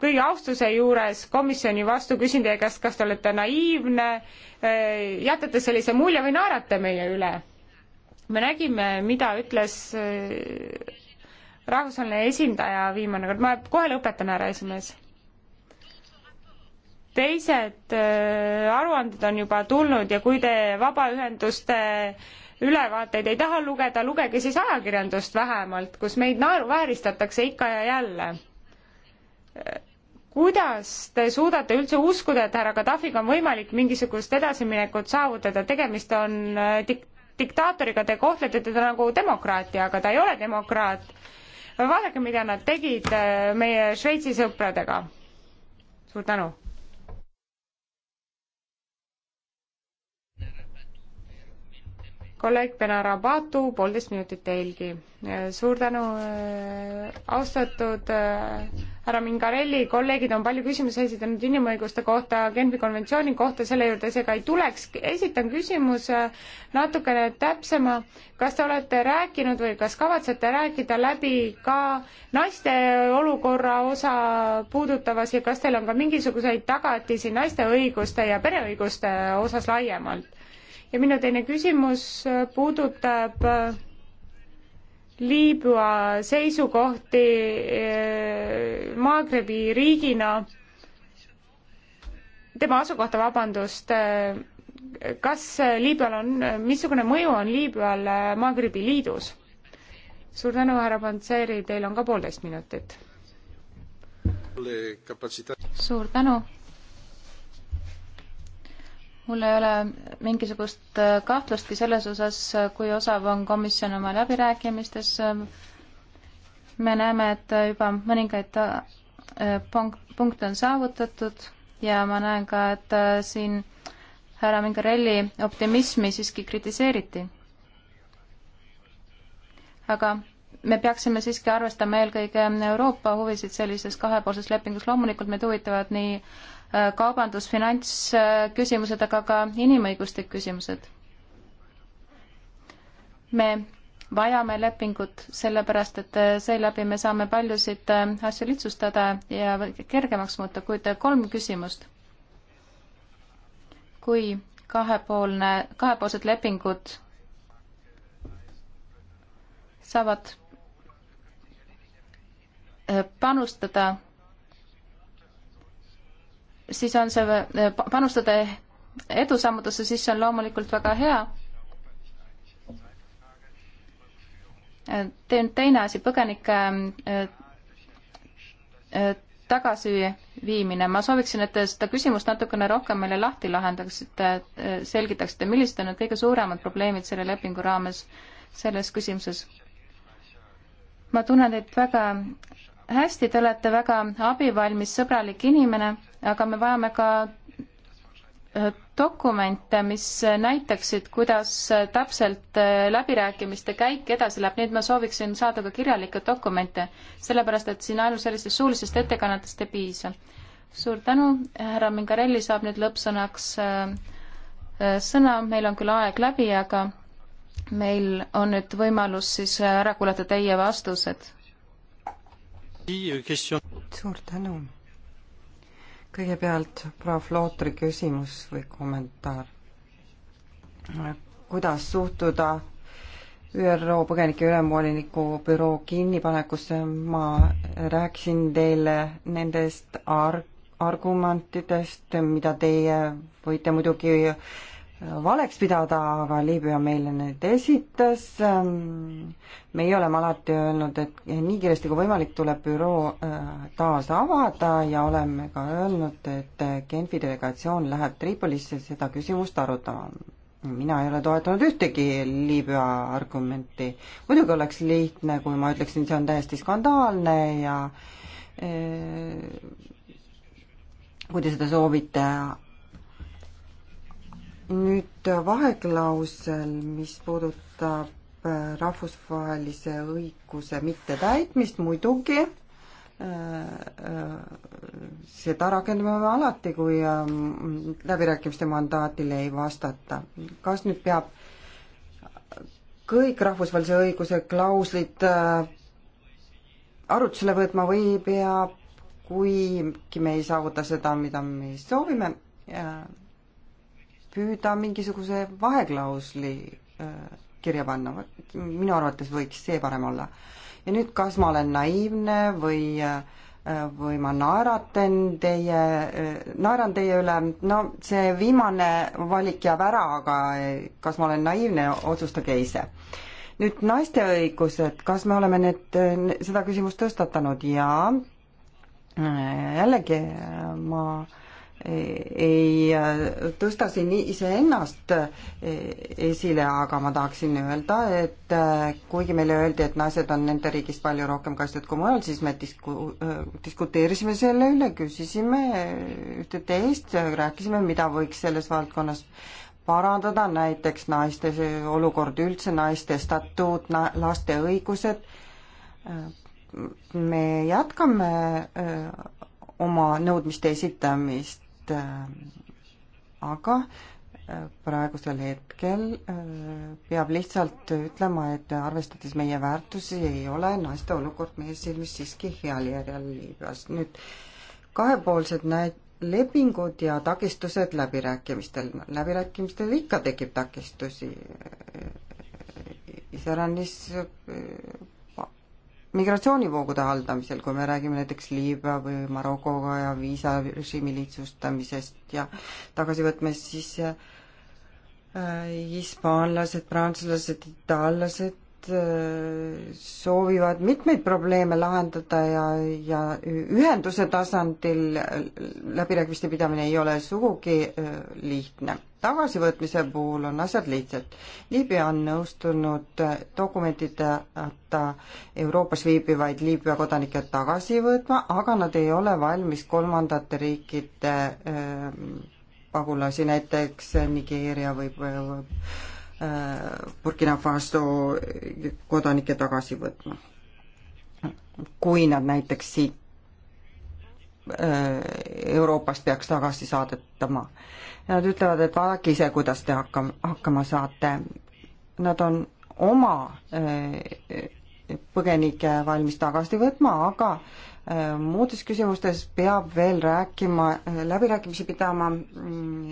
kõige austuse juures komisjoni vastu küsin teie käest, kas te olete naiivne, eh, jätate sellise mulje või naerate meie üle? me nägime, mida ütles eh, rahvusvaheline esindaja viimane kord, ma kohe lõpetan, härra esimees. teised eh, aruanded on juba tulnud ja kui te vabaühenduste ülevaateid ei taha lugeda, lugege siis ajakirjandust vähemalt, kus meid naeruvääristatakse ikka ja jälle kuidas te suudate üldse uskuda, et härra Gaddafiga on võimalik mingisugust edasiminekut saavutada, tegemist on äh, dik-, diktaatoriga, te kohtlete teda nagu demokraati, aga ta ei ole demokraat. vaadake, mida nad tegid äh, meie Šveitsi sõpradega. suur tänu kolleeg Benarabatu, poolteist minutit teilgi. suur tänu, äh, austatud äh, härra Mingarelli, kolleegid on palju küsimusi esitanud inimõiguste kohta, Genfi konventsiooni kohta, selle juurde seega ei tuleks. esitan küsimuse natukene täpsema. kas te olete rääkinud või kas kavatsete rääkida läbi ka naiste olukorra osa puudutavas ja kas teil on ka mingisuguseid tagatisi naiste õiguste ja pereõiguste osas laiemalt? ja minu teine küsimus puudutab äh, Liibüa seisukohti äh, Maagrebi riigina, tema asukohta, vabandust, äh, kas Liibüal on, missugune mõju on Liibüal Maagrebi liidus? suur tänu, härra Pantseri, teil on ka poolteist minutit. suur tänu mul ei ole mingisugust äh, kahtlustki selles osas, äh, kui osav on komisjon oma läbirääkimistes. me näeme, et äh, juba mõningaid punkte on saavutatud ja ma näen ka, et siin härra Mingarelli optimismi siiski kritiseeriti. aga me peaksime siiski arvestama eelkõige Euroopa huvisid sellises kahepoolses lepingus, loomulikult meid huvitavad nii äh, Äh, kaubandus, finantsküsimused, aga ka inimõiguste küsimused. me vajame lepingut, sellepärast et äh, seeläbi me saame paljusid äh, asju lihtsustada ja kergemaks muuta, kuid kolm küsimust. kui kahepoolne, kahepoolsed lepingud saavad panustada siis on see, eh, panustada edusammudesse, siis see on loomulikult väga hea. Eh, teine asi, põgenike eh, tagasiviimine, ma sooviksin, et te seda küsimust natukene rohkem meile lahti lahendaksite, selgitaksite, millised on need kõige suuremad probleemid selle lepingu raames selles küsimuses? ma tunnen teid väga hästi, te olete väga abivalmis, sõbralik inimene aga me vajame ka eh, dokumente, mis näitaksid, kuidas täpselt eh, läbirääkimiste käik edasi läheb, nii et ma sooviksin saada ka kirjalikke dokumente, sellepärast et siin ainult sellistest suulisest ettekannetest ei piisa. suur tänu, härra Mingarelli saab nüüd lõppsõnaks eh, sõna, meil on küll aeg läbi, aga meil on nüüd võimalus siis ära kuulata teie vastused. suur tänu kõigepealt proua Flootri küsimus või kommentaar. kuidas suhtuda ÜRO põgenike ülemvoliniku büroo kinnipanekusse, ma rääkisin teile nendest arg-, argumentidest, mida teie võite muidugi valeks pidada, aga Liibüa meile need esitas. Ähm, meie oleme alati öelnud, et nii kiiresti kui võimalik, tuleb büroo äh, taas avada ja oleme ka öelnud, et Genfi delegatsioon läheb Tripolisse seda küsimust arutama. mina ei ole toetanud ühtegi Liibüa argumenti. muidugi oleks lihtne, kui ma ütleksin, see on täiesti skandaalne ja äh, kui te seda soovite, nüüd vaheklausel, mis puudutab äh, rahvusvahelise õiguse mittetäitmist muidugi, äh, äh, seda rakendame alati, kui läbirääkimiste mandaatile ei vastata. kas nüüd peab kõik rahvusvahelise õiguse klauslid arutusele võtma või peab, kuigi me ei saavuta seda, mida me soovime, püüda mingisuguse vaheklausli äh, kirja panna, minu arvates võiks see parem olla. ja nüüd, kas ma olen naiivne või, äh, või ma naeratan teie, äh, naeran teie üle, no see viimane valik jääb ära, aga kas ma olen naiivne, otsustage ise. nüüd naiste õigused, kas me oleme need, seda küsimust tõstatanud ja jällegi ma äh, ei äh, tõsta siin iseennast äh, esile, aga ma tahaksin öelda, et äh, kuigi meile öeldi, et naised on nende riigis palju rohkem kaitstud kui mujal, siis me disku-, diskuteerisime selle üle, küsisime ühte-teist, rääkisime, mida võiks selles valdkonnas parandada, näiteks naiste olukord üldse, naiste statuut, laste õigused. me jätkame oma nõudmiste esitamist Äh, aga äh, praegusel hetkel äh, peab lihtsalt ütlema, et arvestades meie väärtusi, ei ole naiste olukord meie silmis siiski heal järjel Liibüas. nüüd kahepoolsed näid-, lepingud ja takistused läbirääkimistel. läbirääkimistel ikka tekib takistusi. iseäranis migratsioonivoogude haldamisel, kui me räägime näiteks Liibüa või Marokoga ja viisarežiimi lihtsustamisest ja tagasivõtmest, siis äh, hispaanlased, prantslased, itaallased äh, soovivad mitmeid probleeme lahendada ja, ja ühenduse tasandil läbirääkimiste pidamine ei ole sugugi äh, lihtne tagasivõtmise puhul on asjad lihtsad. Liibüa on nõustunud dokumentideta Euroopas viibivaid Liibüa kodanikke tagasi võtma, aga nad ei ole valmis kolmandate riikide äh, pagulasi, näiteks Nigeeria või äh, Burkina Faso kodanikke tagasi võtma. kui nad näiteks siit Äh, Euroopast peaks tagasi saadetama. Nad ütlevad, et vaadake ise, kuidas te hakka, hakkama saate. Nad on oma äh, põgenikke valmis tagasi võtma, aga äh, muudes küsimustes peab veel rääkima, läbirääkimisi pidama mm,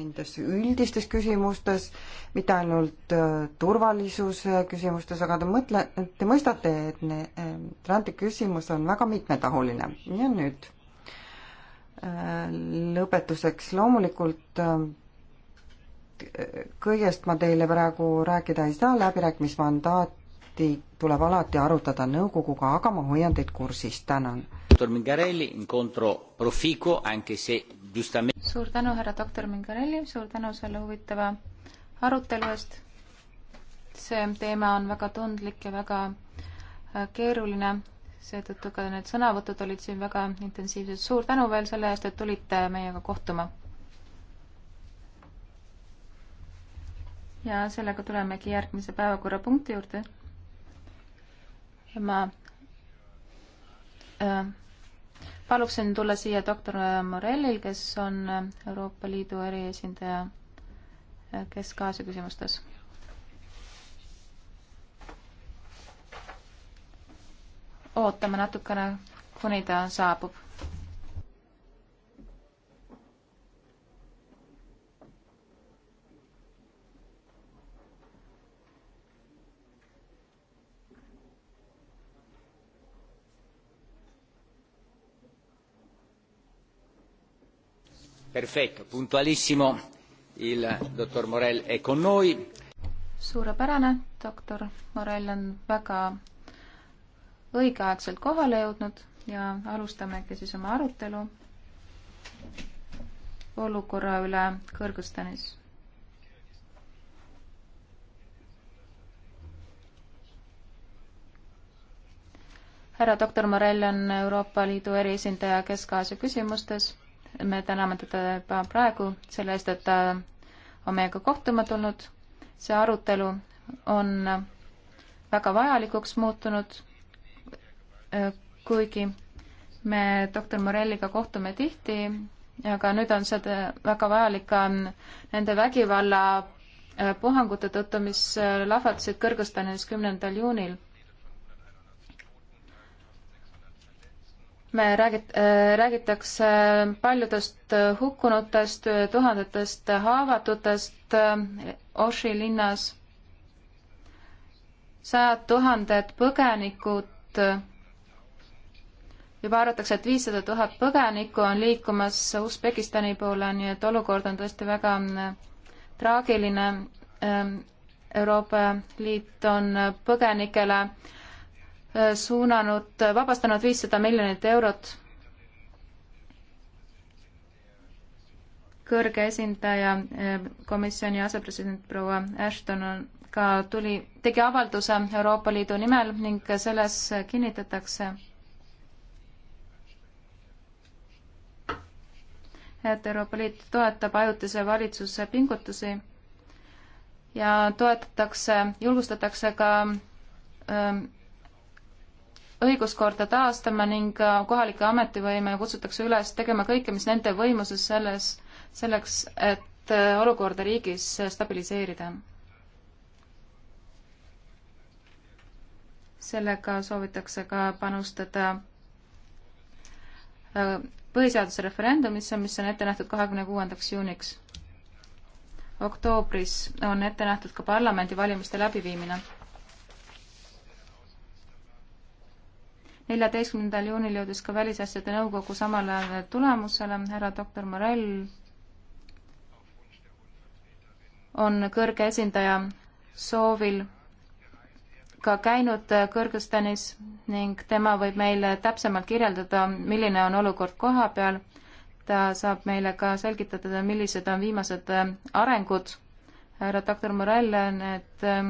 nendes üldistes küsimustes, mitte ainult turvalisuse küsimustes, aga te mõtle, te mõistate, et rände küsimus on väga mitmetahuline ja nüüd lõpetuseks, loomulikult äh, kõigest ma teile praegu rääkida ei saa, läbirääkimismandaati tuleb alati arutada nõukoguga, aga ma hoian teid kursis, tänan. suur tänu, härra doktor Mingarelli, suur tänu selle huvitava arutelu eest. see teema on väga tundlik ja väga äh, keeruline, seetõttu ka need sõnavõtud olid siin väga intensiivsed. suur tänu veel selle eest, et tulite meiega kohtuma. ja sellega tulemegi järgmise päevakorrapunkti juurde. ja ma äh, paluksin tulla siia doktor Morellil, kes on Euroopa Liidu eriesindaja äh, Kesk-Aasia küsimustes ootame natukene, kuni ta saabub. Perfetto, puntualissimo, il dottor Morel è con noi. suurepärane, doktor Morel on väga õigeaegselt kohale jõudnud ja alustamegi siis oma arutelu olukorra üle Kõrgõzstanis. härra doktor Morell on Euroopa Liidu eriesindaja Kesk-Aasia küsimustes. me täname teda juba praegu selle eest, et ta on meiega kohtuma tulnud. see arutelu on väga vajalikuks muutunud Äh, kuigi me doktor Morelliga kohtume tihti, aga nüüd on seda väga vajalik ka nende vägivalla äh, puhangute tõttu, mis äh, lahvatasid Kõrgõzstanis kümnendal juunil me räägit-, räägitakse paljudest hukkunutest, tuhandetest haavatutest Oši linnas. sajad tuhanded põgenikud juba arvatakse, et viissada tuhat põgenikku on liikumas Usbekistani poole, nii et olukord on tõesti väga äh, traagiline. Ähm, Euroopa Liit on äh, põgenikele äh, suunanud, vabastanud viissada miljonit eurot. kõrge esindaja, komisjoni asepresident proua Ashton on ka tuli, tegi avalduse Euroopa Liidu nimel ning selles kinnitatakse et Euroopa Liit toetab ajutise valitsuse pingutusi ja toetatakse, julgustatakse ka ähm, õiguskorda taastama ning kohalikke ametivõime kutsutakse üles tegema kõike, mis nende võimuses selles, selleks, et äh, olukorda riigis stabiliseerida. sellega soovitakse ka panustada äh, põhiseaduse referendumisse, mis on ette nähtud kahekümne kuuendaks juuniks. oktoobris on ette nähtud ka parlamendivalimiste läbiviimine. neljateistkümnendal juunil jõudis ka Välisasjade Nõukogu samale tulemusele, härra doktor Morell on kõrge esindaja soovil ka käinud Kõrgõzstanis ning tema võib meile täpsemalt kirjeldada, milline on olukord koha peal. ta saab meile ka selgitada, millised on viimased äh, arengud. härra doktor Morell, need, ähm,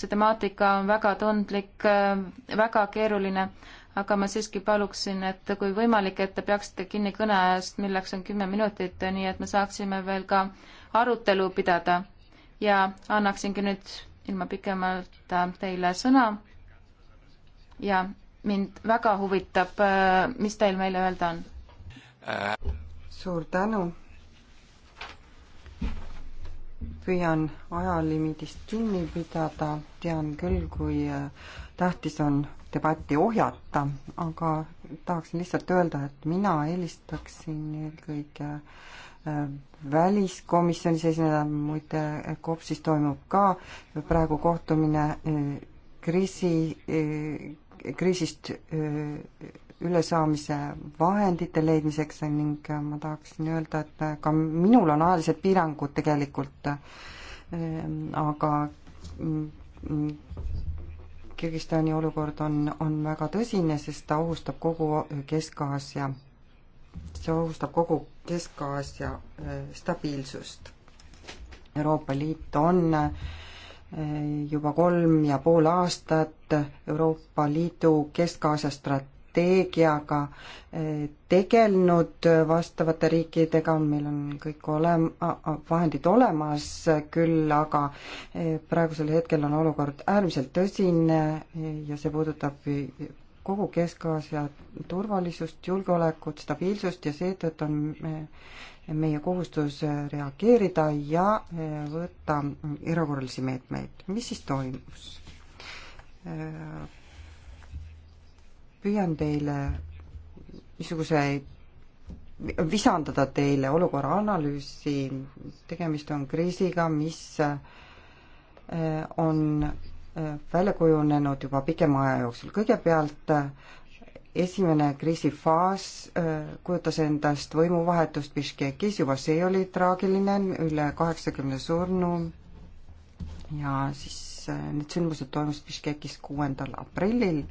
see temaatika on väga tundlik, äh, väga keeruline, aga ma siiski paluksin, et kui võimalik, et te peaksite kinni kõne ajast, milleks on kümme minutit, nii et me saaksime veel ka arutelu pidada ja annaksingi nüüd ilma pikemalt äh, teile sõna ja mind väga huvitab, äh, mis teil meile öelda on. suur tänu. püüan ajalimiidist kinni pidada, tean küll, kui äh, tähtis on debatti ohjata, aga tahaksin lihtsalt öelda, et mina eelistaksin eelkõige äh, väliskomisjonis esineda, muide KOPS-is toimub ka praegu kohtumine eh, kriisi, eh, kriisist eh, ülesaamise vahendite leidmiseks ning ma tahaksin öelda, et ka minul on ajalised piirangud tegelikult, aga mm, mm, Kirgistani olukord on, on väga tõsine, sest ta ohustab kogu Kesk-Aasia, see ohustab kogu Kesk-Aasia äh, stabiilsust. Euroopa Liit on äh, juba kolm ja pool aastat Euroopa Liidu Kesk-Aasia strateegiaga äh, tegelenud vastavate riikidega, meil on kõik olem-, vahendid olemas küll, aga praegusel hetkel on olukord äärmiselt tõsine ja see puudutab kogu Kesk-Aasia turvalisust, julgeolekut, stabiilsust ja seetõttu on meie kohustus äh, reageerida ja äh, võtta erakorralisi meetmeid. mis siis toimus? Äh, püüan teile niisuguseid visandada teile olukorra analüüsi, tegemist on kriisiga, mis on välja kujunenud juba pikema aja jooksul. kõigepealt äh, esimene kriisifaas äh, kujutas endast võimuvahetust Biškekis, juba see oli traagiline, üle kaheksakümne surnu ja siis äh, need sündmused toimusid Biškekis kuuendal aprillil.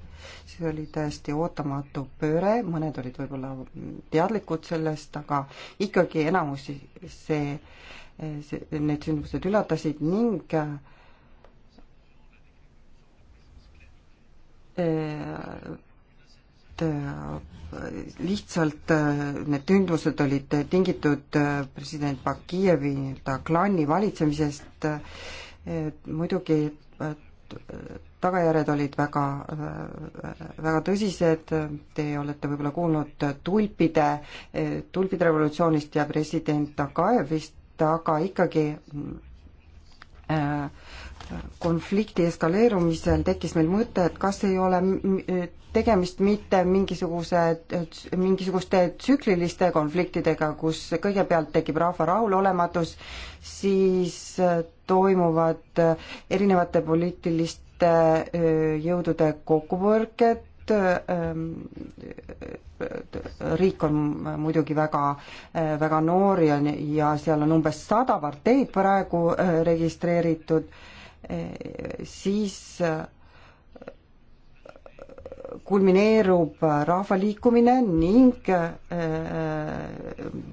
see oli täiesti ootamatu pööre, mõned olid võib-olla teadlikud sellest, aga ikkagi enamus see, see, need sündmused üllatasid ning äh, et äh, lihtsalt äh, need tündmused olid tingitud äh, president Bakijevi nii-öelda klanni valitsemisest, muidugi tagajärjed olid väga, väga tõsised, te olete võib-olla kuulnud tulpide, tulpide revolutsioonist ja president Akajevist, aga ikkagi konflikti eskaleerumisel tekkis meil mõte, et kas ei ole tegemist mitte mingisuguse, mingisuguste tsükliliste konfliktidega, kus kõigepealt tekib rahva rahulolematus, siis toimuvad erinevate poliitiliste jõudude kokkupõrked, riik on muidugi väga, väga noor ja, ja seal on umbes sada parteid praegu registreeritud siis kulmineerub rahvaliikumine ning äh,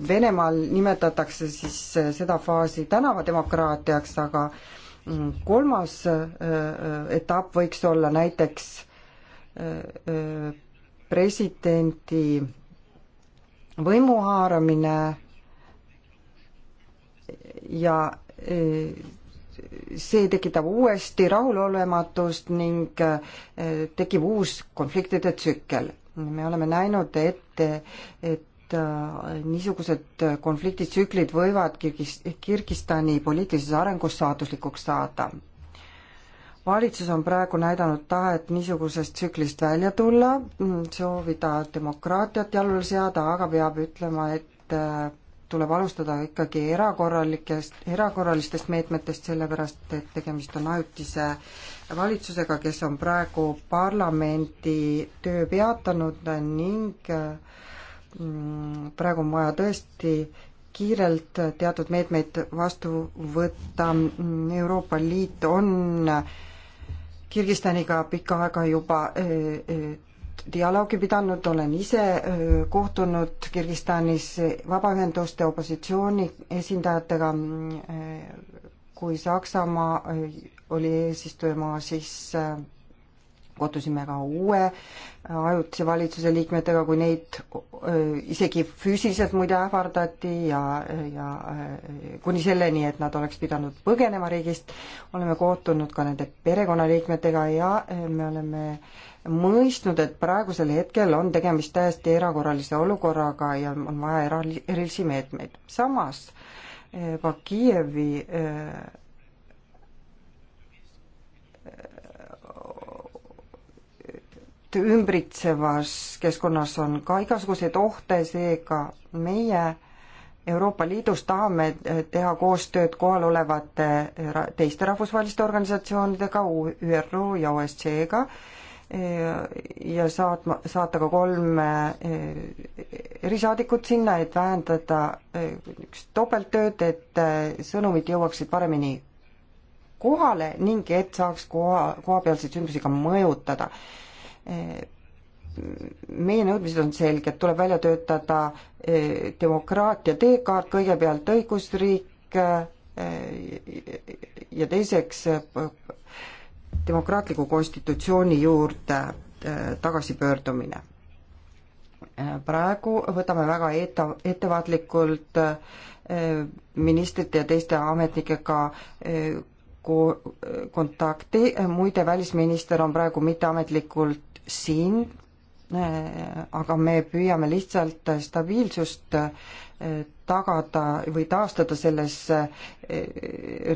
Venemaal nimetatakse siis äh, seda faasi tänavademokraatiaks, aga mm, kolmas äh, etapp võiks olla näiteks presidendi võimu haaramine ja see tekitab uuesti rahulolematust ning eh, tekib uus konfliktide tsükkel. me oleme näinud, et, et eh, niisugused konfliktitsüklid võivad Kirgis-, Kirgistani poliitilises arengus saatuslikuks saada. valitsus on praegu näidanud tahet niisugusest tsüklist välja tulla, mm, soovida demokraatiat jalule seada, aga peab ütlema, et eh, tuleb alustada ikkagi erakorralikest, erakorralistest meetmetest, sellepärast et tegemist on ajutise valitsusega, kes on praegu parlamendi töö peatanud ning mm, praegu on vaja tõesti kiirelt teatud meetmeid vastu võtta. Euroopa Liit on Kirgistaniga pikka aega juba eh, eh, dialoogi pidanud, olen ise kohtunud Kirgistanis vabaühenduste opositsiooni esindajatega. Mm, kui Saksamaa oli eesistujamaa, siis kohtusime ka uue ajutise valitsuse liikmetega, kui neid isegi füüsiliselt muide ähvardati ja, ja kuni selleni, et nad oleks pidanud põgenema riigist. oleme kohtunud ka nende perekonnaliikmetega ja me oleme äh, mõistnud, et praegusel hetkel on tegemist täiesti erakorralise olukorraga ja on vaja era-, erilisi meetmeid. samas juba eh, Kiievi eh, ümbritsevas keskkonnas on ka igasuguseid ohte, seega meie Euroopa Liidus tahame eh, teha koostööd kohal olevate teiste rahvusvaheliste organisatsioonidega, ÜRO ja OSCE-ga ja saatma, saata ka kolm eh, erisaadikut sinna, et vähendada niisugust eh, topelttööd, et eh, sõnumid jõuaksid paremini kohale ning et saaks koha, kohapealseid sündmusi ka mõjutada. meie nõudmised on selged, tuleb välja töötada demokraatia teekaart, kõigepealt õigusriik ja teiseks demokraatliku konstitutsiooni juurde äh, tagasipöördumine. Äh, praegu võtame väga ette, ettevaatlikult äh, ministrite ja teiste ametnikega ko-, kontakti, muide välisminister on praegu mitteametlikult siin, aga me püüame lihtsalt stabiilsust tagada või taastada selles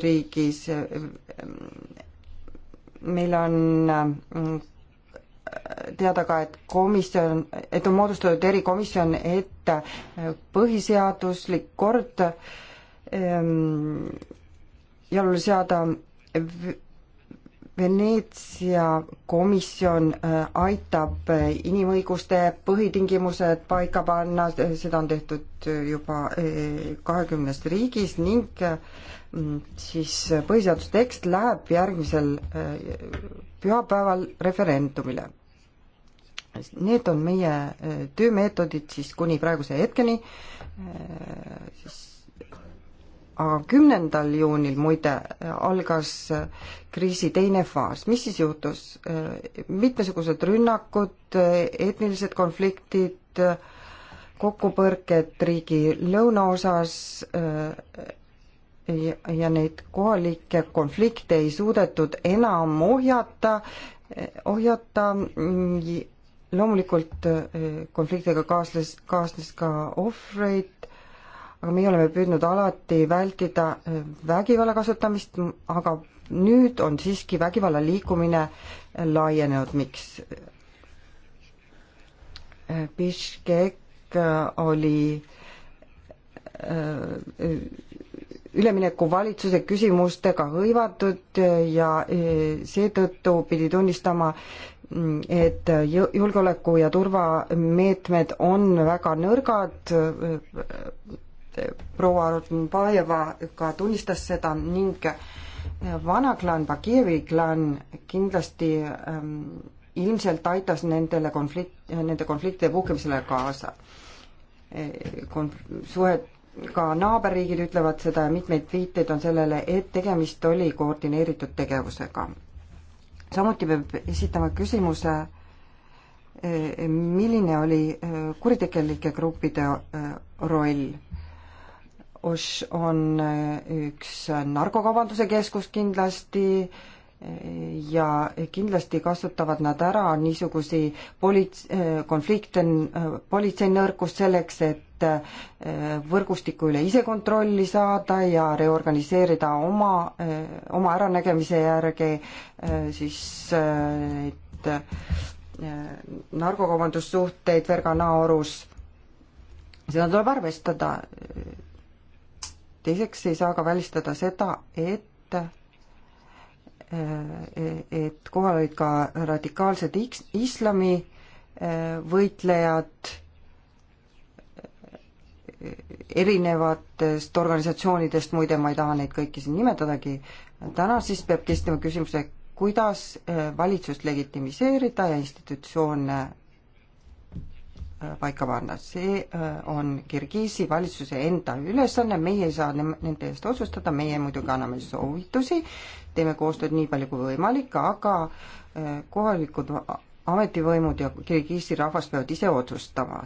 riigis meil on mm, teada ka, et komisjon, et on moodustatud erikomisjon, et äh, põhiseaduslik kord ähm, jalule seada Veneetsia komisjon äh, aitab äh, inimõiguste põhitingimused paika panna, seda on tehtud juba kahekümnes riigis ning Mm, siis äh, põhiseaduse tekst läheb järgmisel äh, pühapäeval referendumile. Need on meie äh, töömeetodid siis kuni praeguse hetkeni, siis aga kümnendal juunil muide algas kriisi teine faas, mis siis juhtus? mitmesugused rünnakud, etnilised konfliktid, kokkupõrked riigi lõunaosas, ja, ja neid kohalikke konflikte ei suudetud enam ohjata, ohjata loomulikult eh, konfliktiga kaasnes, kaasnes ka ohvreid, aga meie oleme püüdnud alati vältida eh, vägivalla kasutamist, aga nüüd on siiski vägivalla liikumine laienenud, miks? Eh, Biškek oli üleminekuvalitsuse küsimustega hõivatud ja e, seetõttu pidi tunnistama, et julgeoleku- ja turvameetmed on väga nõrgad, proua Rutnbajeva ka tunnistas seda ning vana klann, Bakijevi klann kindlasti ähm, ilmselt aitas nendele konflikt, nende konfliktide puhkemisele kaasa konf-, suhet, ka naaberriigid ütlevad seda ja mitmeid viiteid on sellele, et tegemist oli koordineeritud tegevusega. samuti peab esitama küsimuse, eh, milline oli eh, kuritegelike gruppide eh, roll. Oš on üks narkokaubanduse keskus kindlasti, ja kindlasti kasutavad nad ära niisugusi polits-, konflikte, politsei nõrkust selleks, et eh, võrgustiku üle ise kontrolli saada ja reorganiseerida oma, eh, oma äranägemise järgi eh, siis neid narkokaubandussuhteid Verga naorus. seda tuleb arvestada. teiseks ei saa ka välistada seda, et Äh, et kohal olid ka radikaalsed islami äh, võitlejad äh, erinevatest organisatsioonidest, muide ma ei taha neid kõiki siin nimetadagi, täna siis peab testima küsimuse, kuidas valitsust legitimiseerida ja institutsioone paika panna. see äh, on Kirgiisi valitsuse enda ülesanne, meie ei saa nende eest otsustada, meie muidugi anname soovitusi, teeme koostööd nii palju kui võimalik, aga äh, kohalikud ametivõimud ja Kirgiisi rahvas peavad ise otsustama.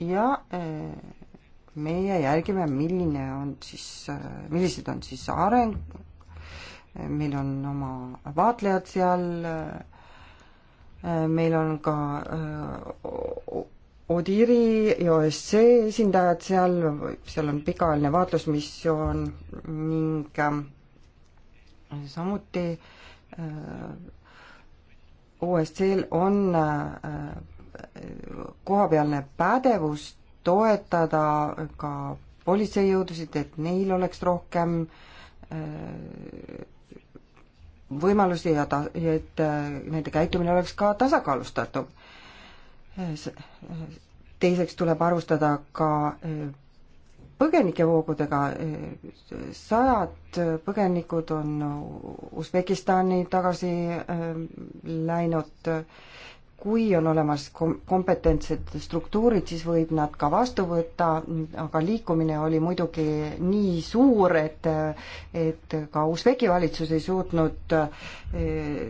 ja äh, meie järgime, milline on siis, millised on siis areng, meil on oma vaatlejad seal, meil on ka äh, Odiri ja OSCE esindajad seal, seal on pikaajaline vaatlusmissioon ning äh, samuti äh, OSCE-l on kohapealne pädevus toetada ka politseijõudusid, et neil oleks rohkem äh, võimalusi ja ta-, et äh, nende käitumine oleks ka tasakaalustatum. teiseks tuleb arvestada ka äh, põgenikevoogudega, äh, sajad põgenikud on Usbekistani tagasi läinud, kui on olemas kom-, kompetentsed struktuurid, siis võib nad ka vastu võtta, aga liikumine oli muidugi nii suur, et et ka Usbeki valitsus ei suutnud eh,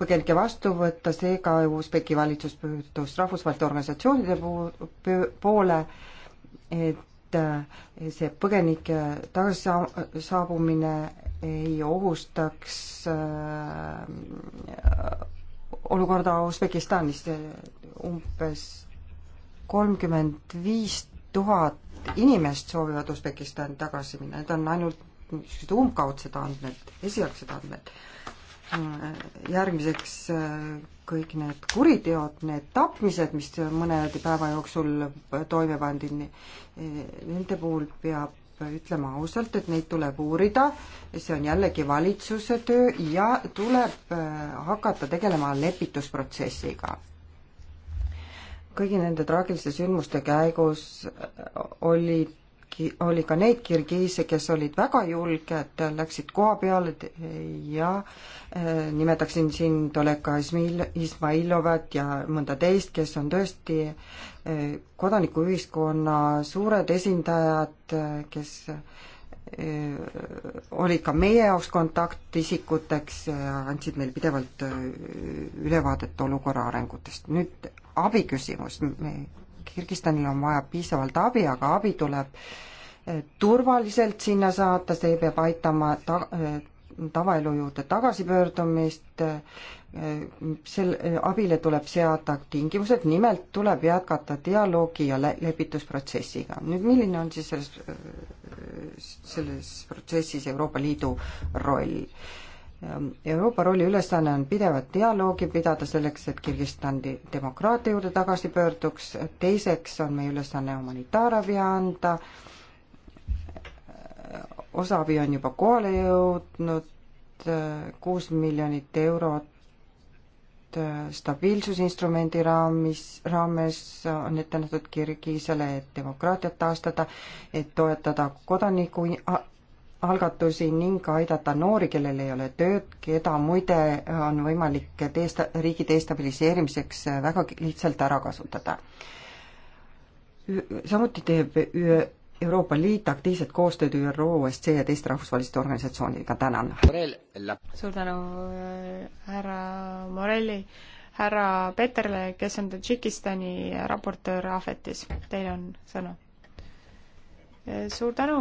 põgenikke vastu võtta, seega Usbeki valitsus pöördus rahvusvaheliste organisatsioonide poole, et eh, see põgenike tagasi saabumine ei ohustaks äh, olukorda Usbekistanis. umbes kolmkümmend viis tuhat inimest soovivad Usbekistani tagasi minna, need on ainult niisugused umbkaudsed andmed, esialgsed andmed. järgmiseks kõik need kuriteod, need tapmised, mis mõne päeva jooksul toime pandi, nende puhul peab peab ütlema ausalt, et neid tuleb uurida, see on jällegi valitsuse töö ja tuleb äh, hakata tegelema lepitusprotsessiga. kõigi nende traagiliste sündmuste käigus äh, olid oli ka neid kirgiise, kes olid väga julged, läksid koha peale ja äh, nimetaksin siin Toleka Ismailovat ja mõnda teist, kes on tõesti kodanikuühiskonna suured esindajad, kes eh, olid ka meie jaoks kontaktisikuteks ja andsid meile pidevalt eh, ülevaadet olukorra arengutest. nüüd abi küsimus, Kirgistanil on vaja piisavalt abi, aga abi tuleb eh, turvaliselt sinna saata, see peab aitama ta-, tavaelu juurde tagasipöördumist, selle abile tuleb seada tingimused, nimelt tuleb jätkata dialoogi ja lepitusprotsessiga. nüüd milline on siis selles, selles protsessis Euroopa Liidu roll? Euroopa rolli ülesanne on pidevat dialoogi pidada selleks, et Kirgistan demokraatia juurde tagasi pöörduks, teiseks on meie ülesanne humanitaarabi anda, osa abi on juba kohale jõudnud, kuus miljonit eurot Äh, stabiilsusinstrumendi raamis, raames on ette nähtud Kirgiisele, et demokraatiat taastada, et toetada kodaniku algatusi ning aidata noori, kellel ei ole tööd, keda muide on võimalik teesta-, riigi destabiliseerimiseks äh, väga lihtsalt ära kasutada. samuti teeb Euroopa Liit aktiivset koostööd ÜRO, OSCE ja teiste rahvusvaheliste organisatsioonidega, tänan. suur tänu härra Morelli, härra Peterle, kes on Tadžikistani raportöör Ahvetis, teil on sõna. suur tänu,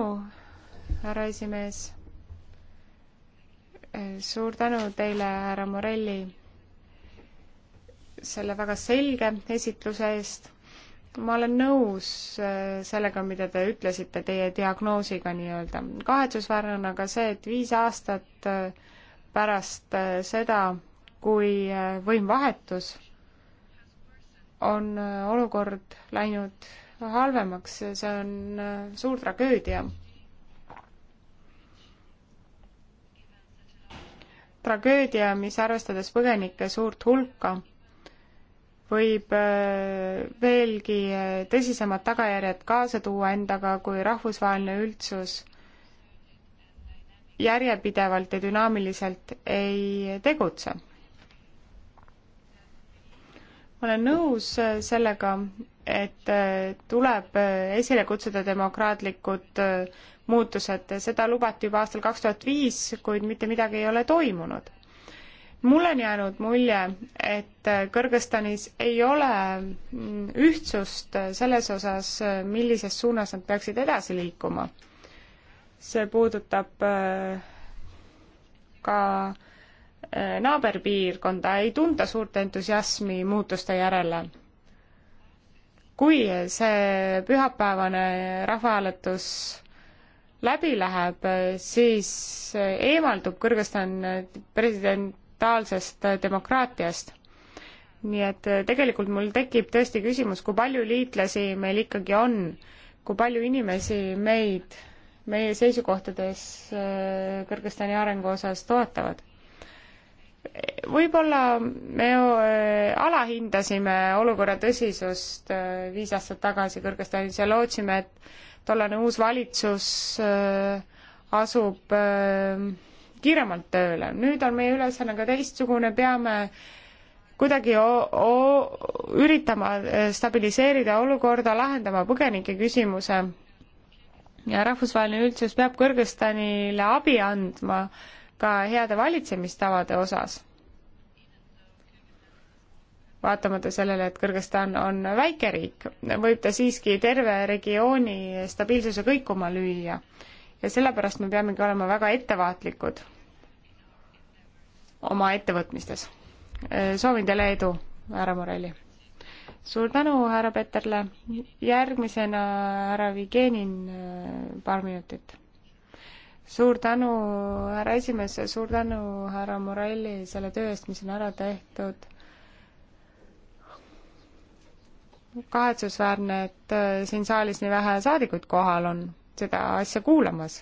härra esimees. suur tänu teile, härra Morelli, selle väga selge esitluse eest ma olen nõus äh, sellega, mida te ütlesite, teie diagnoosiga nii-öelda. kahetsusväärne on aga see, et viis aastat äh, pärast äh, seda, kui võim vahetus, on olukord läinud halvemaks, see on suur tragöödia. tragöödia, mis arvestades põgenike suurt hulka võib äh, veelgi äh, tõsisemad tagajärjed kaasa tuua endaga, kui rahvusvaheline üldsus järjepidevalt ja dünaamiliselt ei tegutse. ma olen nõus äh, sellega, et tuleb esile kutsuda demokraatlikud muutused, seda lubati juba aastal kaks tuhat viis, kuid mitte midagi ei ole toimunud mul on jäänud mulje, et Kõrgõzstanis ei ole ühtsust selles osas, millises suunas nad peaksid edasi liikuma. see puudutab äh, ka äh, naaberpiirkonda, ei tunta suurt entusiasmi muutuste järele. kui see pühapäevane rahvahääletus läbi läheb, siis äh, eemaldub Kõrgõzstan president fundamentaalsest äh, demokraatiast. nii et äh, tegelikult mul tekib tõesti küsimus, kui palju liitlasi meil ikkagi on, kui palju inimesi meid, meie seisukohtades äh, Kõrgõzstani arengu osas toetavad? võib-olla me alahindasime olukorra tõsisust viis aastat tagasi Kõrgõzstanis ja lootsime, et tollane uus valitsus asub kiiremalt tööle. nüüd on meie ülesanne ka teistsugune, peame kuidagi üritama äh, stabiliseerida olukorda, lahendama põgenike küsimuse ja rahvusvaheline üldsus peab Kõrgõzstanile abi andma ka heade valitsemistavade osas. vaatamata sellele, et Kõrgõzstan on väike riik, võib ta siiski terve regiooni stabiilsuse kõikuma lüüa ja sellepärast me peamegi olema väga ettevaatlikud oma ettevõtmistes. Äh, soovin teile edu, härra Morelli! suur tänu, härra Peterle! järgmisena härra Vigenin, äh, paar minutit. suur tänu, härra esimees, suur tänu, härra Morelli, selle töö eest, mis on ära tehtud kahetsusväärne, et äh, siin saalis nii vähe saadikuid kohal on seda asja kuulamas.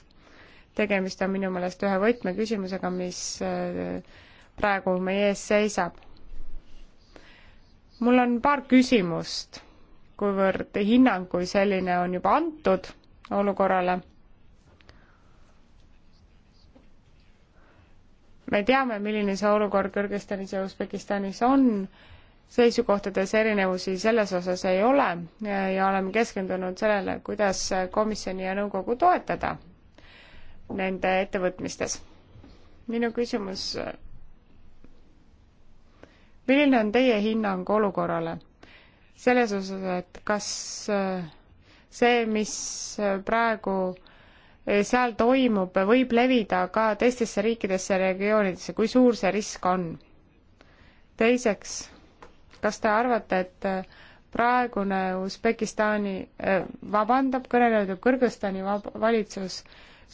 tegemist on minu meelest ühe võtmeküsimusega, mis äh, praegu meie ees seisab. mul on paar küsimust, kuivõrd hinnang kui selline on juba antud olukorrale. me teame, milline see olukord Kõrgõzstanis ja Usbekistanis on seisukohtades erinevusi selles osas ei ole eh, ja oleme keskendunud sellele, kuidas komisjoni ja nõukogu toetada nende ettevõtmistes. minu küsimus, milline on teie hinnang olukorrale selles osas, et kas eh, see, mis praegu eh, seal toimub, võib levida ka teistesse riikidesse ja regioonidesse, kui suur see risk on? teiseks kas te arvate, et äh, praegune Usbekistani, äh, vabandab, kõneleja ütleb, Kõrgõzstani valitsus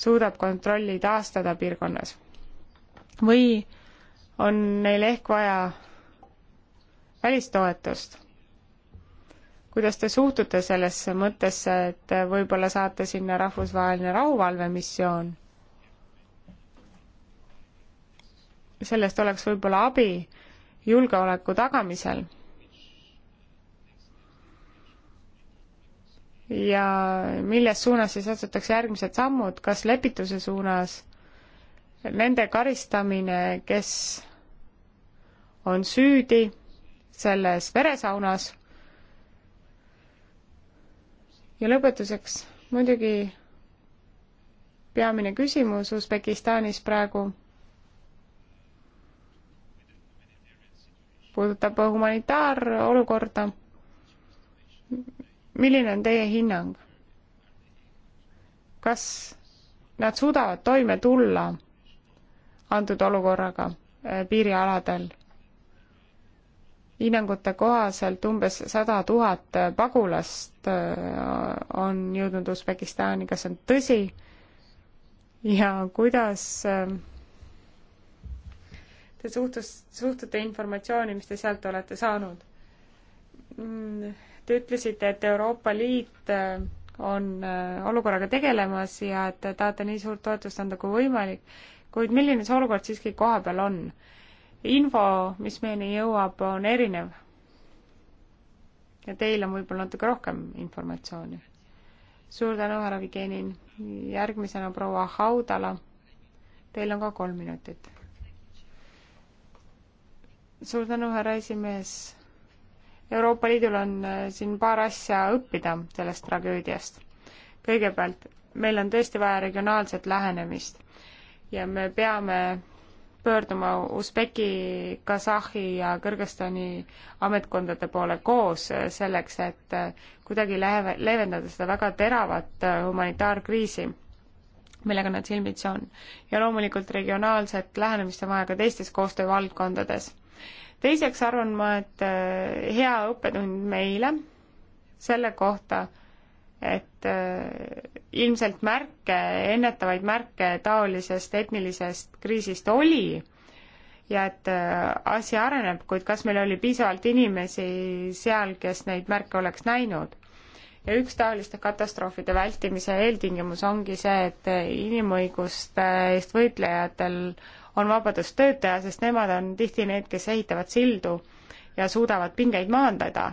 suudab kontrolli taastada piirkonnas? või on neil ehk vaja välistoetust? kuidas te suhtute sellesse mõttesse, et äh, võib-olla saate sinna rahvusvaheline rahuvalvemissioon? sellest oleks võib-olla abi julgeoleku tagamisel. ja milles suunas siis otsustatakse järgmised sammud, kas lepituse suunas, nende karistamine, kes on süüdi selles veresaunas ja lõpetuseks muidugi peamine küsimus Usbekistanis praegu puudutab humanitaarolukorda. milline on teie hinnang? kas nad suudavad toime tulla antud olukorraga äh, piirialadel? hinnangute kohaselt umbes sada tuhat pagulast äh, on jõudnud Usbekistani, kas see on tõsi? ja kuidas äh, te suhtus, suhtute informatsiooni, mis te sealt olete saanud. Te ütlesite, et Euroopa Liit äh, on äh, olukorraga tegelemas ja et te tahate nii suurt toetust anda kui võimalik, kuid milline see olukord siiski kohapeal on? info, mis meieni jõuab, on erinev. ja teil on võib-olla natuke rohkem informatsiooni. suur tänu, härra Vigenin. järgmisena proua Haudala. Teil on ka kolm minutit suur tänu, härra esimees. Euroopa Liidul on äh, siin paar asja õppida sellest tragöödiast. kõigepealt, meil on tõesti vaja regionaalset lähenemist ja me peame pöörduma Usbeki, Kasahhi ja Kõrgõzstani ametkondade poole koos äh, selleks, et äh, kuidagi lehe, leevendada seda väga teravat humanitaarkriisi, millega nad silmitsi on. ja loomulikult regionaalset lähenemist on vaja ka teistes koostöövaldkondades teiseks arvan ma, et äh, hea õppetund meile selle kohta, et äh, ilmselt märke, ennetavaid märke taolisest etnilisest kriisist oli ja et äh, asi areneb, kuid kas meil oli piisavalt inimesi seal, kes neid märke oleks näinud? ja üks taoliste katastroofide vältimise eeltingimus ongi see, et inimõiguste eest võitlejatel on vabadus töötaja, sest nemad on tihti need, kes ehitavad sildu ja suudavad pingeid maandada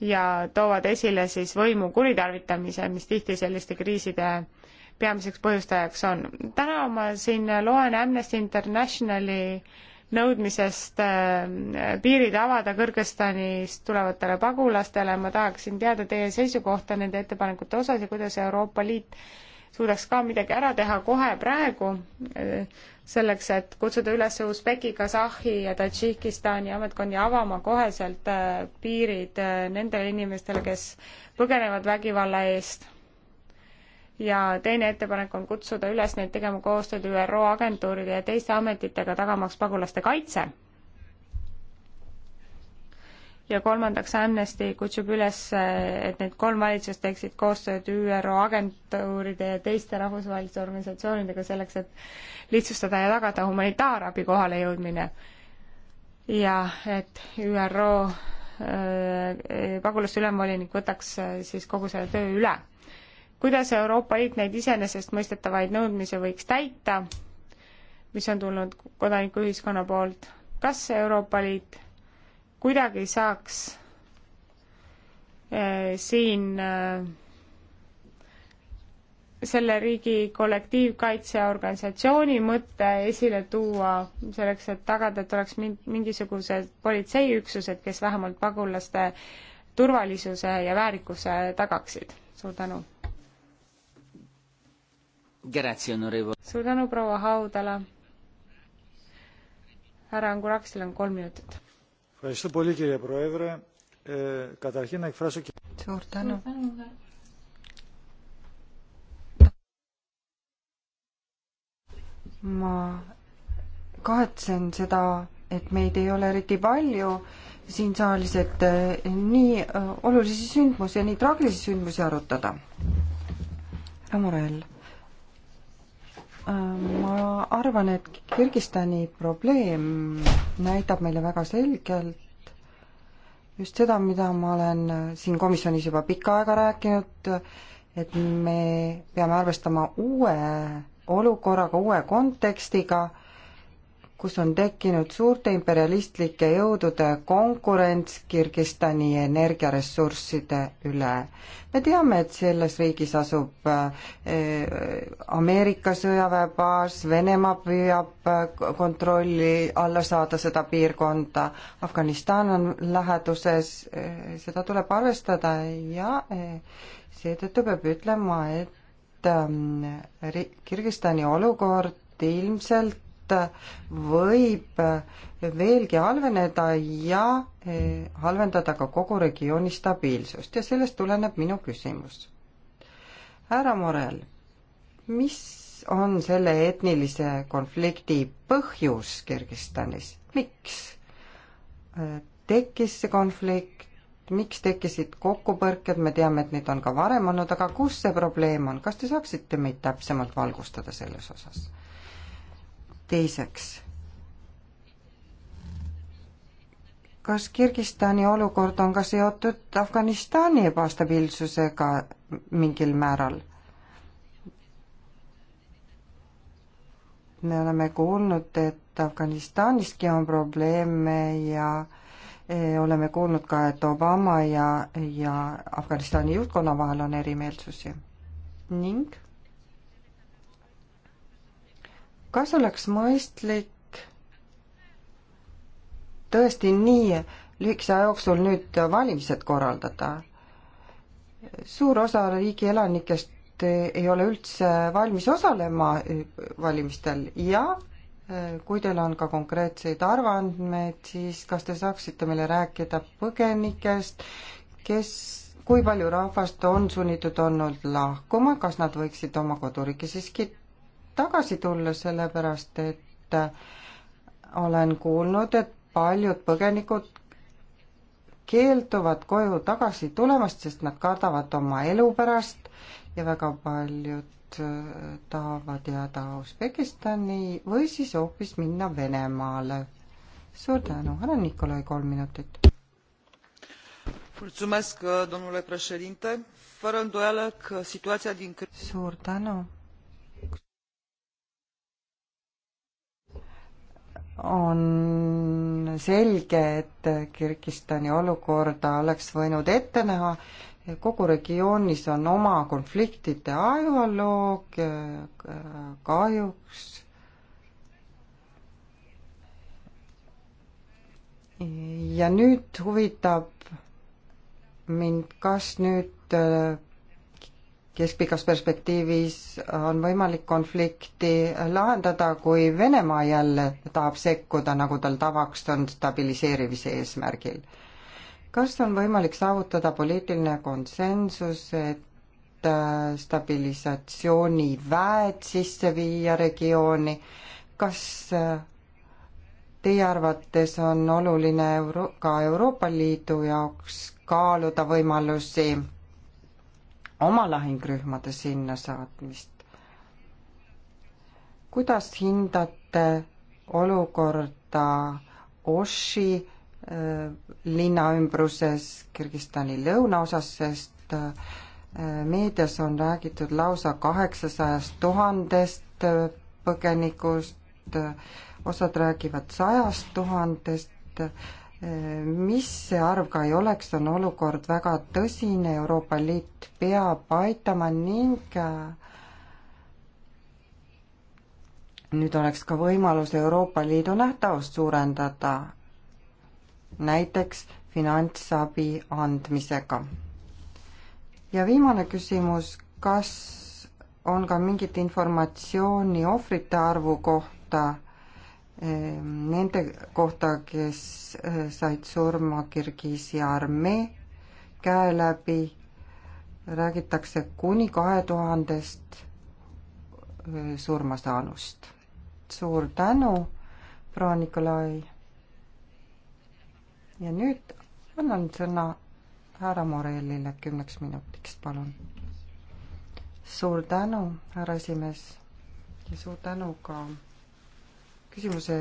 ja toovad esile siis võimu kuritarvitamise, mis tihti selliste kriiside peamiseks põhjustajaks on. täna ma siin loen Amnesty Internationali nõudmisest äh, piirid avada Kõrgõzstanist tulevatele pagulastele, ma tahaksin teada teie seisukohta nende ettepanekute osas ja kuidas Euroopa Liit suudaks ka midagi ära teha kohe praegu, selleks et kutsuda üles Usbeki, Kasahhi ja Tadžikistani ametkondi avama koheselt äh, piirid äh, nendele inimestele, kes põgenevad vägivalla eest. ja teine ettepanek on kutsuda üles neid tegema koostööd ÜRO agentuuride ja teiste ametitega, tagamaks pagulaste kaitse ja kolmandaks Amnesty kutsub üles, et need kolm valitsust teeksid koostööd ÜRO agentuuride ja teiste rahvusvaheliste organisatsioonidega selleks, et lihtsustada ja tagada humanitaarabi kohalejõudmine. ja et ÜRO äh, pagulaste ülemvolinik võtaks äh, siis kogu selle töö üle. kuidas Euroopa Liit neid iseenesestmõistetavaid nõudmisi võiks täita, mis on tulnud kodanikuühiskonna poolt, kas Euroopa Liit kuidagi saaks eh, siin eh, selle riigi kollektiivkaitseorganisatsiooni mõte esile tuua selleks, et tagada, et oleks mingisugused politseiüksused, kes vähemalt pagulaste turvalisuse ja väärikuse tagaksid. suur tänu! suur tänu, proua Haudala! härra Anguraksil on kolm minutit Ευχαριστώ πολύ κύριε Πρόεδρε. Ε, καταρχήν να εκφράσω και... Τσορτάνο. ma kahetsen seda, et meid ei ole eriti palju siin saalis, et eh, nii eh, olulisi sündmusi ja nii traagilisi sündmusi arutada. Ramurell ma arvan, et Kirgistani probleem näitab meile väga selgelt just seda, mida ma olen siin komisjonis juba pikka aega rääkinud, et me peame arvestama uue olukorraga, uue kontekstiga kus on tekkinud suurte imperialistlike jõudude konkurents Kirgistani energiaressursside üle. me teame, et selles riigis asub äh, Ameerika sõjaväebaas, Venemaa püüab äh, kontrolli alla saada seda piirkonda, Afganistan on läheduses, äh, seda tuleb arvestada ja seetõttu peab ütlema, et ähm, Kirgistani olukord ilmselt võib veelgi halveneda ja eh, halvendada ka kogu regiooni stabiilsust ja sellest tuleneb minu küsimus. härra Morel, mis on selle etnilise konflikti põhjus Kirgistanis, miks eh, tekkis see konflikt, miks tekkisid kokkupõrked, me teame, et neid on ka varem olnud, aga kus see probleem on, kas te saaksite meid täpsemalt valgustada selles osas? teiseks, kas Kirgistani olukord on ka seotud Afganistani ebastabiilsusega mingil määral? me oleme kuulnud, et Afganistaniski on probleeme ja e, oleme kuulnud ka, et Obama ja, ja Afganistani juhtkonna vahel on erimeelsusi. ning kas oleks mõistlik tõesti nii lühikese aja jooksul nüüd valimised korraldada? suur osa riigi elanikest ei ole üldse valmis osalema valimistel ja eh, kui teil on ka konkreetseid arvandmeid, siis kas te saaksite meile rääkida põgenikest, kes, kui palju rahvast on sunnitud olnud lahkuma, kas nad võiksid oma koduriiki siiski tagasi tulla, sellepärast et äh, olen kuulnud, et paljud põgenikud keelduvad koju tagasi tulemast, sest nad kardavad oma elu pärast ja väga paljud äh, tahavad jääda Usbekistani või siis hoopis minna Venemaale. suur tänu, härra Nikolai, kolm minutit. suur tänu on selge, et Kirgistani olukorda oleks võinud ette näha. kogu regioonis on oma konfliktide ajaloog kahjuks. ja nüüd huvitab mind, kas nüüd äh, keskpikas perspektiivis on võimalik konflikti lahendada, kui Venemaa jälle tahab sekkuda, nagu tal tavaks on stabiliseerimise eesmärgil. kas on võimalik saavutada poliitiline konsensus, et äh, stabilisatsiooniväed sisse viia regiooni, kas äh, teie arvates on oluline Euro-, ka Euroopa Liidu jaoks kaaluda võimalusi oma lahingrühmade sinna saatmist. kuidas hindate olukorda Oši äh, linna ümbruses Kirgistani lõunaosas, sest äh, meedias on räägitud lausa kaheksasajast tuhandest äh, põgenikust, osad räägivad sajast tuhandest, mis see arv ka ei oleks, on olukord väga tõsine, Euroopa Liit peab aitama ning äh, nüüd oleks ka võimalus Euroopa Liidu nähtavust suurendada, näiteks finantsabi andmisega. ja viimane küsimus, kas on ka mingit informatsiooni ohvrite arvu kohta nende kohta, kes äh, said surma Kirgiisi armee käe läbi, räägitakse kuni kahe tuhandest äh, surmasaanust. suur tänu, proua Nikolai. ja nüüd annan sõna härra Morellile kümneks minutiks, palun. suur tänu, härra esimees ja suur tänu ka küsimuse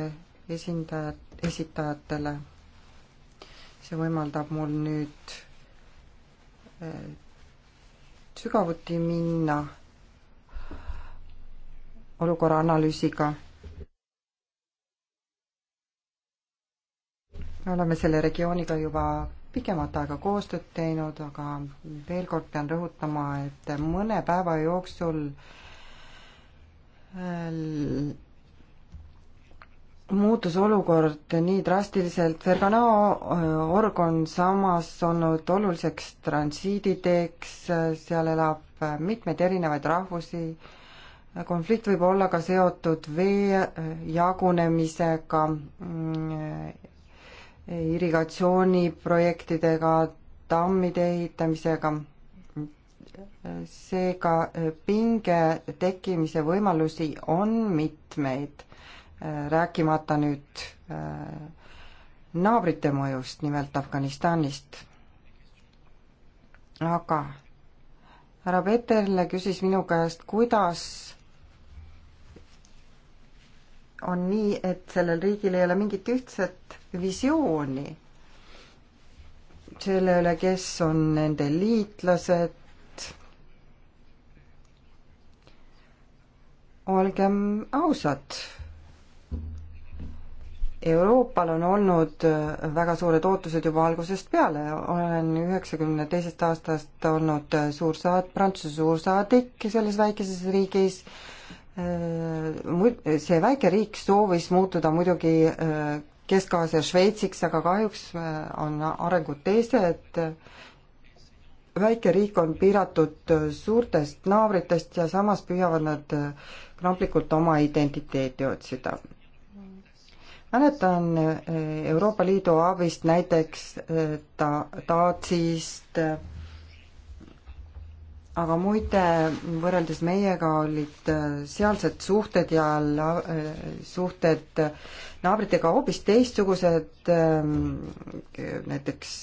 esindajad, esitajatele. see võimaldab mul nüüd äh, sügavuti minna olukorra analüüsiga. me oleme selle regiooniga juba pikemat aega koostööd teinud, aga veel kord pean rõhutama, et mõne päeva jooksul äh, muutus olukord nii drastiliselt, Ferganao äh, org on samas olnud oluliseks transiiditeeks, äh, seal elab äh, mitmeid erinevaid rahvusi, konflikt võib olla ka seotud vee jagunemisega, mm, irrigatsiooniprojektidega, tammide ehitamisega, seega pinge tekkimise võimalusi on mitmeid Äh, rääkimata nüüd äh, naabrite mõjust, nimelt Afganistanist. aga härra Peterle küsis minu käest, kuidas on nii, et sellel riigil ei ole mingit ühtset visiooni selle üle, kes on nende liitlased, olgem ausad Euroopal on olnud äh, väga suured ootused juba algusest peale, olen üheksakümne teisest aastast olnud äh, suursaad-, Prantsuse suursaadik selles väikeses riigis, äh, see väike riik soovis muutuda muidugi Kesk-Aasia Šveitsiks, aga kahjuks on arengud teised, väike riik on piiratud suurtest naabritest ja samas püüavad nad kramplikult oma identiteeti otsida mäletan eh, Euroopa Liidu abist näiteks eh, ta-, Taatsist, eh, aga muide, võrreldes meiega olid sealsed suhted ja la-, suhted naabritega hoopis teistsugused, näiteks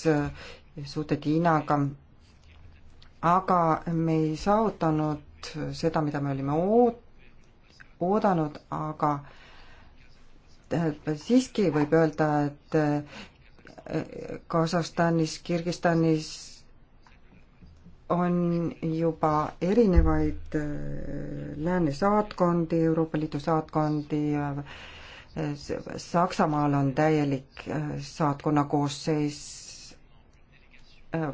suhted Hiinaga, aga me ei saavutanud seda, mida me olime oot-, oodanud, aga äh, siiski võib öelda, et Kasahstanis, Kirgistanis on juba erinevaid äh, lääne saatkondi, Euroopa Liidu saatkondi, äh, Saksamaal on täielik äh, saatkonna koosseis,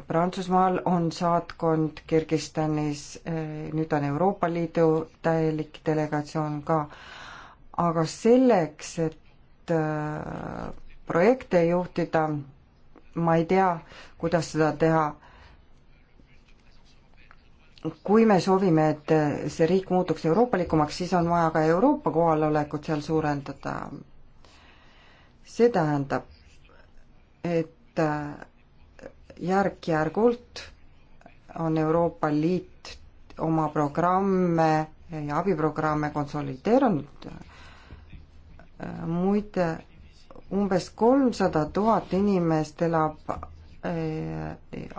Prantsusmaal on saatkond Kirgistanis, nüüd on Euroopa Liidu täielik delegatsioon ka, aga selleks, et Äh, projekte juhtida. ma ei tea, kuidas seda teha. kui me soovime, et see riik muutuks euroopalikumaks, siis on vaja ka Euroopa kohalolekut seal suurendada. see tähendab, et äh, järk-järgult on Euroopa Liit oma programme ja abiprogramme konsolideerunud muide, umbes kolmsada tuhat inimest elab eh,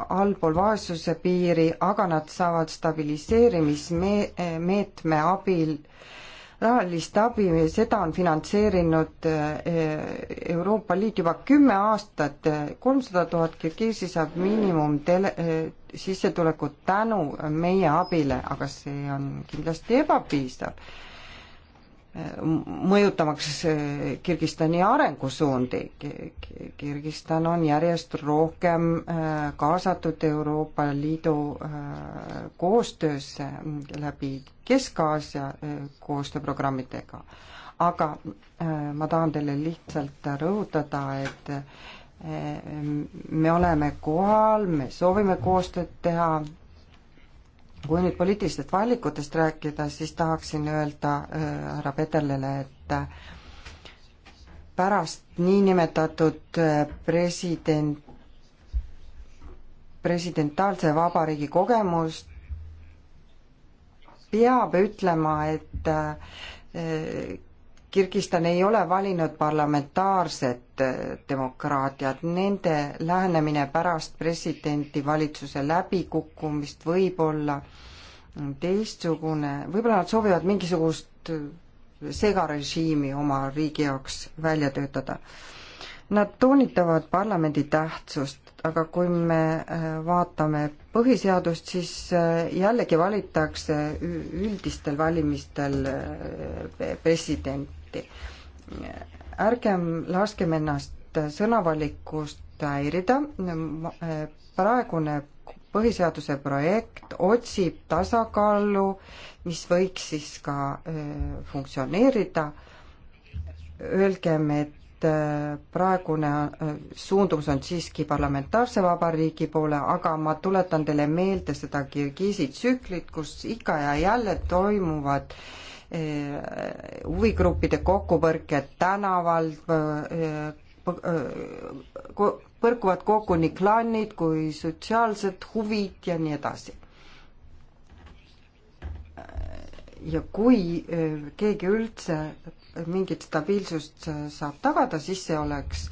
allpool vaesuse piiri, aga nad saavad stabiliseerimismeetme abil rahalist abi, seda on finantseerinud eh, Euroopa Liit juba kümme aastat, kolmsada tuhat kirgiisi saab miinimum tele, eh, sissetulekut tänu meie abile, aga see on kindlasti ebapiisav mõjutamaks Kirgistani arengusuundi. Kirgistan on järjest rohkem äh, kaasatud Euroopa Liidu äh, koostöösse äh, läbi Kesk-Aasia koostööprogrammidega. aga ma tahan teile lihtsalt rõhutada, et me oleme kohal, me soovime koostööd teha kui nüüd poliitilistest valikutest rääkida, siis tahaksin öelda äh, härra Peterlele, et äh, pärast niinimetatud äh, president, presidentaalse vabariigi kogemust peab ütlema, et Kirgistan ei ole valinud parlamentaarset äh, demokraatiat, nende lähenemine pärast presidenti valitsuse läbikukkumist võib olla teistsugune, võib-olla nad soovivad mingisugust äh, segarežiimi oma riigi jaoks välja töötada. Nad toonitavad parlamendi tähtsust, aga kui me äh, vaatame põhiseadust, siis jällegi valitakse üldistel valimistel president samuti. ärgem laskem ennast sõnavalikust häirida, eh, praegune põhiseaduse projekt otsib tasakaalu, mis võiks siis ka eh, funktsioneerida. Öelgem, et eh, praegune suundumus on siiski parlamentaarse vabariigi poole, aga ma tuletan teile meelde seda Kirgiisi tsüklit, kus ikka ja jälle toimuvad äh, Eh, huvigruppide kokkupõrked tänaval, eh, eh, põrkuvad kokku nii klannid kui sotsiaalsed huvid ja nii edasi. ja kui keegi üldse mingit stabiilsust saab tagada, siis see oleks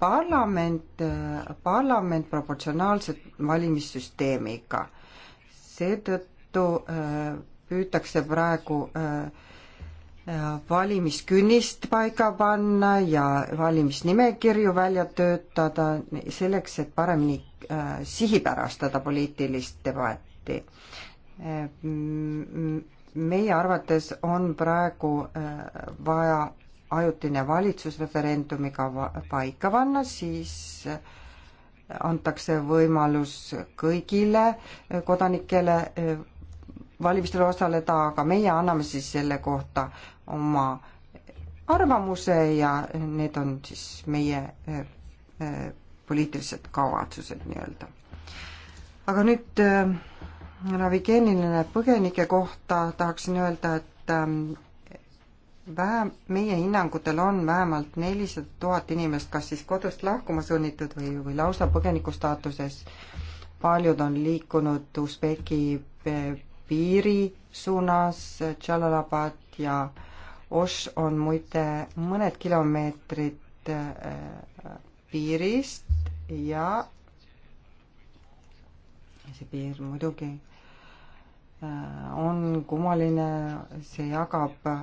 parlament, parlament proportsionaalse valimissüsteemiga. seetõttu püütakse praegu äh, äh, valimiskünnist paika panna ja valimisnimekirju välja töötada selleks, et paremini äh, sihipärastada poliitilist debatti. meie arvates on praegu vaja ajutine valitsus referendumiga paika panna, siis antakse võimalus kõigile kodanikele valimistel osaleda, aga meie anname siis selle kohta oma arvamuse ja need on siis meie eh, eh, poliitilised kavatsused nii-öelda. aga nüüd eh, navigeeriline põgenike kohta tahaksin öelda, et vähem, meie hinnangutel on vähemalt nelisada tuhat inimest kas siis kodust lahkuma sunnitud või, või lausa põgeniku staatuses. paljud on liikunud Usbeki piiri suunas, Tšalalabad ja Oš on muide mõned kilomeetrid äh, piirist ja see piir muidugi äh, on kummaline, see jagab äh,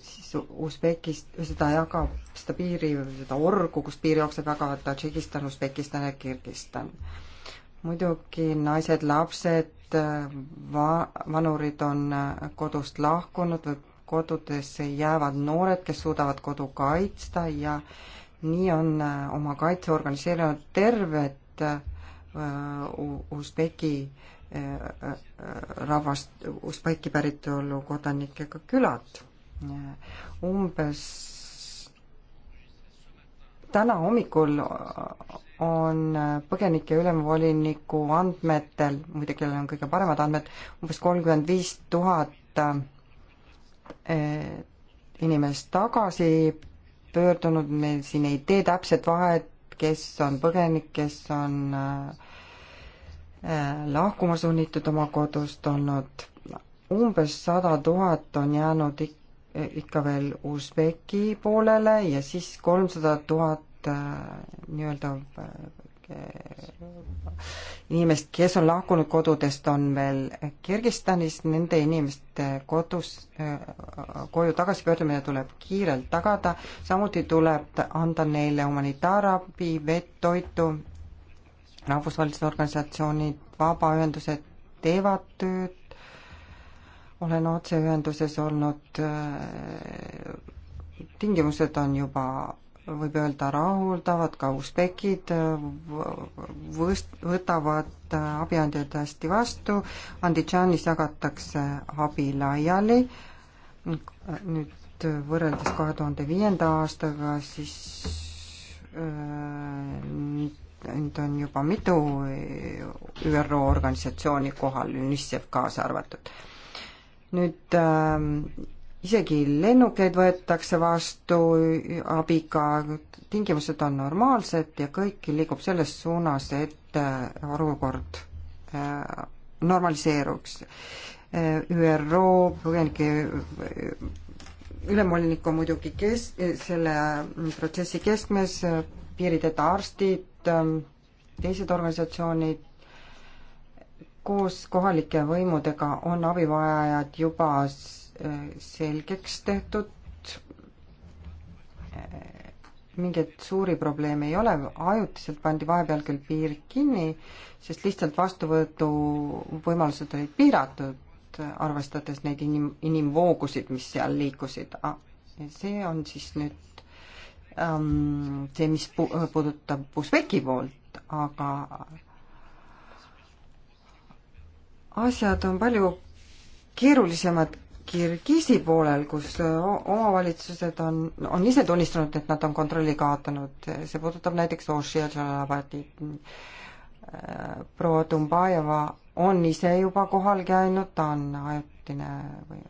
siis Usbekist, seda jagab seda piiri, seda orgu, kus piir jookseb, jagavad Tadžikistan, Usbekistan ja Kirgistan muidugi naised, lapsed, va-, vanurid on kodust lahkunud või kodudesse jäävad noored, kes suudavad kodu kaitsta ja nii on oma kaitse organiseerinud terved äh, Usbeki äh, äh, rahvast, Usbeki päritolu kodanikega külad. umbes täna hommikul on põgenike ülemvoliniku andmetel, muide, kellel on kõige paremad andmed, umbes kolmkümmend viis tuhat eh, inimest tagasi pöördunud, me siin ei tee täpset vahet, kes on põgenik, kes on eh, lahkuma sunnitud oma kodust olnud, umbes sada tuhat on jäänud ikka eh, veel Usbeki poolele ja siis kolmsada tuhat olnud äh, nii-öelda äh, inimest, kes on lahkunud kodudest, on veel Kirgistanis, nende inimeste kodus, äh, koju tagasipöördumine tuleb kiirelt tagada, samuti tuleb anda neile humanitaarabi, vett, toitu, rahvusvahelised organisatsioonid, vabaühendused teevad tööd, olen otseühenduses olnud, tingimused on juba võib öelda, rahuldavad, ka usbekid äh, võst-, võtavad äh, abiandjaid hästi vastu, Andidžaanis jagatakse abi laiali, nüüd äh, võrreldes kahe tuhande viienda aastaga, siis nüüd on juba mitu ÜRO organisatsiooni kohal, UNICEF kaasa arvatud. nüüd äh, isegi lennukeid võetakse vastu abiga, tingimused on normaalsed ja kõik liigub selles suunas, et äh, olukord äh, normaliseeruks. Äh, ÜRO põgenike ülemvolinik on muidugi kes-, selle protsessi keskmes, piirideta arstid, teised organisatsioonid, koos kohalike võimudega on abivajajad juba selgeks tehtud. mingeid suuri probleeme ei ole, ajutiselt pandi vahepeal küll piir kinni, sest lihtsalt vastuvõtu võimalused olid piiratud, arvestades neid inim, inimvoogusid, mis seal liikusid. see on siis nüüd ähm, see, mis pu-, puudutab Usbeki poolt, aga asjad on palju keerulisemad Kirgisi poolel, kus omavalitsused on, on ise tunnistanud, et nad on kontrolli kaotanud, see puudutab näiteks Oši ja Tšalalabadi. Äh, proua Tumbajeva on ise juba kohal käinud, ta on ajutine või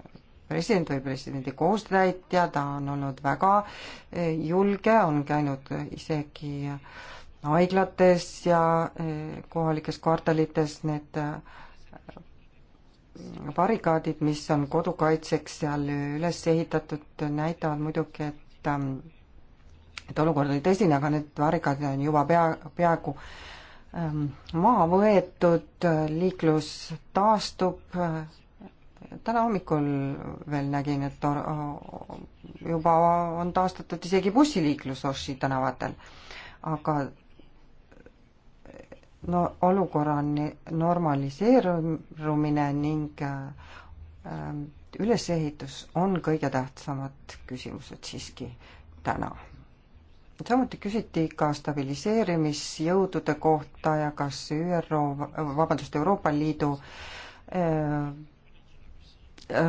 president või presidendi koostäitja, ta on olnud väga äh, julge, on käinud isegi haiglates ja äh, kohalikes kvartalites, need barrikaadid, mis on kodukaitseks seal üles ehitatud, näitavad muidugi, et ähm, et olukord oli tõsine, aga need barrikaadid on juba pea, peaaegu ähm, maha võetud, liiklus taastub, äh, täna hommikul veel nägin, et juba on taastatud isegi bussiliiklus Oši tänavatel. aga no olukorra normaliseerumine ning äh, ähm, ülesehitus on kõige tähtsamad küsimused siiski täna. samuti küsiti ka stabiliseerimisjõudude kohta ja kas ÜRO, vabandust, Euroopa Liidu äh,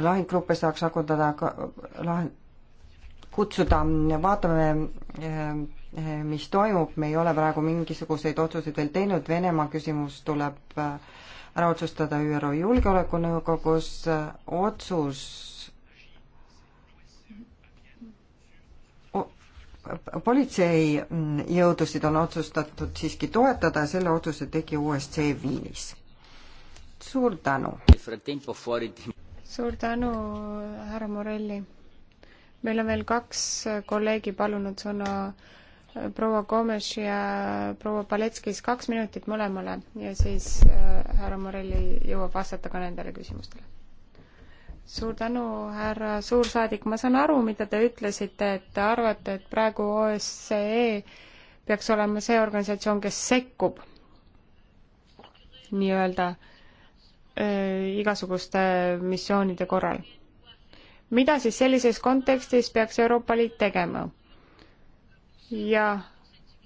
lahingugruppe saaks hakundada, lahen-, kutsuda, vaatame äh, Eh, mis toimub, me ei ole praegu mingisuguseid otsuseid veel teinud, Venemaa küsimus tuleb eh, ära otsustada ÜRO Julgeolekunõukogus, eh, otsus politseijõudusid on otsustatud siiski toetada ja selle otsuse tegi OSCE Viinis. suur tänu! suur tänu, härra Morelli! meil on veel kaks kolleegi palunud sõna proua Gomes ja proua Paletskis kaks minutit mõlemale ja siis äh, härra Morelli jõuab vastata ka nendele küsimustele. suur tänu, härra suursaadik, ma saan aru, mida te ütlesite, et te arvate, et praegu OSCE peaks olema see organisatsioon, kes sekkub nii-öelda äh, igasuguste missioonide korral. mida siis sellises kontekstis peaks Euroopa Liit tegema? ja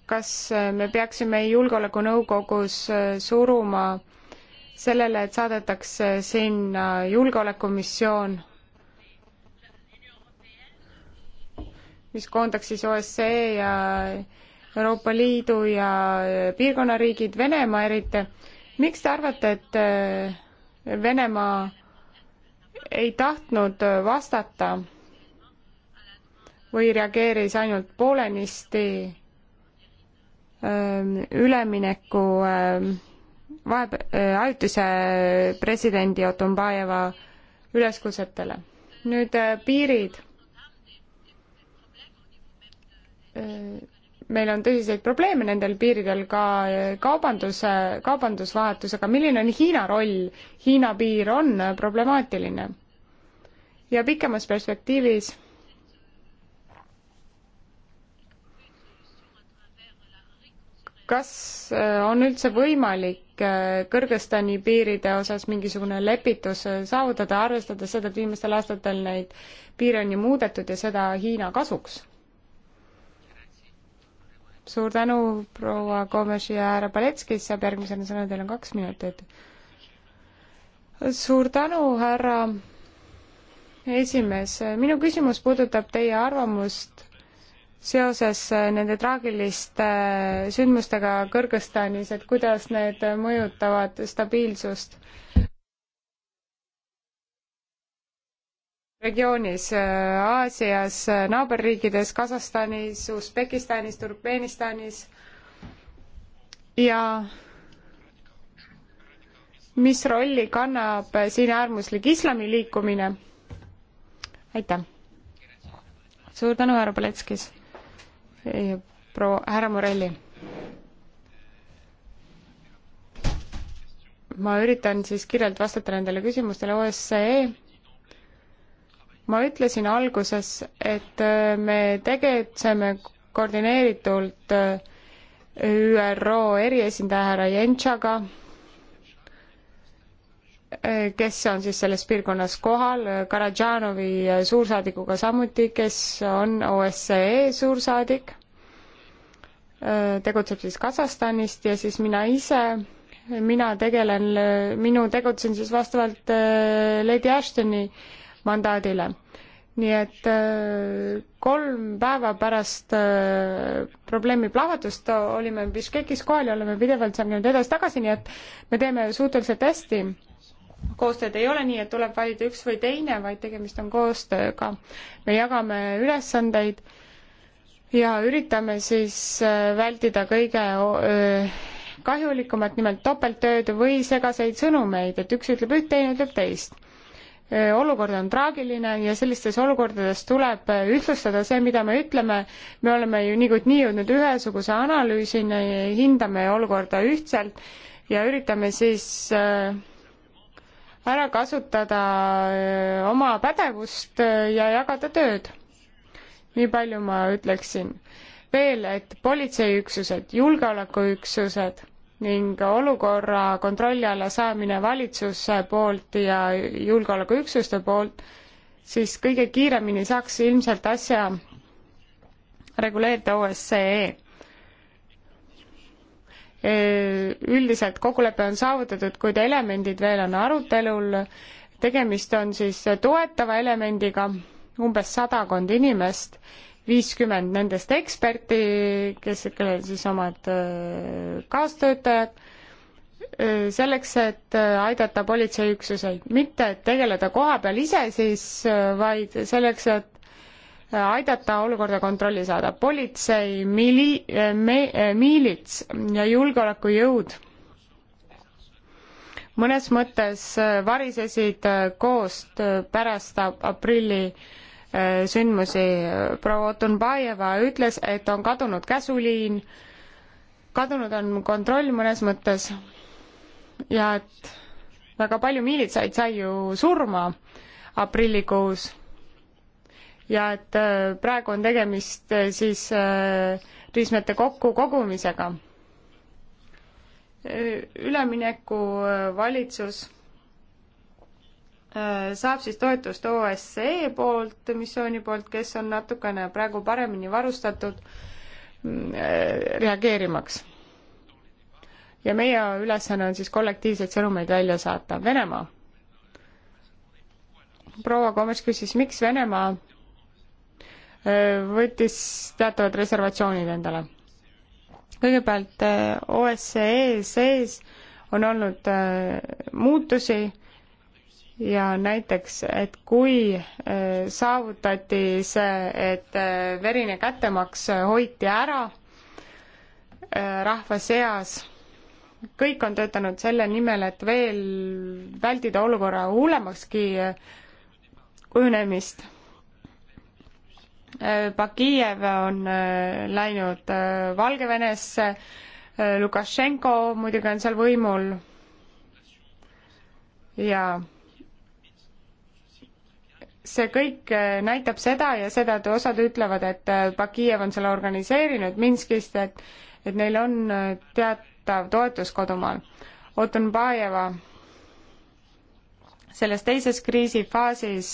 kas äh, me peaksime Julgeolekunõukogus äh, suruma sellele, et saadetakse äh, sinna julgeolekumissioon, mis koondaks siis OSCE ja Euroopa Liidu ja piirkonnariigid, Venemaa eriti. miks te arvate, et Venemaa ei tahtnud vastata või reageeris ainult poolenisti ähm, ülemineku ähm, vahe, äh, ajutise presidendi Otumbajeva üleskutsetele. nüüd äh, piirid. Äh, meil on tõsiseid probleeme nendel piiridel ka kaubanduse, kaubandusvahetusega, milline on Hiina roll? Hiina piir on problemaatiline. ja pikemas perspektiivis kas äh, on üldse võimalik äh, Kõrgõzstani piiride osas mingisugune lepitus äh, saavutada, arvestades seda, et viimastel aastatel neid piire on ju muudetud ja seda Hiina kasuks? suur tänu, proua Komes ja härra Paletskis, saab järgmisena sõna, teil on kaks minutit. suur tänu, härra esimees, minu küsimus puudutab teie arvamust seoses äh, nende traagiliste äh, sündmustega Kõrgõzstanis, et kuidas need mõjutavad stabiilsust regioonis äh, Aasias, naaberriikides, Kasahstanis, Usbekistanis, Turkmenistanis ja mis rolli kannab siin äärmuslik islamiliikumine? aitäh! suur tänu, härra Paletskis! proua härra Morelli. ma üritan siis kirjalt vastata nendele küsimustele, OSCE ma ütlesin alguses, et äh, me tegutseme koordineeritult äh, ÜRO eriesindaja härra Jentšaga kes on siis selles piirkonnas kohal, Karadžanovi suursaadikuga samuti, kes on OSCE suursaadik, tegutseb siis Kasahstanist ja siis mina ise, mina tegelen, minu tegutsen siis vastavalt äh, Lady Ashtoni mandaadile. nii et äh, kolm päeva pärast äh, probleemi plahvatust olime Biškekis kohal ja oleme pidevalt seal käinud edasi-tagasi, nii et me teeme suhteliselt hästi koostööd ei ole nii, et tuleb valida üks või teine, vaid tegemist on koostööga. me jagame ülesandeid ja üritame siis äh, vältida kõige äh, kahjulikumat, nimelt topelttööd või segaseid sõnumeid, et üks ütleb üht, teine ütleb teist äh, olukord on traagiline ja sellistes olukordades tuleb ühtlustada see, mida me ütleme. me oleme ju niikuinii jõudnud ühesuguse analüüsini, hindame olukorda ühtselt ja üritame siis äh, ära kasutada oma pädevust ja jagada tööd. nii palju ma ütleksin. veel, et politseiüksused, julgeolekuüksused ning olukorra kontrolli alla saamine valitsuse poolt ja julgeolekuüksuste poolt, siis kõige kiiremini saaks ilmselt asja reguleerida OSCE üldiselt kokkulepe on saavutatud, kuid elemendid veel on arutelul. tegemist on siis toetava elemendiga, umbes sadakond inimest, viiskümmend nendest eksperti, kes, kellel siis omad äh, kaastöötajad, äh, selleks, et äh, aidata politseiüksuseid, mitte et tegeleda kohapeal ise siis, vaid selleks, et aidata olukorda kontrolli saada. politsei, mili-, me-, miilits ja julgeolekujõud mõnes mõttes varisesid koost pärast aprilli äh, sündmusi. proua Otunbajeva ütles, et on kadunud käsuliin, kadunud on kontroll mõnes mõttes ja et väga palju miilitsaid sai ju surma aprillikuus ja et äh, praegu on tegemist äh, siis äh, riismete kokkukogumisega. ülemineku valitsus saab siis toetust OSCE poolt, missiooni poolt, kes on natukene praegu paremini varustatud mm, reageerimaks. ja meie ülesanne on siis kollektiivseid sõnumeid välja saata. Venemaa. proua Komes küsis, miks Venemaa võttis teatavad reservatsioonid endale. kõigepealt eh, OSCE sees on olnud eh, muutusi ja näiteks, et kui eh, saavutati see, et verine kättemaks hoiti ära rahva seas, kõik on töötanud selle nimel, et veel vältida olukorra hullemakski kujunemist Äh, Bakijev on äh, läinud äh, Valgevenesse, Lukašenko muidugi on seal võimul ja see kõik näitab seda ja seda, et osad ütlevad, et Bakijev on selle organiseerinud Minskist, et et neil on teatav toetus kodumaal. Otunbajeva selles teises kriisifaasis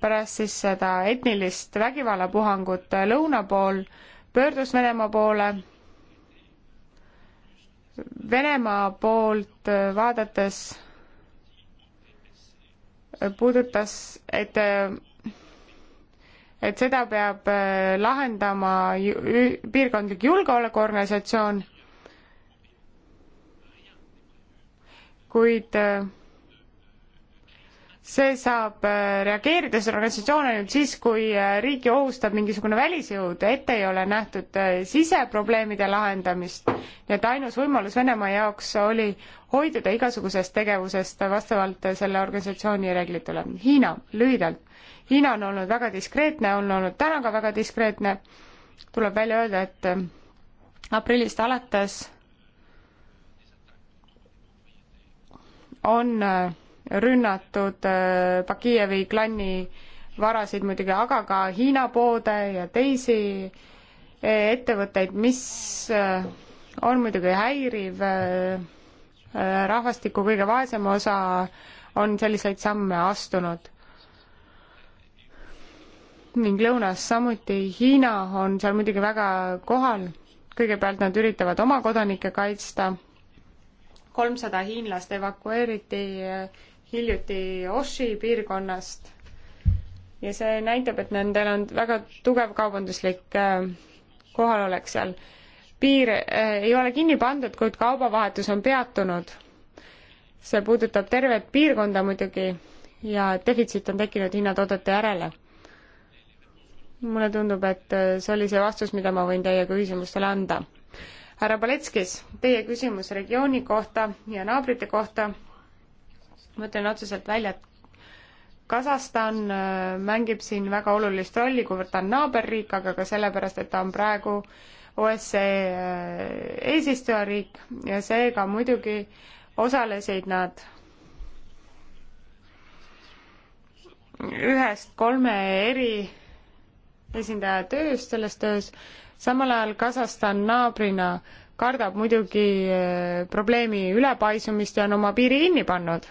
pärast siis seda etnilist vägivallapuhangut lõuna pool, pöördus Venemaa poole. Venemaa poolt vaadates puudutas, et, et seda peab lahendama piirkondlik julgeolekuorganisatsioon, kuid äh, see saab äh, reageerida, see organisatsioon ainult siis, kui äh, riiki ohustab mingisugune välisjõud, ette ei ole nähtud äh, siseprobleemide lahendamist. nii et ainus võimalus Venemaa jaoks oli hoiduda igasugusest tegevusest vastavalt selle organisatsiooni reeglitele. Hiina, lühidalt. Hiina on olnud väga diskreetne, on olnud täna ka väga diskreetne. tuleb välja öelda, et aprillist alates on rünnatud äh, Bakijevi klanni varasid muidugi, aga ka Hiina poode ja teisi äh, ettevõtteid, mis äh, on muidugi häiriv. rahvastiku kõige vaesem osa on selliseid samme astunud. ning lõunas samuti Hiina on seal muidugi väga kohal. kõigepealt nad üritavad oma kodanikke kaitsta kolmsada hiinlast evakueeriti hiljuti Oshi piirkonnast ja see näitab, et nendel on väga tugev kaubanduslik äh, kohalolek seal. piir äh, ei ole kinni pandud, kuid kaubavahetus on peatunud. see puudutab tervet piirkonda muidugi ja defitsiit on tekkinud hinnatoodete järele. mulle tundub, et äh, see oli see vastus, mida ma võin teie küsimustele anda. härra Paletskis, teie küsimus regiooni kohta ja naabrite kohta ma ütlen otseselt välja, et Kasahstan äh, mängib siin väga olulist rolli, kuivõrd ta on naaberriik, aga ka sellepärast, et ta on praegu OSCE äh, eesistujariik ja seega muidugi osalesid nad ühest kolme eri esindaja töös, selles töös, samal ajal Kasahstan naabrina kardab muidugi äh, probleemi ülepaisumist ja on oma piiri kinni pannud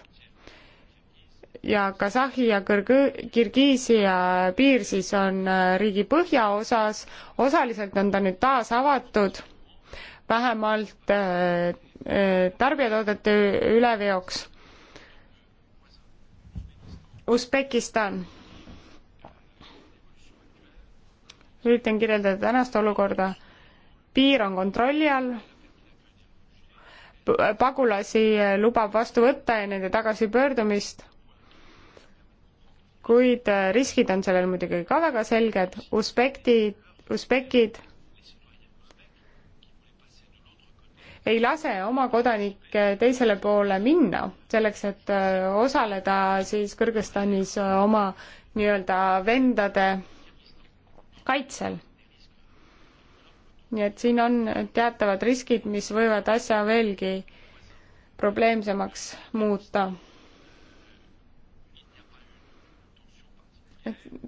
ja Kasahhi ja Kõrgõ-, Kirgiisia piir siis on äh, riigi põhjaosas, osaliselt on ta nüüd taas avatud, vähemalt äh, äh tarbijatoodete üleveoks. Usbekistan. üritan kirjeldada tänast olukorda. piir on kontrolli all P, pagulasi äh, lubab vastu võtta ja nende tagasipöördumist kuid äh, riskid on sellel muidugi ka väga selged, usbektid, usbekid ei lase oma kodanikke teisele poole minna, selleks et äh, osaleda siis Kõrgõzstanis äh, oma nii-öelda vendade kaitsel. nii et siin on teatavad riskid, mis võivad asja veelgi probleemsemaks muuta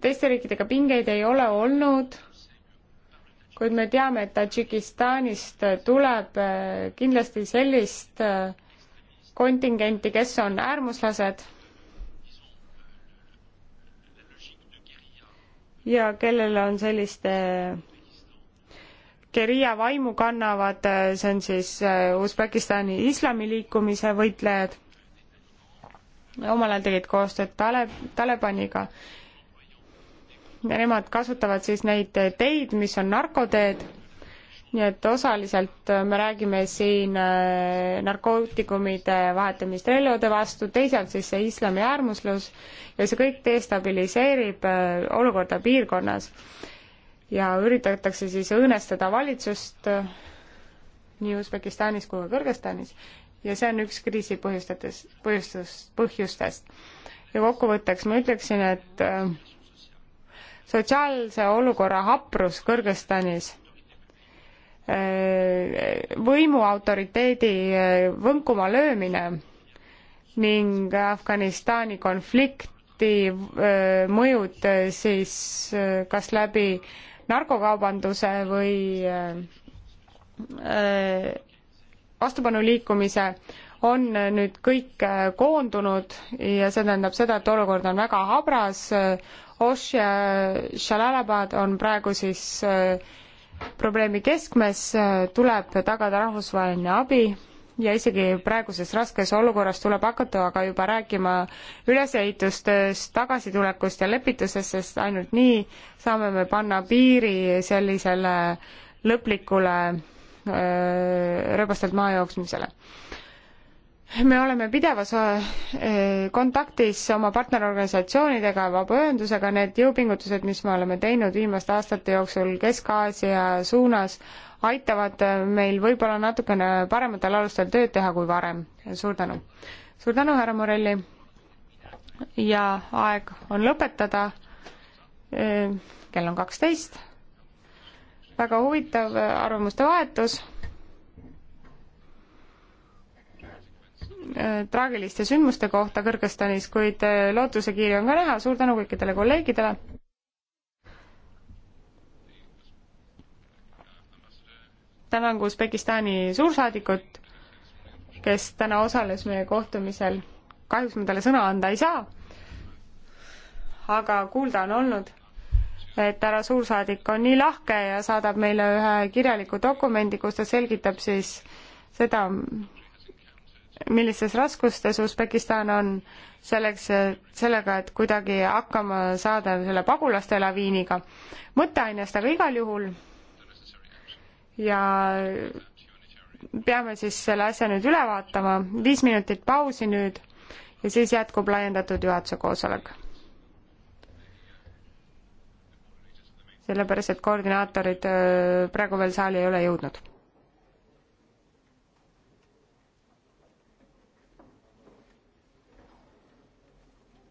teiste riikidega pingeid ei ole olnud, kuid me teame, et Tadžikistanist tuleb äh, kindlasti sellist äh, kontingenti, kes on äärmuslased ja kellel on selliste Keria äh, vaimu kannavad, see on siis Usbekistani islamiliikumise võitlejad, omal ajal tegid koostööd Tale-, Talibaniga ja nemad kasutavad siis neid teid, mis on narkoteed, nii et osaliselt äh, me räägime siin äh, narkootikumide vahetamist relvade vastu, teisalt siis see islami äärmuslus ja see kõik destabiliseerib äh, olukorda piirkonnas. ja üritatakse siis õõnestada valitsust nii Usbekistanis kui ka Kõrgõzstanis ja see on üks kriisi põhjustates, põhjustus, põhjustest. ja kokkuvõtteks ma ütleksin, et sotsiaalse olukorra haprus Kõrgõzstanis, äh, võimu autoriteedi äh, võnkuma löömine ning Afganistani konflikti äh, mõjud siis kas läbi narkokaubanduse või vastupanuliikumise on nüüd kõik koondunud ja see tähendab seda, et olukord on väga habras, Osh ja Shalalabad on praegu siis äh, probleemi keskmes, äh, tuleb tagada rahvusvaheline abi ja isegi praeguses raskes olukorras tuleb hakata aga juba rääkima ülesehitustööst, tagasitulekust ja lepitusest, sest ainult nii saame me panna piiri sellisele lõplikule öö, äh, rööbastelt maajooksmisele me oleme pidevas äh, kontaktis oma partnerorganisatsioonidega, vabaühendusega, need jõupingutused, mis me oleme teinud viimaste aastate jooksul Kesk-Aasia suunas, aitavad äh, meil võib-olla natukene parematel alustel tööd teha kui varem. suur tänu. suur tänu, härra Morelli. ja aeg on lõpetada. Äh, kell on kaksteist. väga huvitav arvamuste vahetus Äh, traagiliste sündmuste kohta Kõrgõzstanis, kuid äh, lootusekiiri on ka näha, suur tänu kõikidele kolleegidele. tänan ka Usbekistani suursaadikut, kes täna osales meie kohtumisel. kahjuks ma talle sõna anda ei saa, aga kuulda on olnud et härra suursaadik on nii lahke ja saadab meile ühe kirjaliku dokumendi, kus ta selgitab siis seda, millistes raskustes Usbekistan on selleks, sellega, et kuidagi hakkama saada selle pagulaste laviiniga mõtteainest, aga igal juhul ja peame siis selle asja nüüd üle vaatama, viis minutit pausi nüüd ja siis jätkub laiendatud juhatuse koosolek. sellepärast, et koordinaatorid äh, praegu veel saali ei ole jõudnud